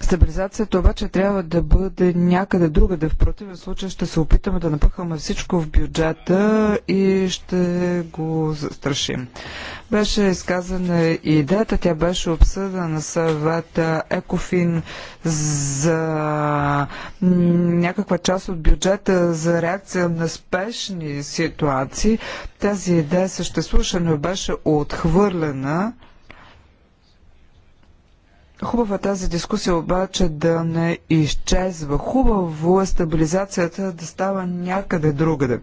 Speaker 3: Стабилизацията обаче трябва да бъде някъде другаде. В противен случай ще се опитаме да напъхаме всичко в бюджета и ще го застрашим. Беше изказана и идеята, тя беше обсъдена на съвета Екофин за някаква част от бюджета за реакция на спешни ситуации. Тази идея съществуваше, но беше отхвърлена Хубава е тази дискусия обаче да не изчезва. Хубаво е стабилизацията да става някъде другаде.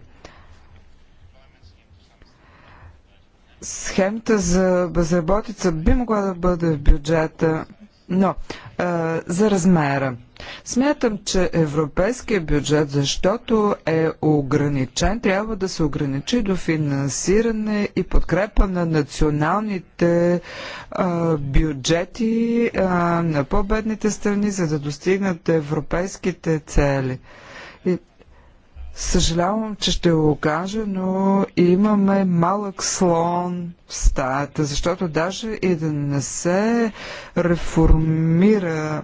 Speaker 3: Схемата за безработица би могла да бъде в бюджета но а, за размера. Смятам, че европейския бюджет, защото е ограничен, трябва да се ограничи до финансиране и подкрепа на националните а, бюджети а, на по-бедните страни, за да достигнат европейските цели. И Съжалявам, че ще го кажа, но имаме малък слон в стаята, защото даже и да не се реформира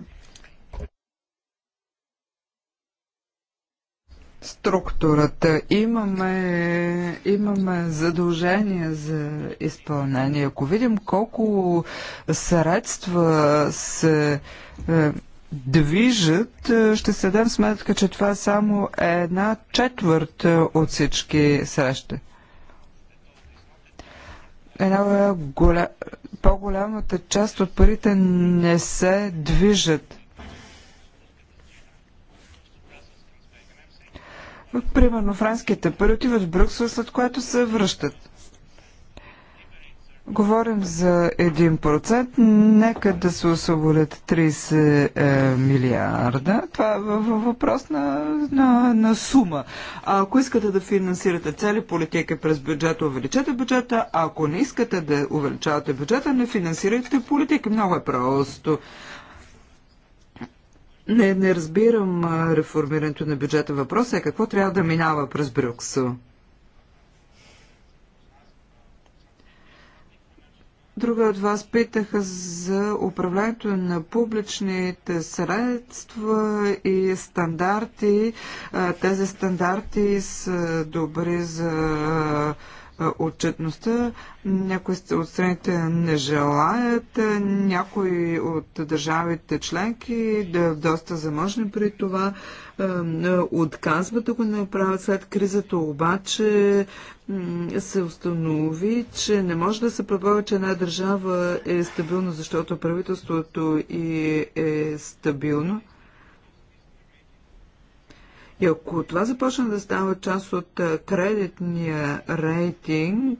Speaker 3: структурата. Имаме, имаме задължение за изпълнение. Ако видим колко средства се е, движат, е, ще се дам сметка, че това е само една четвърт е, от всички срещи. Една голя... по-голямата част от парите не се движат. Примерно франските пари отиват в Брюксел, след което се връщат. Говорим за 1%, нека да се освободят 30 е, милиарда. Това е въпрос на, на, на сума. А ако искате да финансирате цели политики през бюджета, увеличете бюджета. А ако не искате да увеличавате бюджета, не финансирайте политики. Много е просто. Не, не разбирам реформирането на бюджета. Въпросът е какво трябва да минава през Брюксел. Друга от вас питаха за управлението на публичните средства и стандарти. Тези стандарти са добри за отчетността. Някои от страните не желаят, някои от държавите членки да доста замъжни при това. Е, отказват да го направят след кризата, обаче се установи, че не може да се предполага, че една държава е стабилна, защото правителството и е стабилно. И ако това започне да става част от кредитния рейтинг,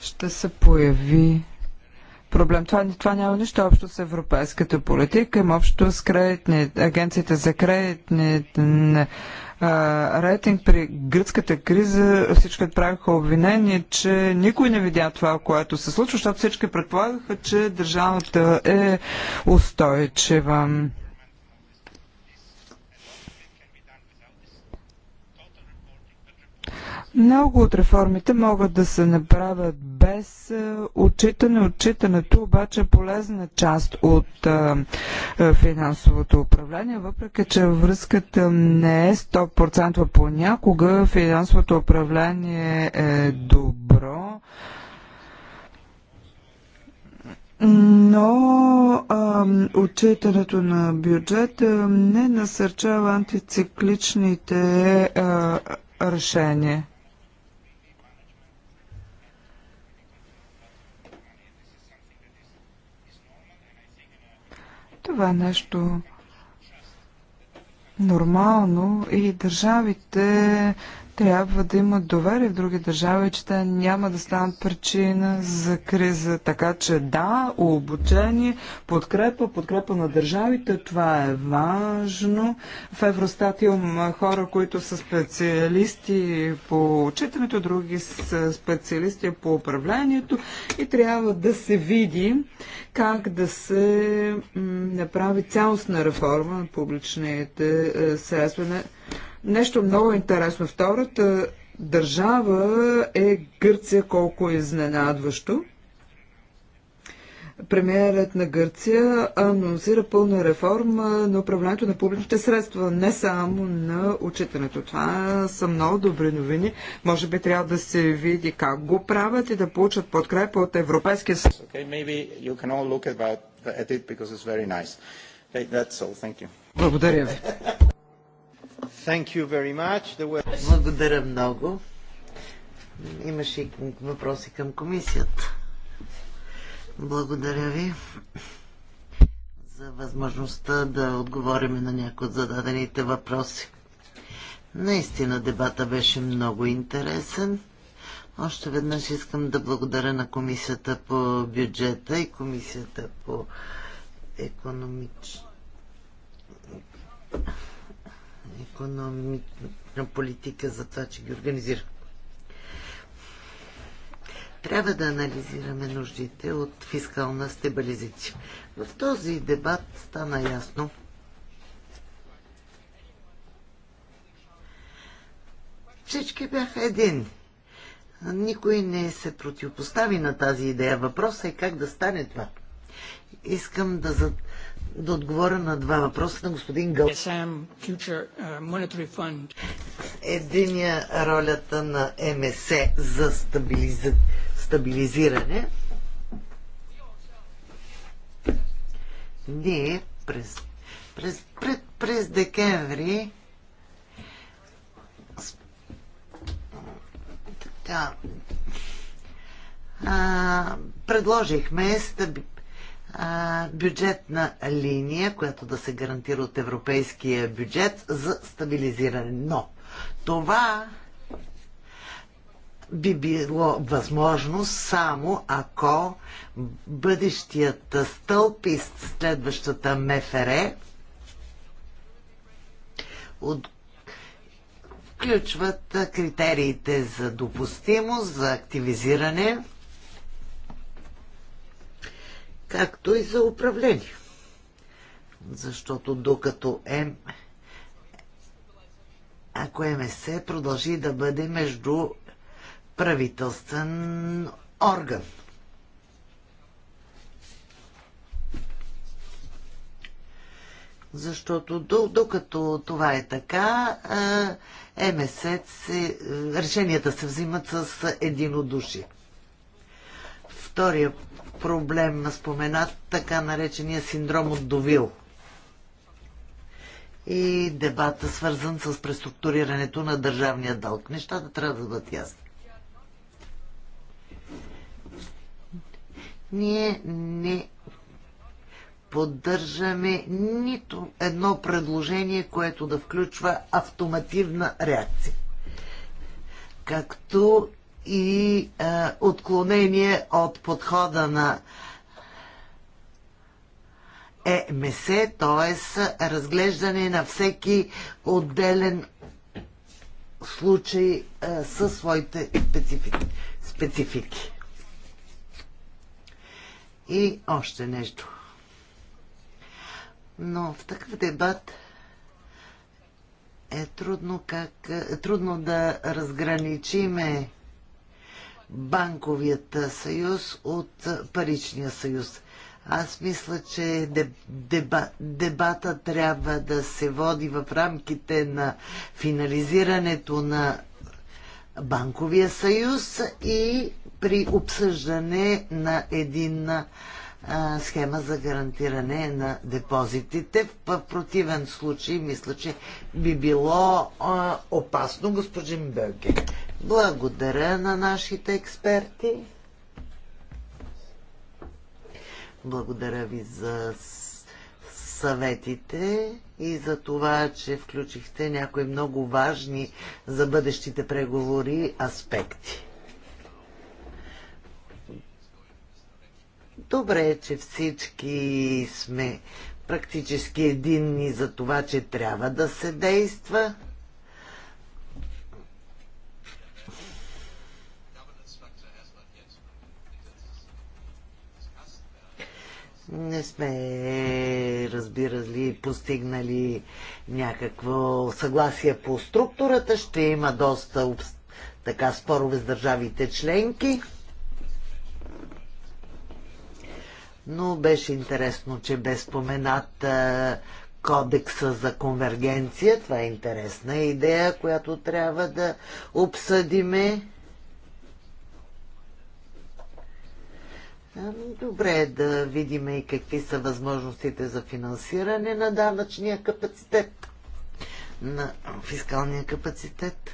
Speaker 3: ще се появи проблем. Това, това няма нищо общо с европейската политика, има общо с кредитни, агенциите за кредитни рейтинг при гръцката криза всички отправиха обвинение, че никой не видя това, което се случва, защото всички предполагаха, че държавата е устойчива. Много от реформите могат да се направят без е, отчитане. Отчитането обаче е полезна част от е, е, финансовото управление, въпреки че връзката не е 100% понякога. Финансовото управление е добро но а, отчитането на бюджета не насърчава антицикличните а, решения. Това е нещо нормално и държавите трябва да имат доверие в други държави, че те няма да станат причина за криза. Така че да, обучение, подкрепа, подкрепа на държавите, това е важно. В Евростат имам хора, които са специалисти по учитането, други са специалисти по управлението и трябва да се види как да се направи цялостна реформа на публичните е, средства. Нещо много интересно. Втората държава е Гърция, колко е изненадващо. Премиерът на Гърция анонсира пълна реформа на управлението на публичните средства, не само на учитането. Това са много добри новини. Може би трябва да се види как го правят и да получат подкрепа от Европейския
Speaker 2: съюз. Okay, nice. Благодаря ви. Were... Благодаря
Speaker 1: много. Имаше и въпроси към комисията. Благодаря ви за възможността да отговорим на някои от зададените въпроси. Наистина дебата беше много интересен. Още веднъж искам да благодаря на Комисията по бюджета и Комисията по економич економична политика за това, че ги организира. Трябва да анализираме нуждите от фискална стабилизация. В този дебат стана ясно, Всички бяха един. Никой не се противопостави на тази идея. Въпросът е как да стане това. Искам да, зад да отговоря на два въпроса на господин Гъл. Uh, Единия е ролята на МС за стабилиз... стабилизиране. Ние през, през, през, през декември така, а, предложихме стаби, бюджетна линия, която да се гарантира от европейския бюджет за стабилизиране. Но това би било възможно само ако бъдещият стълб и следващата МФР от включват критериите за допустимост, за активизиране както и за управление. Защото докато М... Ако МС продължи да бъде между правителствен орган. Защото докато това е така, е, МС се, решенията се взимат с единодушие. Втория проблем споменат, така наречения синдром от Довил и дебата свързан с преструктурирането на държавния дълг. Нещата трябва да бъдат ясни. Ние не поддържаме нито едно предложение, което да включва автомативна реакция. Както и а, е, отклонение от подхода на ЕМС, т.е. разглеждане на всеки отделен случай а, е, със своите специфики. специфики. И още нещо. Но в такъв дебат е трудно, как, е трудно да разграничиме банковият съюз от паричния съюз. Аз мисля, че деба, дебата трябва да се води в рамките на финализирането на банковия съюз и при обсъждане на един а, схема за гарантиране на депозитите. В противен случай, мисля, че би било а, опасно, господин Бълге. Благодаря на нашите експерти. Благодаря ви за съветите и за това, че включихте някои много важни за бъдещите преговори аспекти. Добре е, че всички сме практически единни за това, че трябва да се действа не сме разбирали, постигнали някакво съгласие по структурата. Ще има доста така спорове с държавите членки. Но беше интересно, че бе споменат кодекса за конвергенция. Това е интересна идея, която трябва да обсъдиме Добре е да видим и какви са възможностите за финансиране на данъчния капацитет, на фискалния капацитет.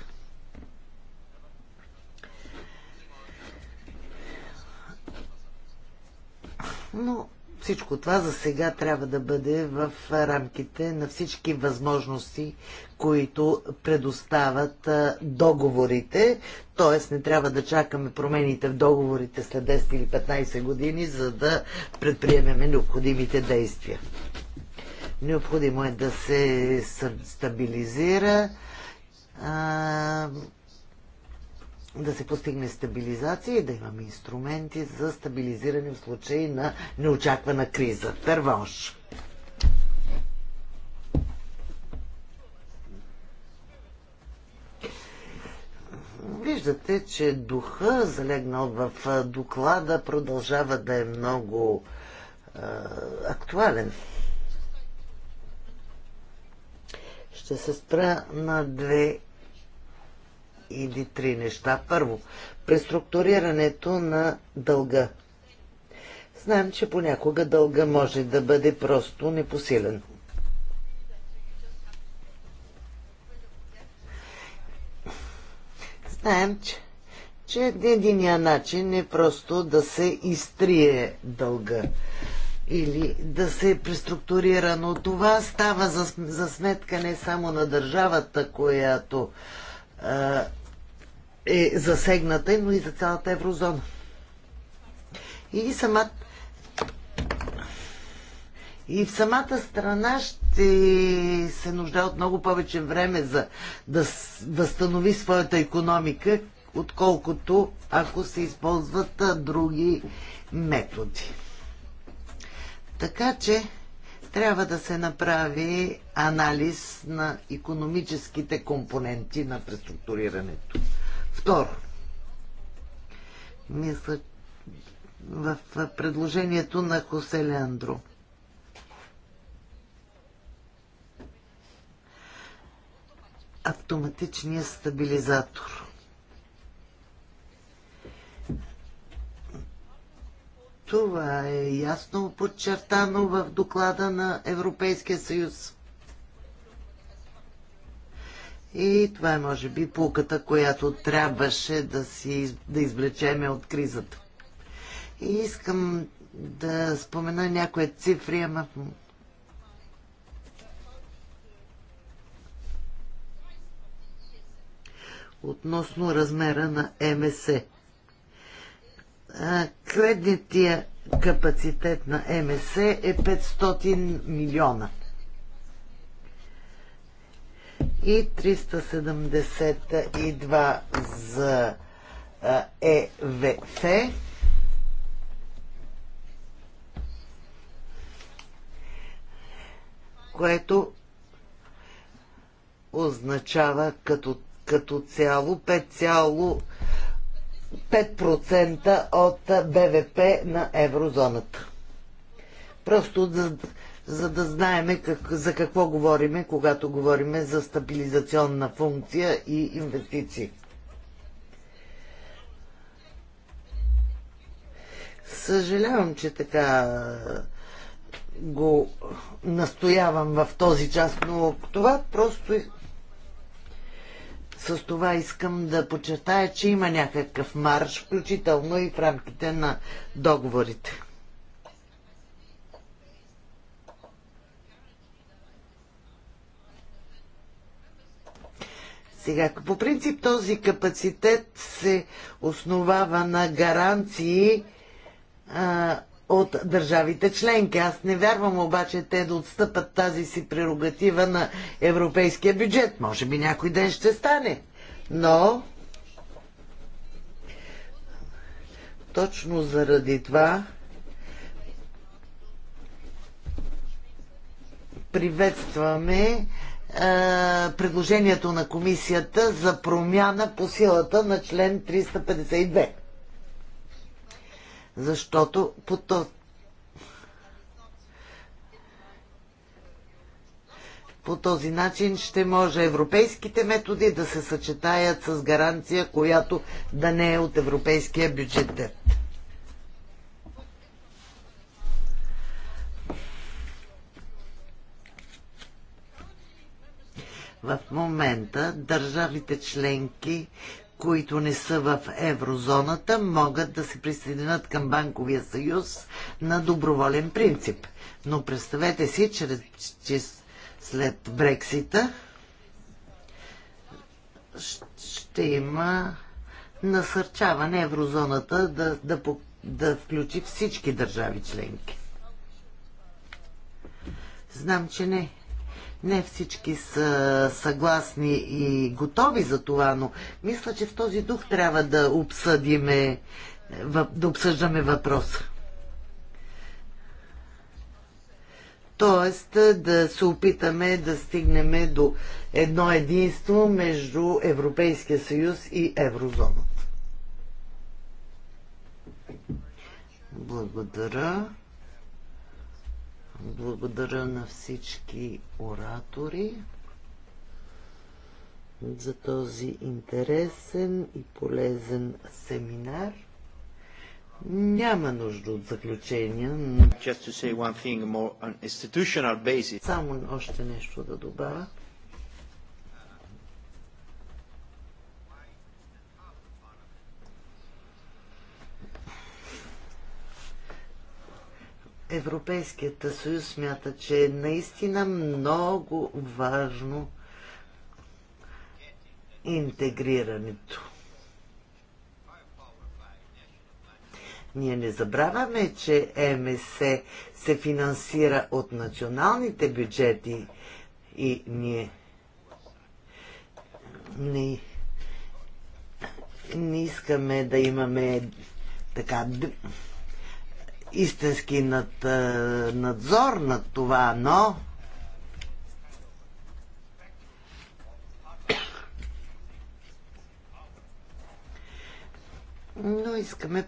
Speaker 1: Но всичко това за сега трябва да бъде в рамките на всички възможности, които предоставят договорите. Т.е. не трябва да чакаме промените в договорите след 10 или 15 години, за да предприемеме необходимите действия. Необходимо е да се стабилизира да се постигне стабилизация и да имаме инструменти за стабилизиране в случай на неочаквана криза. Тървош. Виждате, че духа, залегнал в доклада, продължава да е много е, актуален. Ще се спра на две или три неща. Първо, преструктурирането на дълга. Знаем, че понякога дълга може да бъде просто непосилен. Знаем, че, че единия начин е просто да се изтрие дълга или да се преструктурира, но това става за, за сметка не само на държавата, която е засегната, но и за цялата еврозона. И самата и в самата страна ще се нуждае от много повече време за да възстанови своята економика, отколкото ако се използват други методи. Така че трябва да се направи анализ на економическите компоненти на преструктурирането. Второ, мисля, в предложението на Хосе Леандро. Автоматичният стабилизатор. Това е ясно подчертано в доклада на Европейския съюз. И това е, може би, пулката, която трябваше да, си, да извлечеме от кризата. И искам да спомена някои цифри, ама относно размера на МС. Кредитния капацитет на МС е 500 милиона и 372 за ЕВФ. което означава като, като цяло 5,5% от БВП на еврозоната. Просто да, за да знаеме как, за какво говориме, когато говориме за стабилизационна функция и инвестиции. Съжалявам, че така го настоявам в този час, но това просто с това искам да подчертая, че има някакъв марш, включително и в рамките на договорите. Сега, по принцип този капацитет се основава на гаранции а, от държавите членки. Аз не вярвам обаче те да отстъпат тази си прерогатива на европейския бюджет. Може би някой ден ще стане. Но точно заради това приветстваме е, предложението на комисията за промяна по силата на член 352. Защото по то... По този начин ще може европейските методи да се съчетаят с гаранция, която да не е от европейския бюджет. В момента държавите членки, които не са в еврозоната, могат да се присъединят към банковия съюз на доброволен принцип. Но представете си, че, че след Брексита ще има насърчаване еврозоната да, да, да включи всички държави членки. Знам, че не не всички са съгласни и готови за това, но мисля, че в този дух трябва да обсъдиме, да обсъждаме въпроса. Тоест да се опитаме да стигнем до едно единство между Европейския съюз и еврозоната. Благодаря. Благодаря на всички оратори за този интересен и полезен семинар. Няма нужда от заключения. Just to say one thing more on institutional basis. Само още нещо да добавя. Европейският съюз смята, че е наистина много важно интегрирането. Ние не забравяме, че МС се финансира от националните бюджети и ние не, не искаме да имаме така истински над, е, надзор над това, но но искаме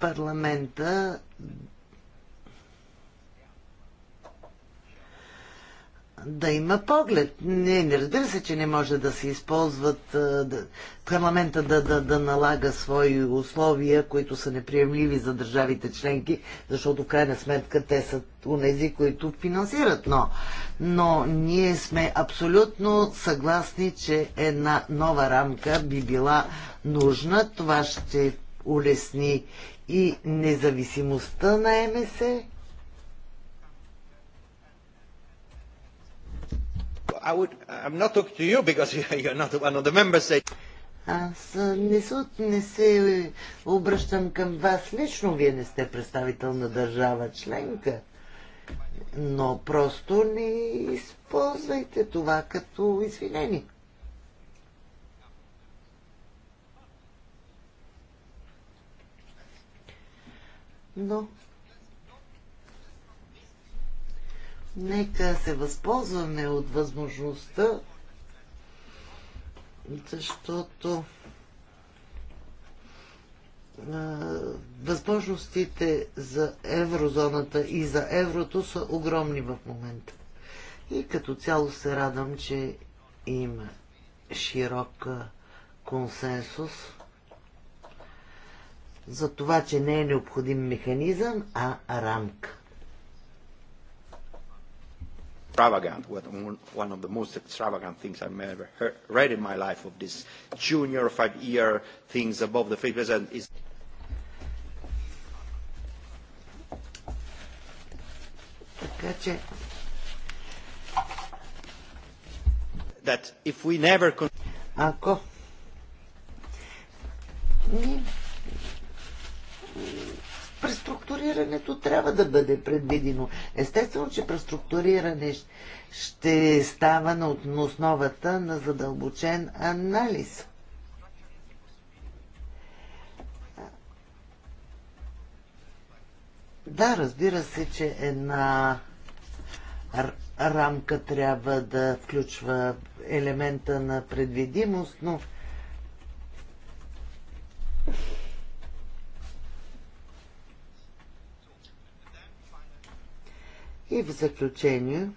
Speaker 1: парламента да има поглед. Не, не разбира се, че не може да се използват да, парламента да, да, да налага свои условия, които са неприемливи за държавите членки, защото в крайна сметка те са унези, които финансират. Но, но ние сме абсолютно съгласни, че една нова рамка би била нужна. Това ще улесни и независимостта на МСЕ Аз не се, не се обръщам към вас лично, вие не сте представител на държава членка. Но просто не използвайте това като извинение. Но Нека се възползваме от възможността, защото възможностите за еврозоната и за еврото са огромни в момента. И като цяло се радвам, че има широк консенсус за това, че не е необходим механизъм, а рамка
Speaker 2: extravagant, one of the most extravagant things I've ever heard, read in my life of this junior five-year things above the 50% is...
Speaker 1: Така That if we never... Con- Ако преструктурирането трябва да бъде предвидено. Естествено, че преструктуриране ще става на основата на задълбочен анализ. Да, разбира се, че една рамка трябва да включва елемента на предвидимост, но И в заключение,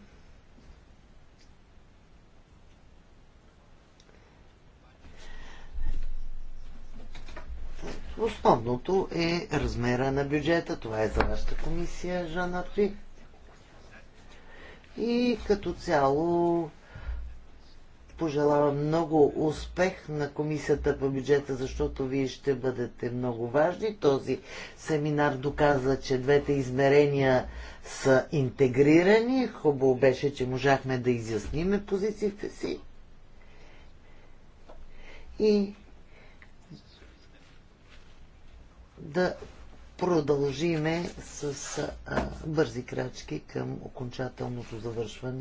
Speaker 1: Основното е размера на бюджета. Това е за вашата комисия, Жан Артви. И като цяло пожелавам много успех на Комисията по бюджета, защото вие ще бъдете много важни. Този семинар доказа, че двете измерения са интегрирани. Хубаво беше, че можахме да изясниме позициите си. И да продължиме с а, бързи крачки към окончателното завършване.